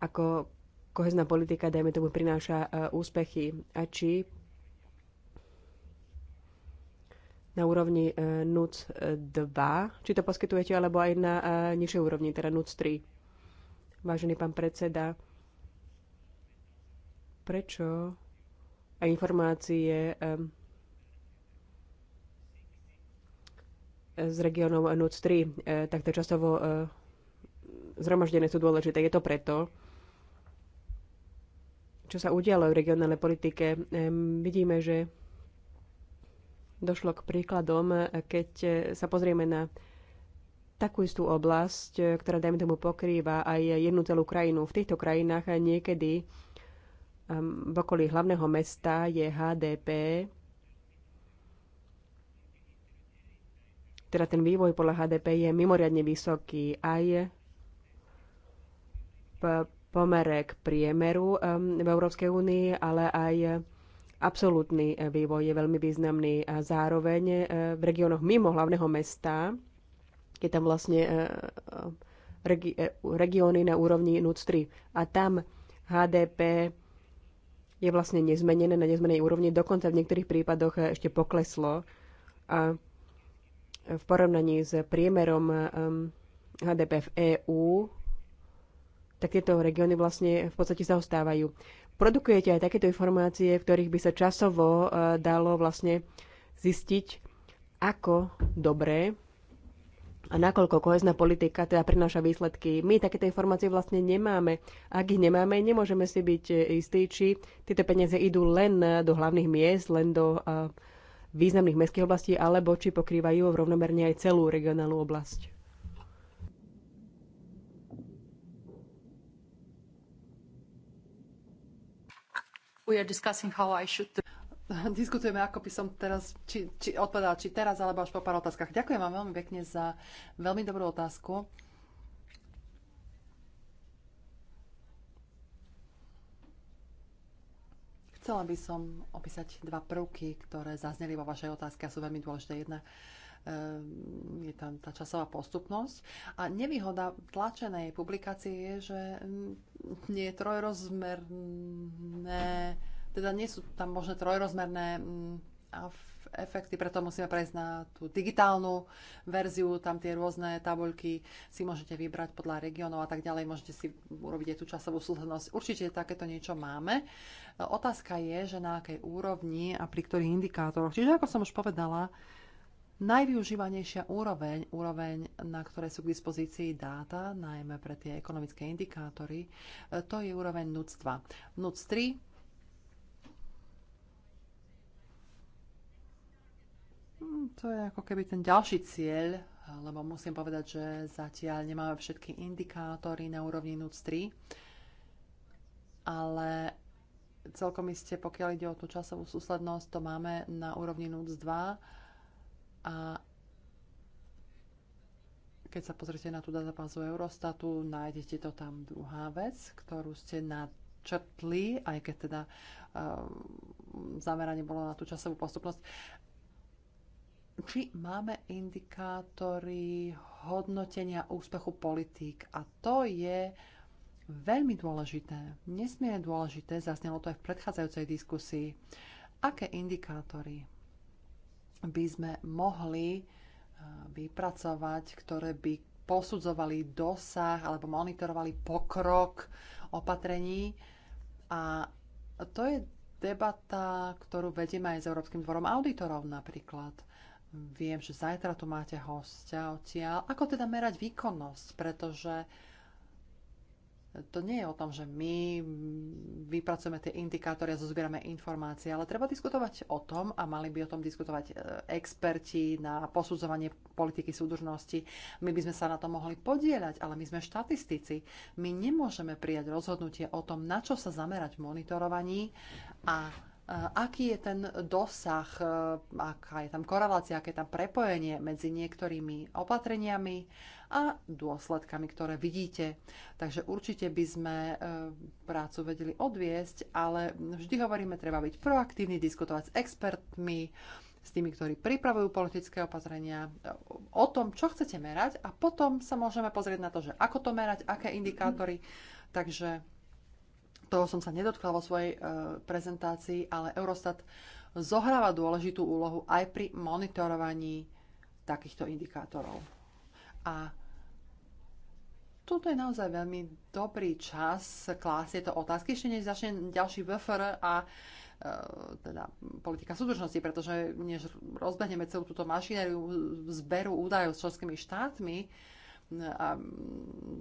ako kohezná politika, dajme tomu, prináša e, úspechy a či na úrovni e, NUC 2, e, či to poskytujete, alebo aj na nižšej úrovni, teda NUC 3. Vážený pán predseda, prečo a informácie z regionov NUC 3 takto časovo zhromaždené sú dôležité. Je to preto, čo sa udialo v regionálnej politike. Vidíme, že došlo k príkladom, keď sa pozrieme na takú istú oblasť, ktorá, dajme tomu, pokrýva aj jednu celú krajinu. V týchto krajinách niekedy v okolí hlavného mesta je HDP, teda ten vývoj podľa HDP je mimoriadne vysoký aj v pomere k priemeru v Európskej únii, ale aj absolútny vývoj je veľmi významný. A zároveň eh, v regiónoch mimo hlavného mesta, je tam vlastne eh, eh, regióny na úrovni NUC 3 a tam HDP je vlastne nezmenené na nezmenej úrovni, dokonca v niektorých prípadoch ešte pokleslo. A v porovnaní s priemerom HDP v EÚ tak tieto regióny vlastne v podstate zaostávajú. Produkujete aj takéto informácie, v ktorých by sa časovo e, dalo vlastne zistiť, ako dobré a nakoľko kohezná politika teda prináša výsledky. My takéto informácie vlastne nemáme. Ak ich nemáme, nemôžeme si byť e, istí, či tieto peniaze idú len do hlavných miest, len do e, významných mestských oblastí, alebo či pokrývajú rovnomerne aj celú regionálnu oblasť. we are discussing how I should do. Diskutujeme, ako by som teraz, či, či odpovedala, či teraz, alebo až po pár otázkach. Ďakujem vám veľmi pekne za veľmi dobrú otázku. Chcela by som opísať dva prvky, ktoré zazneli vo vašej otázke a sú veľmi dôležité. Jedna Ehm, je tam tá časová postupnosť. A nevýhoda tlačenej publikácie je, že nie je trojrozmerné, teda nie sú tam možné trojrozmerné mm, efekty, preto musíme prejsť na tú digitálnu verziu, tam tie rôzne tabuľky si môžete vybrať podľa regiónov a tak ďalej, môžete si urobiť aj tú časovú súhľadnosť. Určite takéto niečo máme. Otázka je, že na akej úrovni a pri ktorých indikátoroch. Čiže ako som už povedala, najvyužívanejšia úroveň, úroveň, na ktoré sú k dispozícii dáta, najmä pre tie ekonomické indikátory, e, to je úroveň NUC2. NUC3 hm, to je ako keby ten ďalší cieľ, lebo musím povedať, že zatiaľ nemáme všetky indikátory na úrovni NUC3, ale celkom iste, pokiaľ ide o tú časovú súslednosť, to máme na úrovni NUC 2 a keď sa pozrite na tú databázu Eurostatu, nájdete to tam druhá vec, ktorú ste načrtli, aj keď teda uh, zameranie bolo na tú časovú postupnosť. Či máme indikátory hodnotenia úspechu politík a to je veľmi dôležité, nesmierne dôležité, zaznelo to aj v predchádzajúcej diskusii, aké indikátory by sme mohli eh, vypracovať, ktoré by posudzovali dosah alebo monitorovali pokrok opatrení. A to je debata, ktorú vedieme aj s Európskym dvorom auditorov napríklad. Viem, že zajtra tu máte hostia odtiaľ. Ako teda merať výkonnosť? Pretože uh, to nie je o tom, že my vypracujeme tie indikátory a zozbierame informácie, ale treba diskutovať o tom a mali by o tom diskutovať e, experti na posudzovanie politiky súdržnosti. My by sme sa na to mohli podieľať, ale my sme štatistici. My nemôžeme prijať rozhodnutie o tom, na čo sa zamerať v monitorovaní a Eh, aký je ten dosah, eh, aká je tam korelácia, aké je tam prepojenie medzi niektorými opatreniami a dôsledkami, ktoré vidíte. Takže určite by sme eh, prácu vedeli odviesť, ale vždy hovoríme, treba byť proaktívny, diskutovať s expertmi, s tými, ktorí pripravujú politické opatrenia, o tom, čo chcete merať a potom sa môžeme pozrieť na to, že ako to merať, aké indikátory. Takže toho som sa nedotkla vo svojej e, prezentácii, ale Eurostat zohráva dôležitú úlohu aj pri monitorovaní takýchto indikátorov. A toto je naozaj veľmi dobrý čas klásť tieto otázky, ešte než začne ďalší VFR a e, teda politika súdržnosti, pretože než rozbehneme celú túto mašinériu zberu údajov s členskými štátmi e, a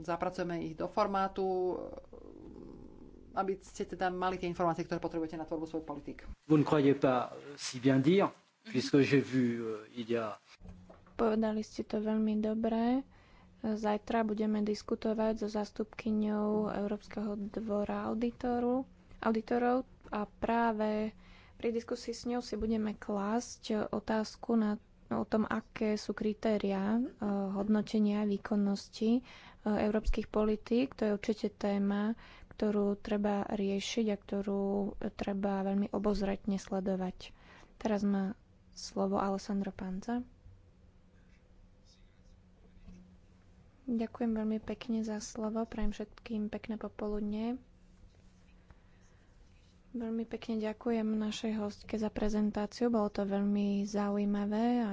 zapracujeme ich do formátu, aby ste teda mali tie informácie, ktoré potrebujete na tvorbu svojich politik. Vous ne croyez pas si bien dire, puisque j'ai vu euh, il y a... Povedali ste to veľmi dobre. Zajtra budeme diskutovať so zastupkyňou Európskeho dvora auditoru, auditorov a práve pri diskusii s ňou si budeme klásť otázku na, o tom, aké sú kritéria e, hodnotenia výkonnosti e, európskych politík. To je určite téma, ktorú treba riešiť a ktorú treba veľmi obozretne sledovať. Teraz má slovo Alessandro Panza. Ďakujem veľmi pekne za slovo. Prajem všetkým pekné popoludne. Veľmi pekne ďakujem našej hostke za prezentáciu. Bolo to veľmi zaujímavé a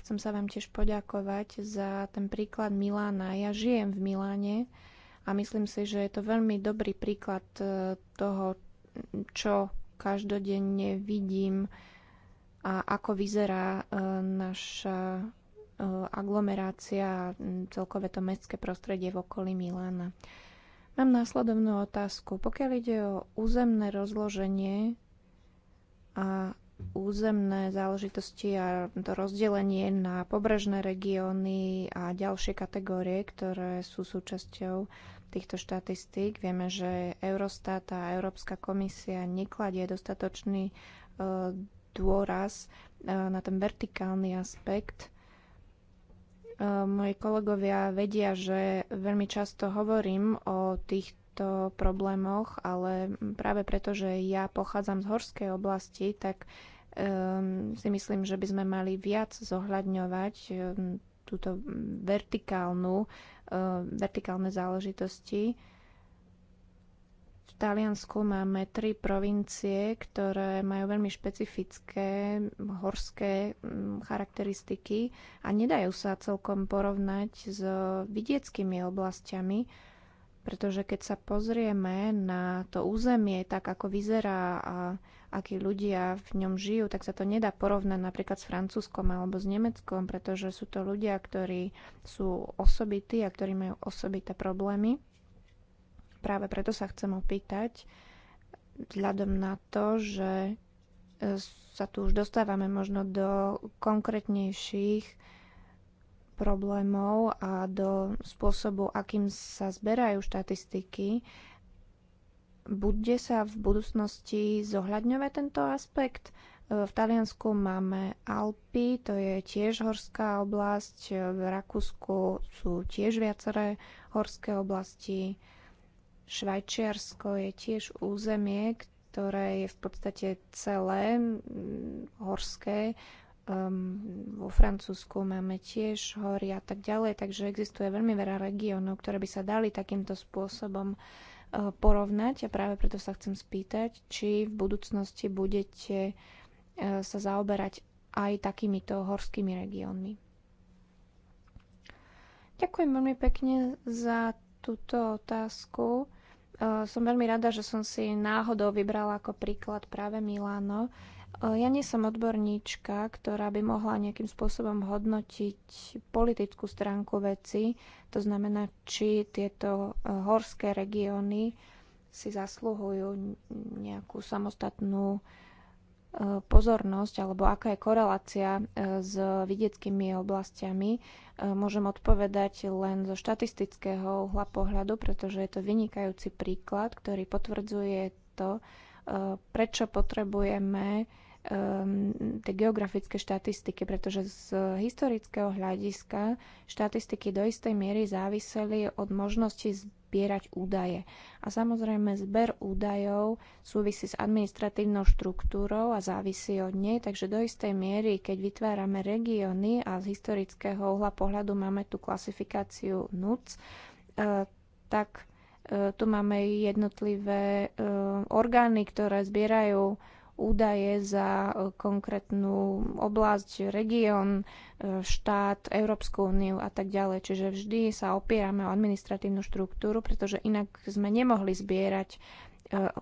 chcem sa vám tiež poďakovať za ten príklad Milána. Ja žijem v Miláne a myslím si, že je to veľmi dobrý príklad e, toho, čo každodenne vidím a ako vyzerá e, naša e, aglomerácia a celkové to mestské prostredie v okolí Milána. Mám následovnú otázku. Pokiaľ ide o územné rozloženie a územné záležitosti a to rozdelenie na pobrežné regióny a ďalšie kategórie, ktoré sú súčasťou týchto štatistík. Vieme, že Eurostat a Európska komisia nekladie dostatočný e, dôraz e, na ten vertikálny aspekt. E, moji kolegovia vedia, že veľmi často hovorím o týchto týchto problémoch, ale práve preto, že ja pochádzam z horskej oblasti, tak um, si myslím, že by sme mali viac zohľadňovať um, túto vertikálnu, um, vertikálne záležitosti. V Taliansku máme tri provincie, ktoré majú veľmi špecifické horské mm, charakteristiky a nedajú sa celkom porovnať s vidieckými oblastiami pretože keď sa pozrieme na to územie, tak ako vyzerá a akí ľudia v ňom žijú, tak sa to nedá porovnať napríklad s Francúzskom alebo s Nemeckom, pretože sú to ľudia, ktorí sú osobití a ktorí majú osobité problémy. Práve preto sa chcem opýtať, vzhľadom na to, že e, sa tu už dostávame možno do konkrétnejších problémov a do spôsobu, akým sa zberajú štatistiky, bude sa v budúcnosti zohľadňovať tento aspekt? V Taliansku máme Alpy, to je tiež horská oblasť, v Rakúsku sú tiež viaceré horské oblasti, Švajčiarsko je tiež územie, ktoré je v podstate celé mm, horské, um, vo Francúzsku máme tiež hory a tak ďalej, takže existuje veľmi veľa regiónov, ktoré by sa dali takýmto spôsobom uh, porovnať a práve preto sa chcem spýtať, či v budúcnosti budete uh, sa zaoberať aj takýmito horskými regiónmi. Ďakujem veľmi pekne za túto otázku. Uh, som veľmi rada, že som si náhodou vybrala ako príklad práve Miláno. Uh, E, ja nie som odborníčka, ktorá by mohla nejakým spôsobom hodnotiť politickú stránku veci, to znamená, či tieto e, horské regióny si zasluhujú nejakú samostatnú e, pozornosť alebo aká je korelácia s vidieckými oblastiami, môžem odpovedať len zo štatistického uhla pohľadu, pretože je to vynikajúci príklad, ktorý potvrdzuje to, prečo potrebujeme um, tie geografické štatistiky, pretože z historického hľadiska štatistiky do istej miery záviseli od možnosti zbierať údaje. A samozrejme zber údajov súvisí s administratívnou štruktúrou a závisí od nej, takže do istej miery, keď vytvárame regióny a z historického uhla pohľadu máme tú klasifikáciu NUC, uh, tak uh, tu máme jednotlivé uh, orgány, ktoré zbierajú údaje za e, konkrétnu oblasť, región, e, štát, Európsku úniu a tak ďalej. Čiže vždy sa opierame o administratívnu štruktúru, pretože inak sme nemohli zbierať e,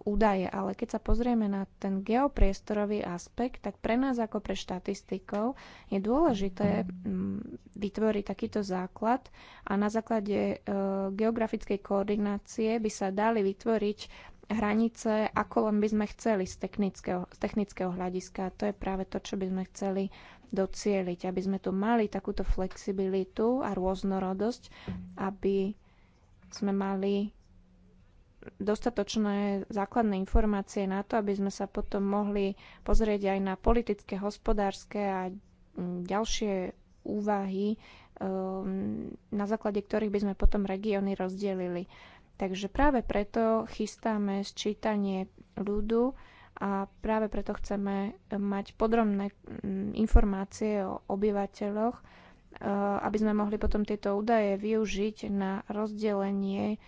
údaje. Ale keď sa pozrieme na ten geopriestorový aspekt, tak pre nás ako pre štatistikov je dôležité mhm. vytvoriť takýto základ a na základe geografickej koordinácie by sa dali vytvoriť hranice, ako len by sme chceli z technického, z technického hľadiska. To je práve to, čo by sme chceli docieliť, aby sme tu mali takúto flexibilitu a rôznorodosť, aby sme mali dostatočné základné informácie na to, aby sme sa potom mohli pozrieť aj na politické, hospodárske a ďalšie úvahy, ehm, na základe ktorých by sme potom regióny rozdielili. Takže práve preto chystáme sčítanie ľudu a práve preto chceme mať podrobné mm, informácie o obyvateľoch, e, aby sme mohli potom tieto údaje využiť na rozdelenie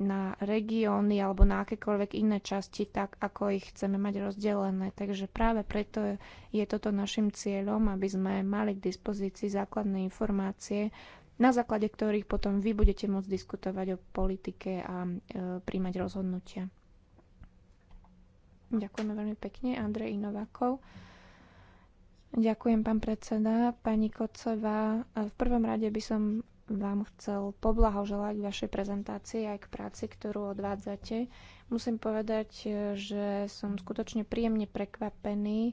na regióny alebo na akékoľvek iné časti, tak ako ich chceme mať rozdelené. Takže práve preto je toto našim cieľom, aby sme mali k dispozícii základné informácie na základe ktorých potom vy budete môcť diskutovať o politike a e, príjmať rozhodnutia. Ďakujeme veľmi pekne, Andrej Inovákov. Ďakujem, pán predseda. Pani Kocová, e, v prvom rade by som vám chcel poblahoželať k vašej prezentácii aj k práci, ktorú odvádzate. Musím povedať, e, že som skutočne príjemne prekvapený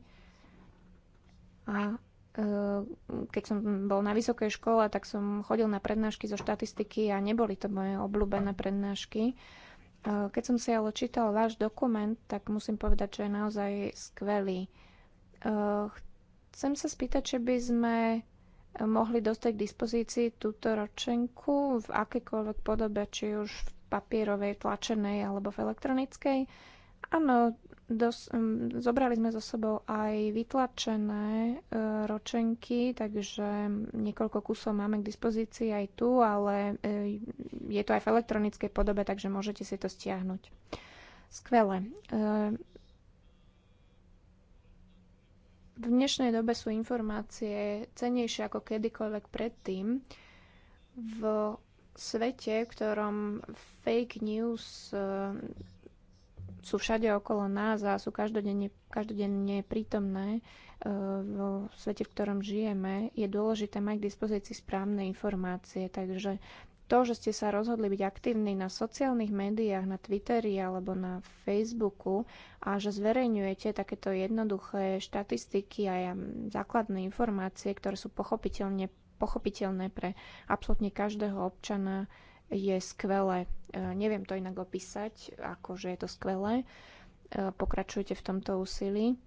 a keď som bol na vysokej škole, tak som chodil na prednášky zo štatistiky a neboli to moje obľúbené prednášky. E, keď som si ale čítal váš dokument, tak musím povedať, že je naozaj skvelý. E, chcem sa spýtať, či by sme mohli dostať k dispozícii túto ročenku v akékoľvek podobe, či už v papierovej, tlačenej alebo v elektronickej. Áno, dos- mm, zobrali sme so sebou aj vytlačené uh, ročenky, takže niekoľko kusov máme k dispozícii aj tu, ale uh, je to aj v elektronickej podobe, takže môžete si to stiahnuť. Skvelé. Uh, v dnešnej dobe sú informácie cenejšie ako kedykoľvek predtým. V svete, v ktorom fake news sú všade okolo nás a sú každodenne, každodenne prítomné e, v svete, v ktorom žijeme, je dôležité mať k dispozícii správne informácie. Takže to, že ste sa rozhodli byť aktívni na sociálnych médiách, na Twitteri alebo na Facebooku a že zverejňujete takéto jednoduché štatistiky a základné informácie, ktoré sú pochopiteľne, pochopiteľné pre absolútne každého občana je skvelé. E, neviem to inak opísať, ako že je to skvelé. E, pokračujte v tomto úsilí.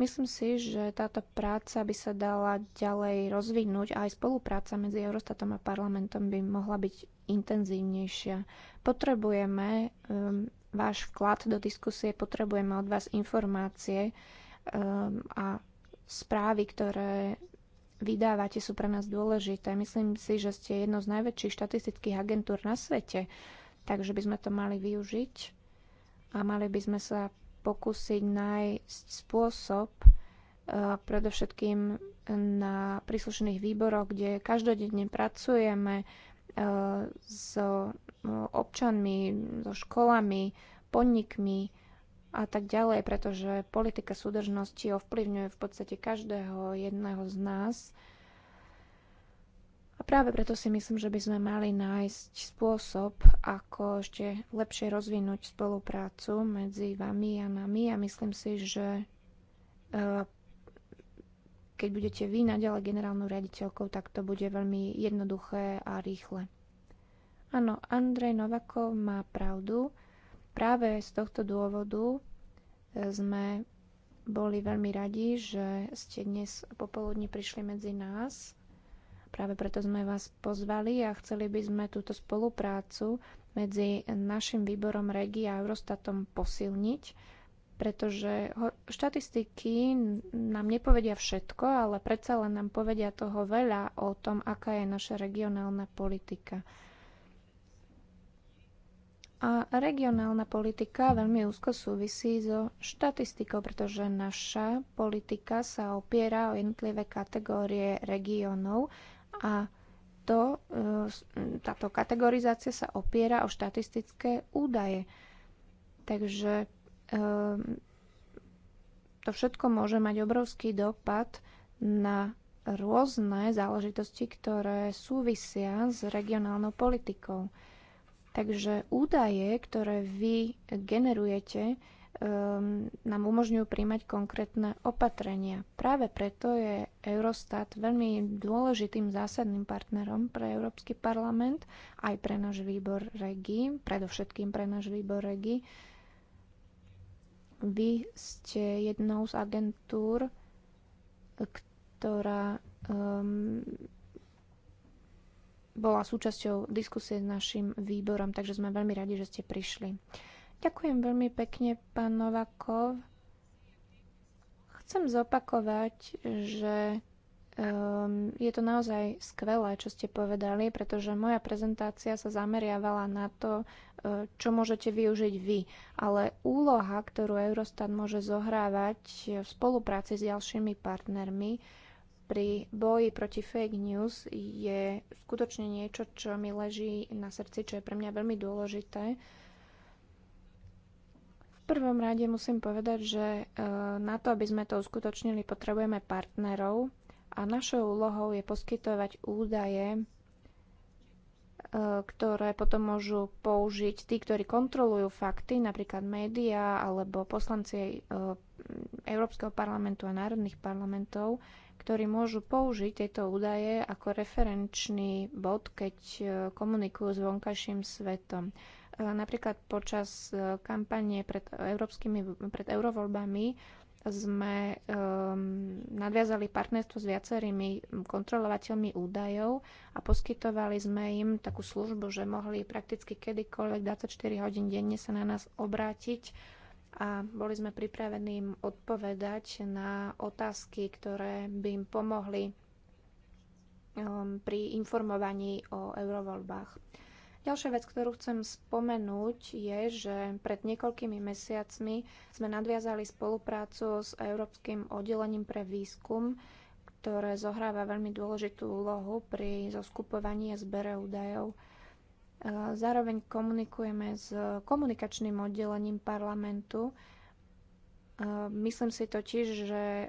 Myslím si, že táto práca by sa dala ďalej rozvinúť a aj spolupráca medzi Eurostatom a parlamentom by mohla byť intenzívnejšia. Potrebujeme um, váš vklad do diskusie, potrebujeme od vás informácie um, a správy, ktoré vydávate, sú pre nás dôležité. Myslím si, že ste jedno z najväčších štatistických agentúr na svete, takže by sme to mali využiť a mali by sme sa pokúsiť nájsť spôsob, e, predovšetkým na príslušných výboroch, kde každodenne pracujeme e, s občanmi, so školami, podnikmi, a tak ďalej, pretože politika súdržnosti ovplyvňuje v podstate každého jedného z nás. A práve preto si myslím, že by sme mali nájsť spôsob, ako ešte lepšie rozvinúť spoluprácu medzi vami a nami a myslím si, že e, keď budete vy naďalej generálnou riaditeľkou, tak to bude veľmi jednoduché a rýchle. Áno, Andrej Novakov má pravdu. Práve z tohto dôvodu e, sme boli veľmi radi, že ste dnes popoludní prišli medzi nás. Práve preto sme vás pozvali a chceli by sme túto spoluprácu medzi našim výborom Regi a Eurostatom posilniť, pretože štatistiky nám nepovedia všetko, ale predsa len nám povedia toho veľa o tom, aká je naša regionálna politika. A regionálna politika veľmi úzko súvisí so štatistikou, pretože naša politika sa opiera o jednotlivé kategórie regiónov a to, e, táto kategorizácia sa opiera o štatistické údaje. Takže e, to všetko môže mať obrovský dopad na rôzne záležitosti, ktoré súvisia s regionálnou politikou. Takže údaje, ktoré vy generujete, um, nám umožňujú príjmať konkrétne opatrenia. Práve preto je Eurostat veľmi dôležitým zásadným partnerom pre Európsky parlament, aj pre náš výbor REGI, predovšetkým pre náš výbor REGI. Vy ste jednou z agentúr, ktorá um, bola súčasťou diskusie s našim výborom, takže sme veľmi radi, že ste prišli. Ďakujem veľmi pekne, pán Novakov. Chcem zopakovať, že um, je to naozaj skvelé, čo ste povedali, pretože moja prezentácia sa zameriavala na to, e, čo môžete využiť vy. Ale úloha, ktorú Eurostat môže zohrávať v spolupráci s ďalšími partnermi, pri boji proti fake news je skutočne niečo, čo mi leží na srdci, čo je pre mňa veľmi dôležité. V prvom rade musím povedať, že e, na to, aby sme to uskutočnili, potrebujeme partnerov a našou úlohou je poskytovať údaje, e, ktoré potom môžu použiť tí, ktorí kontrolujú fakty, napríklad médiá alebo poslanci e, Európskeho parlamentu a národných parlamentov ktorí môžu použiť tieto údaje ako referenčný bod, keď e, komunikujú s vonkajším svetom. E, napríklad počas e, kampanie pred, európskymi, pred eurovoľbami sme um, nadviazali partnerstvo s viacerými kontrolovateľmi údajov a poskytovali sme im takú službu, že mohli prakticky kedykoľvek 24 hodín denne sa na nás obrátiť a boli sme pripravení im odpovedať na otázky, ktoré by im pomohli um, pri informovaní o eurovoľbách. Ďalšia vec, ktorú chcem spomenúť, je, že pred niekoľkými mesiacmi sme nadviazali spoluprácu s Európskym oddelením pre výskum, ktoré zohráva veľmi dôležitú úlohu pri zoskupovaní a zbere údajov Zároveň komunikujeme s komunikačným oddelením parlamentu. Myslím si totiž, že e,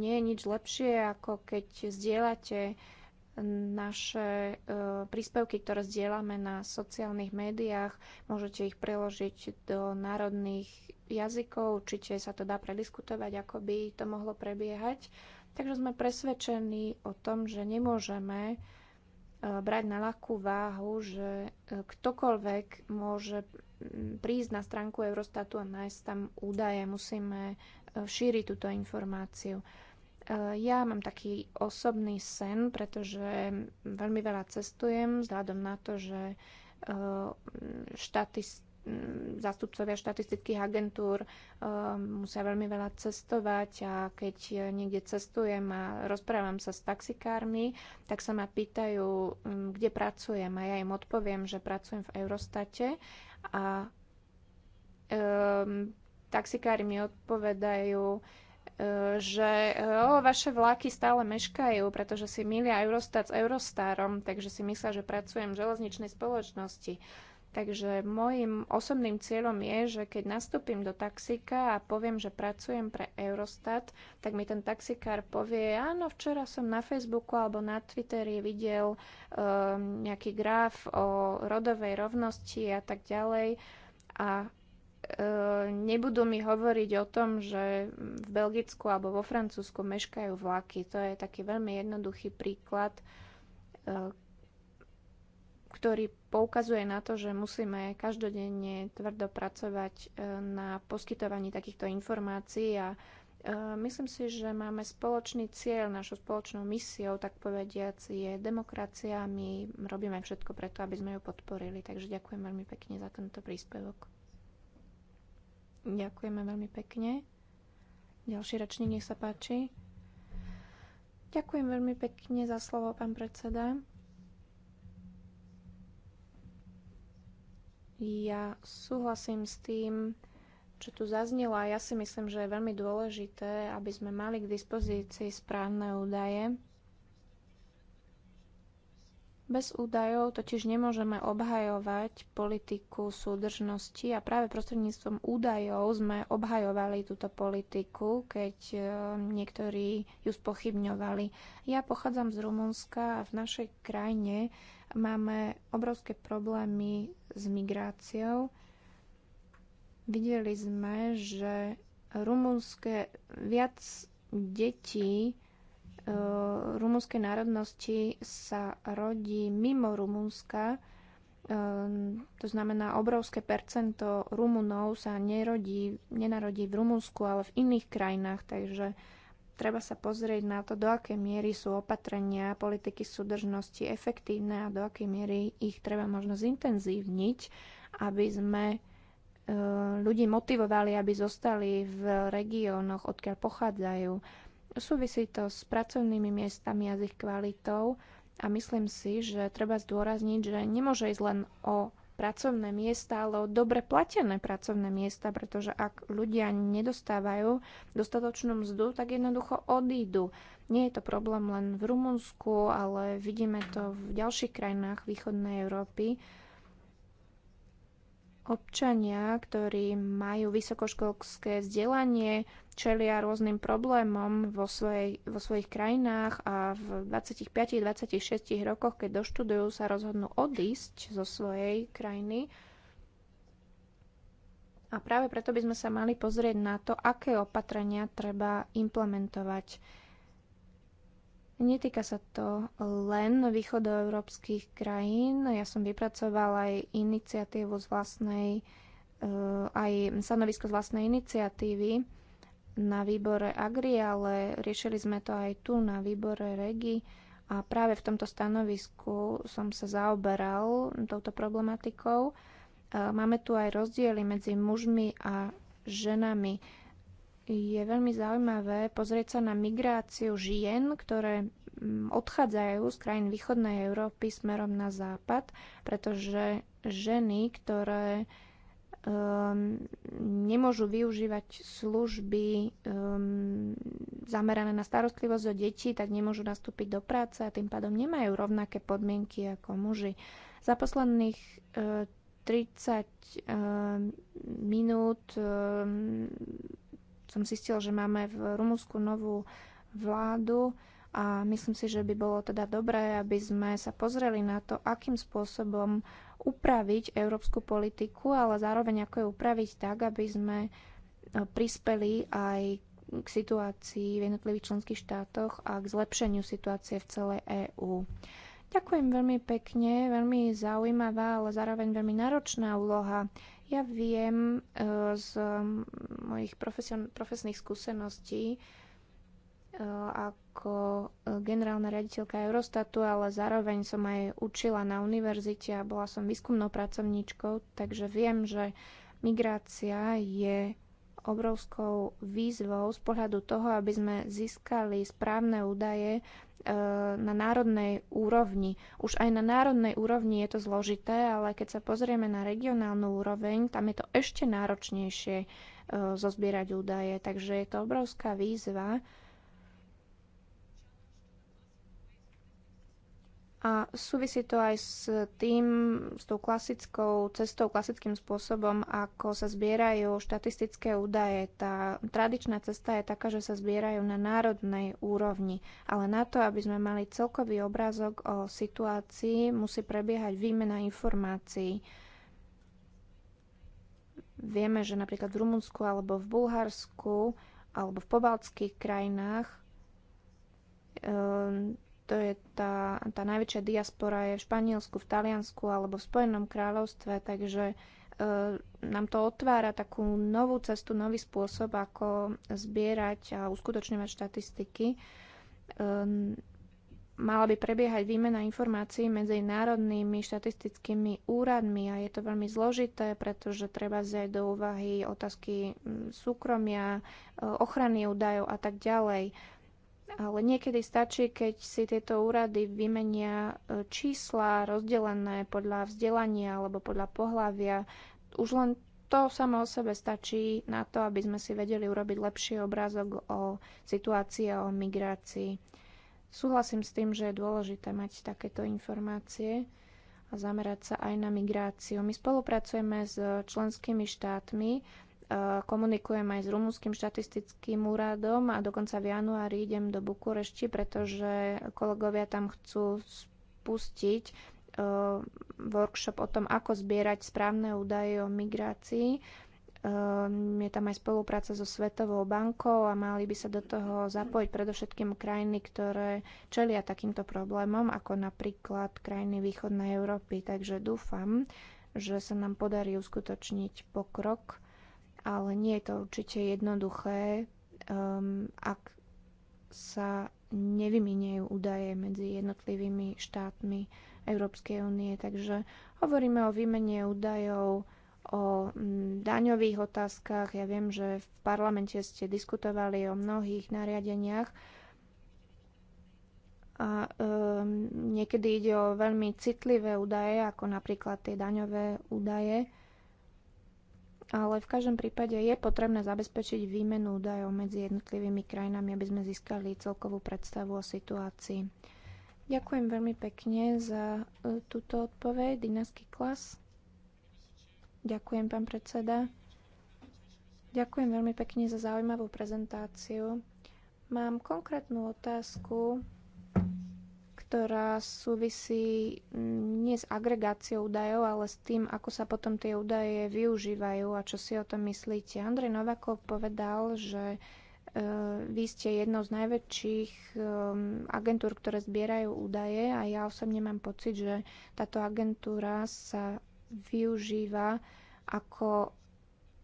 nie je nič lepšie, ako keď zdieľate naše e, príspevky, ktoré zdieľame na sociálnych médiách. Môžete ich preložiť do národných jazykov. Určite sa to dá prediskutovať, ako by to mohlo prebiehať. Takže sme presvedčení o tom, že nemôžeme Eh, brať na ľahkú váhu, že eh, ktokoľvek môže mm, prísť na stránku Eurostatu a nájsť tam údaje. Musíme eh, šíriť túto informáciu. Ja mám taký osobný sen, pretože mm, veľmi veľa cestujem, vzhľadom na to, že štatist Mm, zástupcovia štatistických agentúr eh, musia veľmi veľa cestovať a keď eh, niekde cestujem a rozprávam sa s taxikármi, tak sa ma pýtajú, mm, kde pracujem a ja im odpoviem, že pracujem v Eurostate a um, taxikári mi odpovedajú, eh, že o, vaše vlaky stále meškajú, pretože si milia Eurostat s Eurostarom, takže si myslia, že pracujem v železničnej spoločnosti. Takže môjim osobným cieľom je, že keď nastúpim do taxíka a poviem, že pracujem pre Eurostat, tak mi ten taxikár povie, áno, včera som na Facebooku alebo na Twitteri videl um, nejaký graf o rodovej rovnosti a tak ďalej. A eh, nebudú mi hovoriť o tom, že v Belgicku alebo vo Francúzsku meškajú vlaky. To je taký veľmi jednoduchý príklad, eh, ktorý poukazuje na to, že musíme každodenne tvrdo pracovať e, na poskytovaní takýchto informácií a e, myslím si, že máme spoločný cieľ, našou spoločnou misiou, tak povediac, je demokracia a my robíme všetko preto, aby sme ju podporili. Takže ďakujem veľmi pekne za tento príspevok. Ďakujeme veľmi pekne. Ďalší ročník, nech sa páči. Ďakujem veľmi pekne za slovo, pán predseda. Ja súhlasím s tým, čo tu zaznelo a ja si myslím, že je veľmi dôležité, aby sme mali k dispozícii správne údaje bez údajov totiž nemôžeme obhajovať politiku súdržnosti a práve prostredníctvom údajov sme obhajovali túto politiku, keď e, niektorí ju spochybňovali. Ja pochádzam z Rumunska a v našej krajine máme obrovské problémy s migráciou. Videli sme, že rumunské viac detí Eh, rumunskej národnosti sa rodí mimo Rumunska. Eh, to znamená, obrovské percento Rumunov sa nerodí, nenarodí v Rumunsku, ale v iných krajinách. Takže treba sa pozrieť na to, do akej miery sú opatrenia politiky súdržnosti efektívne a do akej miery ich treba možno zintenzívniť, aby sme eh, ľudí motivovali, aby zostali v regiónoch, odkiaľ pochádzajú Súvisí to s pracovnými miestami a s ich kvalitou a myslím si, že treba zdôrazniť, že nemôže ísť len o pracovné miesta, ale o dobre platené pracovné miesta, pretože ak ľudia nedostávajú dostatočnú mzdu, tak jednoducho odídu. Nie je to problém len v Rumunsku, ale vidíme to v ďalších krajinách východnej Európy. Občania, ktorí majú vysokoškolské vzdelanie, čelia rôznym problémom vo, svojej, vo svojich krajinách a v 25-26 rokoch, keď doštudujú, sa rozhodnú odísť zo svojej krajiny. A práve preto by sme sa mali pozrieť na to, aké opatrenia treba implementovať. Netýka sa to len východoeurópskych krajín. Ja som vypracovala aj iniciatívu z vlastnej, eh, aj stanovisko z vlastnej iniciatívy na výbore Agri, ale riešili sme to aj tu na výbore Regi a práve v tomto stanovisku som sa zaoberal touto problematikou. E, máme tu aj rozdiely medzi mužmi a ženami. Je veľmi zaujímavé pozrieť sa na migráciu žien, ktoré odchádzajú z krajín východnej Európy smerom na západ, pretože ženy, ktoré um, nemôžu využívať služby um, zamerané na starostlivosť o deti, tak nemôžu nastúpiť do práce a tým pádom nemajú rovnaké podmienky ako muži. Za posledných uh, 30 uh, minút um, som zistil, že máme v Rumúnsku novú vládu a myslím si, že by bolo teda dobré, aby sme sa pozreli na to, akým spôsobom upraviť európsku politiku, ale zároveň ako ju upraviť tak, aby sme e, prispeli aj k situácii v jednotlivých členských štátoch a k zlepšeniu situácie v celej EÚ. Ďakujem veľmi pekne, veľmi zaujímavá, ale zároveň veľmi náročná úloha. Ja viem e, z mojich profesných skúseností, E, ako e, generálna raditeľka Eurostatu, ale zároveň som aj učila na univerzite a bola som výskumnou pracovníčkou, takže viem, že migrácia je obrovskou výzvou z pohľadu toho, aby sme získali správne údaje e, na národnej úrovni. Už aj na národnej úrovni je to zložité, ale keď sa pozrieme na regionálnu úroveň, tam je to ešte náročnejšie zozbierať údaje. Takže je to obrovská výzva A súvisí to aj s tým, s tou klasickou cestou, klasickým spôsobom, ako sa zbierajú štatistické údaje. Tá tradičná cesta je taká, že sa zbierajú na národnej úrovni. Ale na to, aby sme mali celkový obrázok o situácii, musí prebiehať výmena informácií. Vieme, že napríklad v Rumunsku alebo v Bulharsku alebo v pobaltských krajinách ehm, to je tá tá najväčšia diaspora je v Španielsku, v Taliansku alebo v Spojenom kráľovstve, takže e, nám to otvára takú novú cestu, nový spôsob, ako zbierať a uskutočňovať štatistiky. E, mala by prebiehať výmena informácií medzi národnými štatistickými úradmi a je to veľmi zložité, pretože treba vziať do úvahy otázky súkromia, e, ochrany údajov a tak ďalej. Ale niekedy stačí, keď si tieto úrady vymenia e, čísla rozdelené podľa vzdelania alebo podľa pohlavia. Už len to samo o sebe stačí na to, aby sme si vedeli urobiť lepší obrázok o situácii a o migrácii. Súhlasím s tým, že je dôležité mať takéto informácie a zamerať sa aj na migráciu. My spolupracujeme s členskými štátmi Eh, komunikujem aj s rumúnskym štatistickým úradom a dokonca v januári idem do Bukurešti, pretože kolegovia tam chcú spustiť eh, workshop o tom, ako zbierať správne údaje o migrácii. Eh, je tam aj spolupráca so Svetovou bankou a mali by sa do toho zapojiť predovšetkým krajiny, ktoré čelia takýmto problémom, ako napríklad krajiny východnej Európy. Takže dúfam, že sa nám podarí uskutočniť pokrok ale nie je to určite jednoduché, um, ak sa nevymieniajú údaje medzi jednotlivými štátmi Európskej únie. Takže hovoríme o výmene údajov, o mm, daňových otázkach. Ja viem, že v parlamente ste diskutovali o mnohých nariadeniach a um, niekedy ide o veľmi citlivé údaje, ako napríklad tie daňové údaje ale v každom prípade je potrebné zabezpečiť výmenu údajov medzi jednotlivými krajinami, aby sme získali celkovú predstavu o situácii. Ďakujem veľmi pekne za e, túto odpoveď, Dynasky Klas. Ďakujem, pán predseda. Ďakujem veľmi pekne za zaujímavú prezentáciu. Mám konkrétnu otázku ktorá súvisí mm, nie s agregáciou údajov, ale s tým, ako sa potom tie údaje využívajú a čo si o tom myslíte. Andrej Novakov povedal, že e, vy ste jednou z najväčších e, agentúr, ktoré zbierajú údaje a ja osobne mám pocit, že táto agentúra sa využíva ako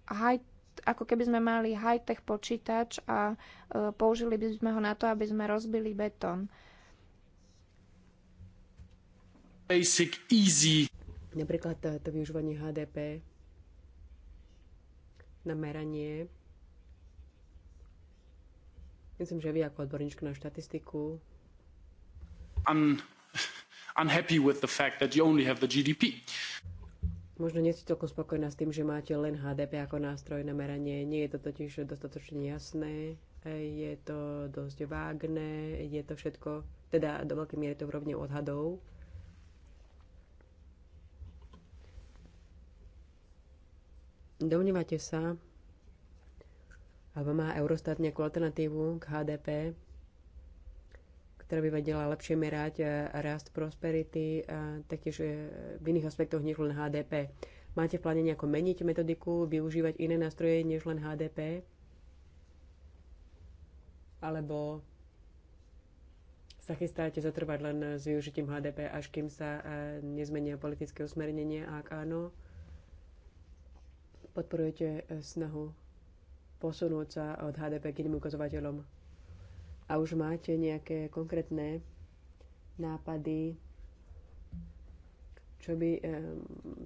high ako keby sme mali high-tech počítač a e, použili by sme ho na to, aby sme rozbili betón. E, Basic, easy. Napríklad to využívanie HDP na meranie. Myslím, že vy ako odborníčka na štatistiku. unhappy with the fact that you only have the GDP. Možno nie ste celkom spokojná s tým, že máte len HDP ako nástroj na meranie. Nie je to totiž dostatočne jasné, je to dosť vágne, je to všetko, teda do veľkej miery to v rovne odhadov Domnívate sa, alebo má Eurostat nejakú alternatívu k HDP, ktorá by vedela lepšie merať e, rast prosperity a e, taktiež e, v iných aspektoch než len HDP. Máte v pláne nejako meniť metodiku, využívať iné nástroje než len HDP? Alebo sa chystáte zatrvať len s využitím HDP, až kým sa nezmenia politické usmernenie, ak áno? podporujete e, snahu posunúť sa od HDP k iným ukazovateľom. A už máte nejaké konkrétne nápady, čo by e,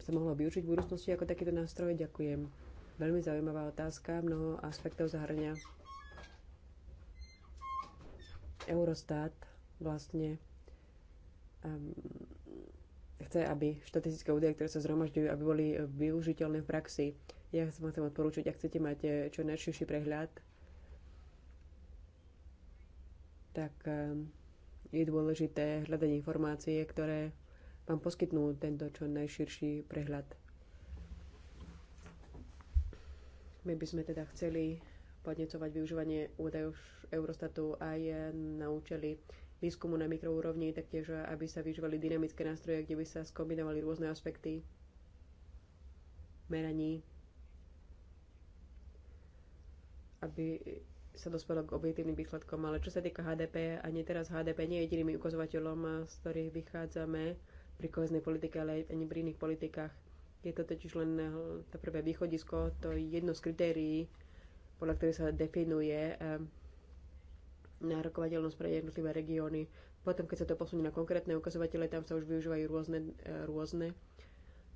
sa mohlo využiť v budúcnosti ako takýto nástroj? Ďakujem. Veľmi zaujímavá otázka, mnoho aspektov zahrňa. Eurostat vlastne um, chce, aby štatistické údaje, ktoré sa zhromažďujú, aby boli e, využiteľné v praxi. Ja vám chcem odporúčiť, ak chcete mať eh, čo najširší prehľad, tak eh, je dôležité hľadať informácie, ktoré vám poskytnú tento čo najširší prehľad. My by sme teda chceli podnecovať využívanie údajov Eurostatu aj eh, na účely výskumu na mikroúrovni, taktiež aby sa využívali dynamické nástroje, kde by sa skombinovali rôzne aspekty meraní aby sa dospelo k objektívnym výsledkom. Ale čo sa týka HDP, ani teraz HDP nie je jediným ukazovateľom, z ktorých vychádzame pri koheznej politike, ale ani pri iných politikách. Je to totiž len eh, to prvé východisko, to je jedno z kritérií, podľa ktorých sa definuje eh, nárokovateľnosť pre jednotlivé regióny. Potom, keď sa to posunie na konkrétne ukazovatele, tam sa už využívajú rôzne, eh, rôzne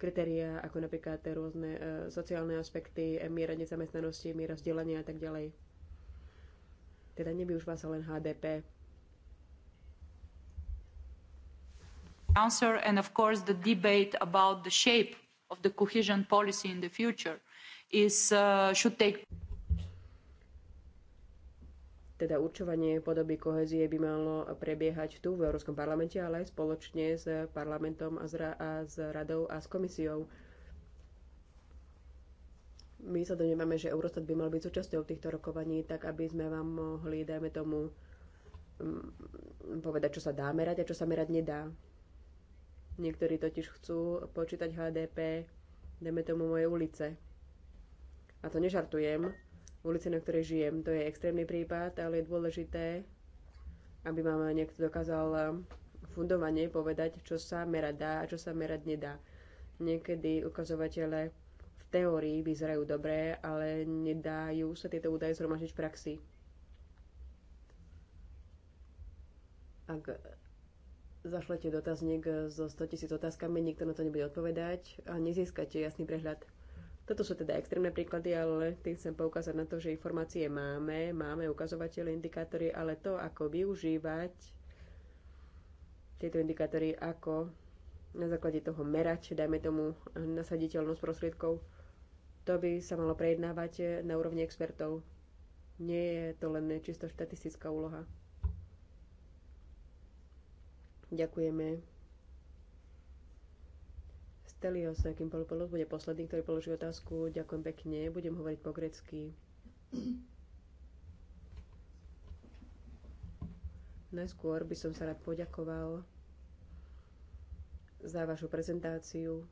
kritéria, ako napríklad tie rôzne uh, sociálne aspekty, e, miera nezamestnanosti, miera vzdelania a tak ďalej. Teda nevyužíva sa len HDP. Answer and of course the debate about the shape of the cohesion policy in the future is uh, should take teda určovanie podoby kohezie by malo prebiehať tu v Európskom parlamente, ale aj spoločne s parlamentom a s, a s radou a s komisiou. My sa domnievame, že Eurostat by mal byť súčasťou týchto rokovaní, tak aby sme vám mohli, dajme tomu, mm, povedať, čo sa dá merať a čo sa merať nedá. Niektorí totiž chcú počítať HDP, dajme tomu moje ulice. A to nežartujem Ulice, na ktorej žijem. To je extrémny prípad, ale je dôležité, aby vám niekto dokázal um, fundovane povedať, čo sa merať dá a čo sa merať nedá. Niekedy ukazovatele v teórii vyzerajú dobré, ale nedajú sa tieto údaje zhromažiť v praxi. Ak zašlete dotazník so 100 000 otázkami, nikto na to nebude odpovedať a nezískate jasný prehľad. Toto sú teda extrémne príklady, ale tým chcem poukázať na to, že informácie máme, máme ukazovateľe, indikátory, ale to, ako využívať tieto indikátory, ako na základe toho merať, dajme tomu, nasaditeľnosť prostriedkov, to by sa malo prejednávať na úrovni expertov. Nie je to len čisto štatistická úloha. Ďakujeme Telios Kimpolopoulos bude posledný, ktorý položí otázku. Ďakujem pekne, budem hovoriť po grecky. Najskôr by som sa rád poďakoval za vašu prezentáciu.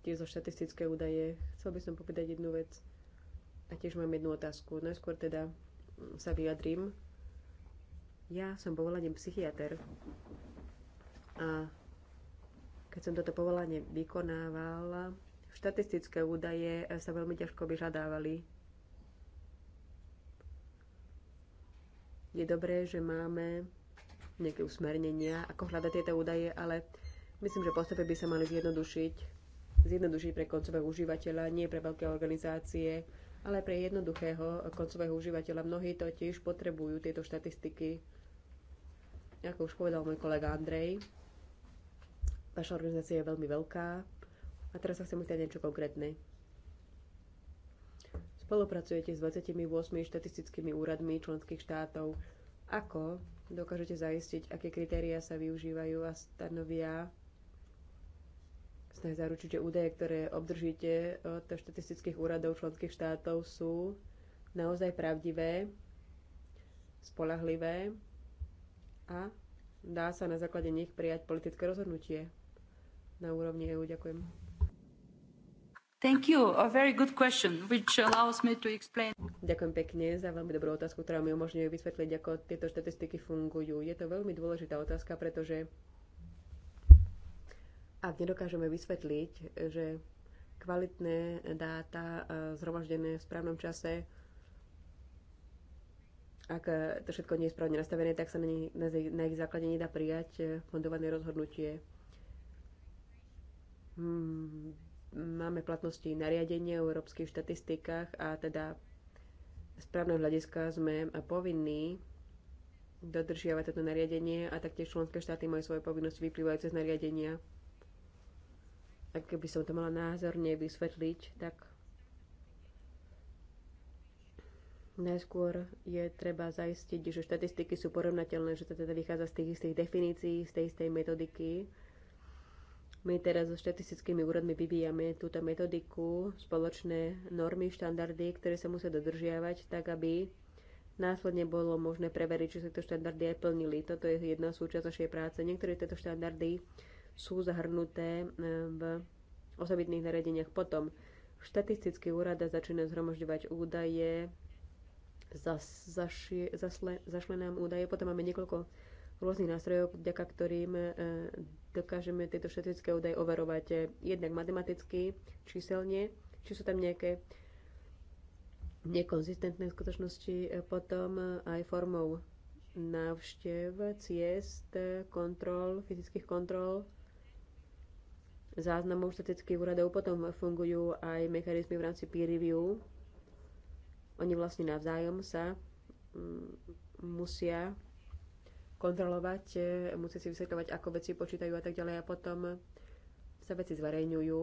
Tiež zo štatistické údaje. Chcel by som povedať jednu vec a tiež mám jednu otázku. Najskôr teda mm, sa vyjadrím. Ja som povolaním psychiatr a keď som toto povolanie vykonávala, štatistické údaje sa veľmi ťažko vyžadávali. Je dobré, že máme nejaké usmernenia, ako hľadať tieto údaje, ale myslím, že postupy by sa mali zjednodušiť. Zjednodušiť pre koncového užívateľa, nie pre veľké organizácie, ale pre jednoduchého koncového užívateľa. Mnohí totiž potrebujú tieto štatistiky, ako už povedal môj kolega Andrej, Naša organizácia je veľmi veľká a teraz sa chcem pýtať niečo konkrétne. Spolupracujete s 28 štatistickými úradmi členských štátov. Ako dokážete zaistiť, aké kritériá sa využívajú a stanovia snahy zaručiť, že údaje, ktoré obdržíte od štatistických úradov členských štátov sú naozaj pravdivé, spolahlivé a dá sa na základe nich prijať politické rozhodnutie na úrovni EÚ. Ďakujem. Thank you. A very good question, which allows me to explain. Ďakujem pekne za veľmi dobrú otázku, ktorá mi umožňuje vysvetliť, ako tieto štatistiky fungujú. Je to veľmi dôležitá otázka, pretože ak nedokážeme vysvetliť, že kvalitné dáta e, zhromaždené v správnom čase, ak to všetko nie je správne nastavené, tak sa na, ich základe nedá prijať e, fundované rozhodnutie. Mm, máme platnosti nariadenie v európskych štatistikách a teda z právneho hľadiska sme povinní dodržiavať toto nariadenie a taktiež členské štáty majú svoje povinnosti vyplývajúce z nariadenia. Ak by som to mala názorne vysvetliť, tak najskôr je treba zaistiť, že štatistiky sú porovnateľné, že to teda vychádza z tých istých definícií, z tej istej metodiky, my teraz so štatistickými úradmi vyvíjame túto metodiku, spoločné normy, štandardy, ktoré sa musia dodržiavať, tak aby následne bolo možné preveriť, či sa tieto štandardy aj plnili. Toto je jedna súčasť našej práce. Niektoré tieto štandardy sú zahrnuté e, v osobitných nariadeniach. Potom štatistický úrad začína zhromažďovať údaje, zas, zašie, zasle, zašle nám údaje. Potom máme niekoľko rôznych nástrojov, vďaka ktorým e, dokážeme tieto štatistické údaje overovať e, jednak matematicky, číselne, či sú tam nejaké nekonzistentné skutočnosti, e, potom aj formou návštev, ciest, kontrol, fyzických kontrol, záznamov štatických úradov. Potom fungujú aj mechanizmy v rámci peer review. Oni vlastne navzájom sa mm, musia kontrolovať, e, musí si vysvetľovať, ako veci počítajú a tak ďalej a potom sa veci zverejňujú.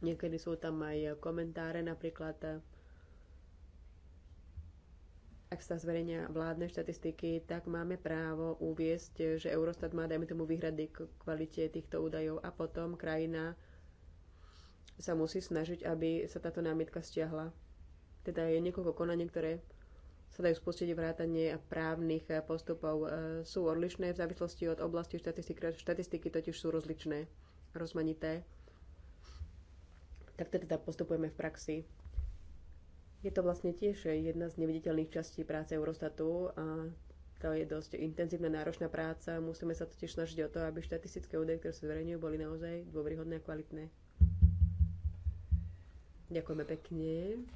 Niekedy sú tam aj komentáre, napríklad e, ak sa zverejňa vládne štatistiky, tak máme právo uviesť, e, že Eurostat má, dajme tomu, výhrady k kvalite týchto údajov a potom krajina sa musí snažiť, aby sa táto námietka stiahla. Teda je niekoľko konaní, ktoré sa dajú spustiť vrátanie právnych eh, postupov. Eh, sú odlišné v závislosti od oblasti štatistiky. Štatistiky totiž sú rozličné, rozmanité. Tak teda postupujeme v praxi. Je to vlastne tiež jedna z neviditeľných častí práce Eurostatu a to je dosť intenzívna, náročná práca. Musíme sa totiž snažiť o to, aby štatistické údaje, ktoré sa zverejňujú, boli naozaj dôveryhodné a kvalitné. Ďakujeme pekne.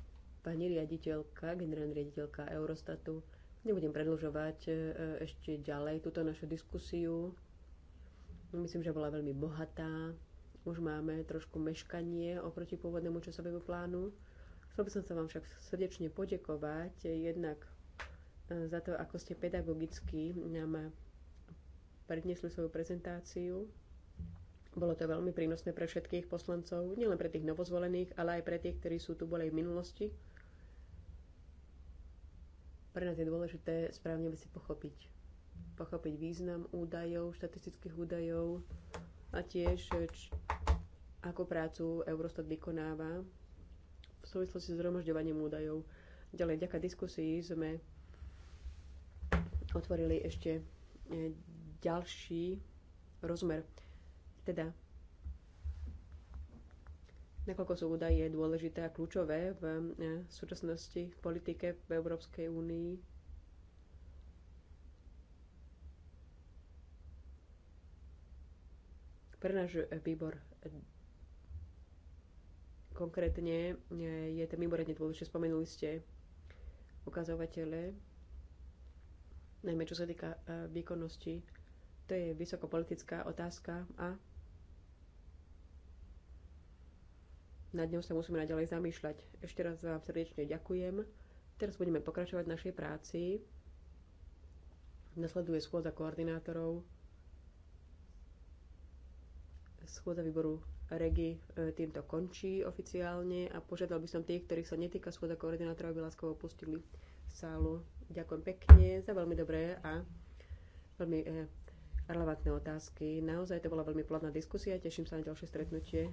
Pani riaditeľka, generálna riaditeľka Eurostatu, nebudem predlžovať e, e, ešte ďalej túto našu diskusiu. Myslím, že bola veľmi bohatá. Už máme trošku meškanie oproti pôvodnému časovému plánu. Chcel by som sa vám však srdečne podekovať e, jednak za to, ako ste pedagogicky nám predniesli svoju prezentáciu. Bolo to veľmi prínosné pre všetkých poslancov, nielen pre tých novozvolených, ale aj pre tých, ktorí sú tu boli v minulosti. Pre nás je dôležité správne veci pochopiť. Pochopiť význam údajov, štatistických údajov a tiež ako prácu Eurostat vykonáva v súvislosti s zhromažďovaním údajov. Ďalej, ďaká diskusii sme otvorili ešte e, ďalší rozmer. Teda nakoľko sú údaje dôležité a kľúčové v eh, súčasnosti v politike v Európskej únii. Pre náš výbor eh, konkrétne eh, je ten výborne dôležité. Spomenuli ste ukazovatele, najmä čo sa týka výkonnosti. To je vysokopolitická otázka a nad ňou sa musíme naďalej zamýšľať. Ešte raz vám srdečne ďakujem. Teraz budeme pokračovať v našej práci. Nasleduje schôdza koordinátorov, schôdza výboru Regi e, týmto končí oficiálne a požiadal by som tých, ktorých sa netýka schôdza koordinátorov, aby láskovo opustili sálu. Ďakujem pekne za veľmi dobré a veľmi e, relevantné otázky. Naozaj to bola veľmi plodná diskusia, teším sa na ďalšie stretnutie.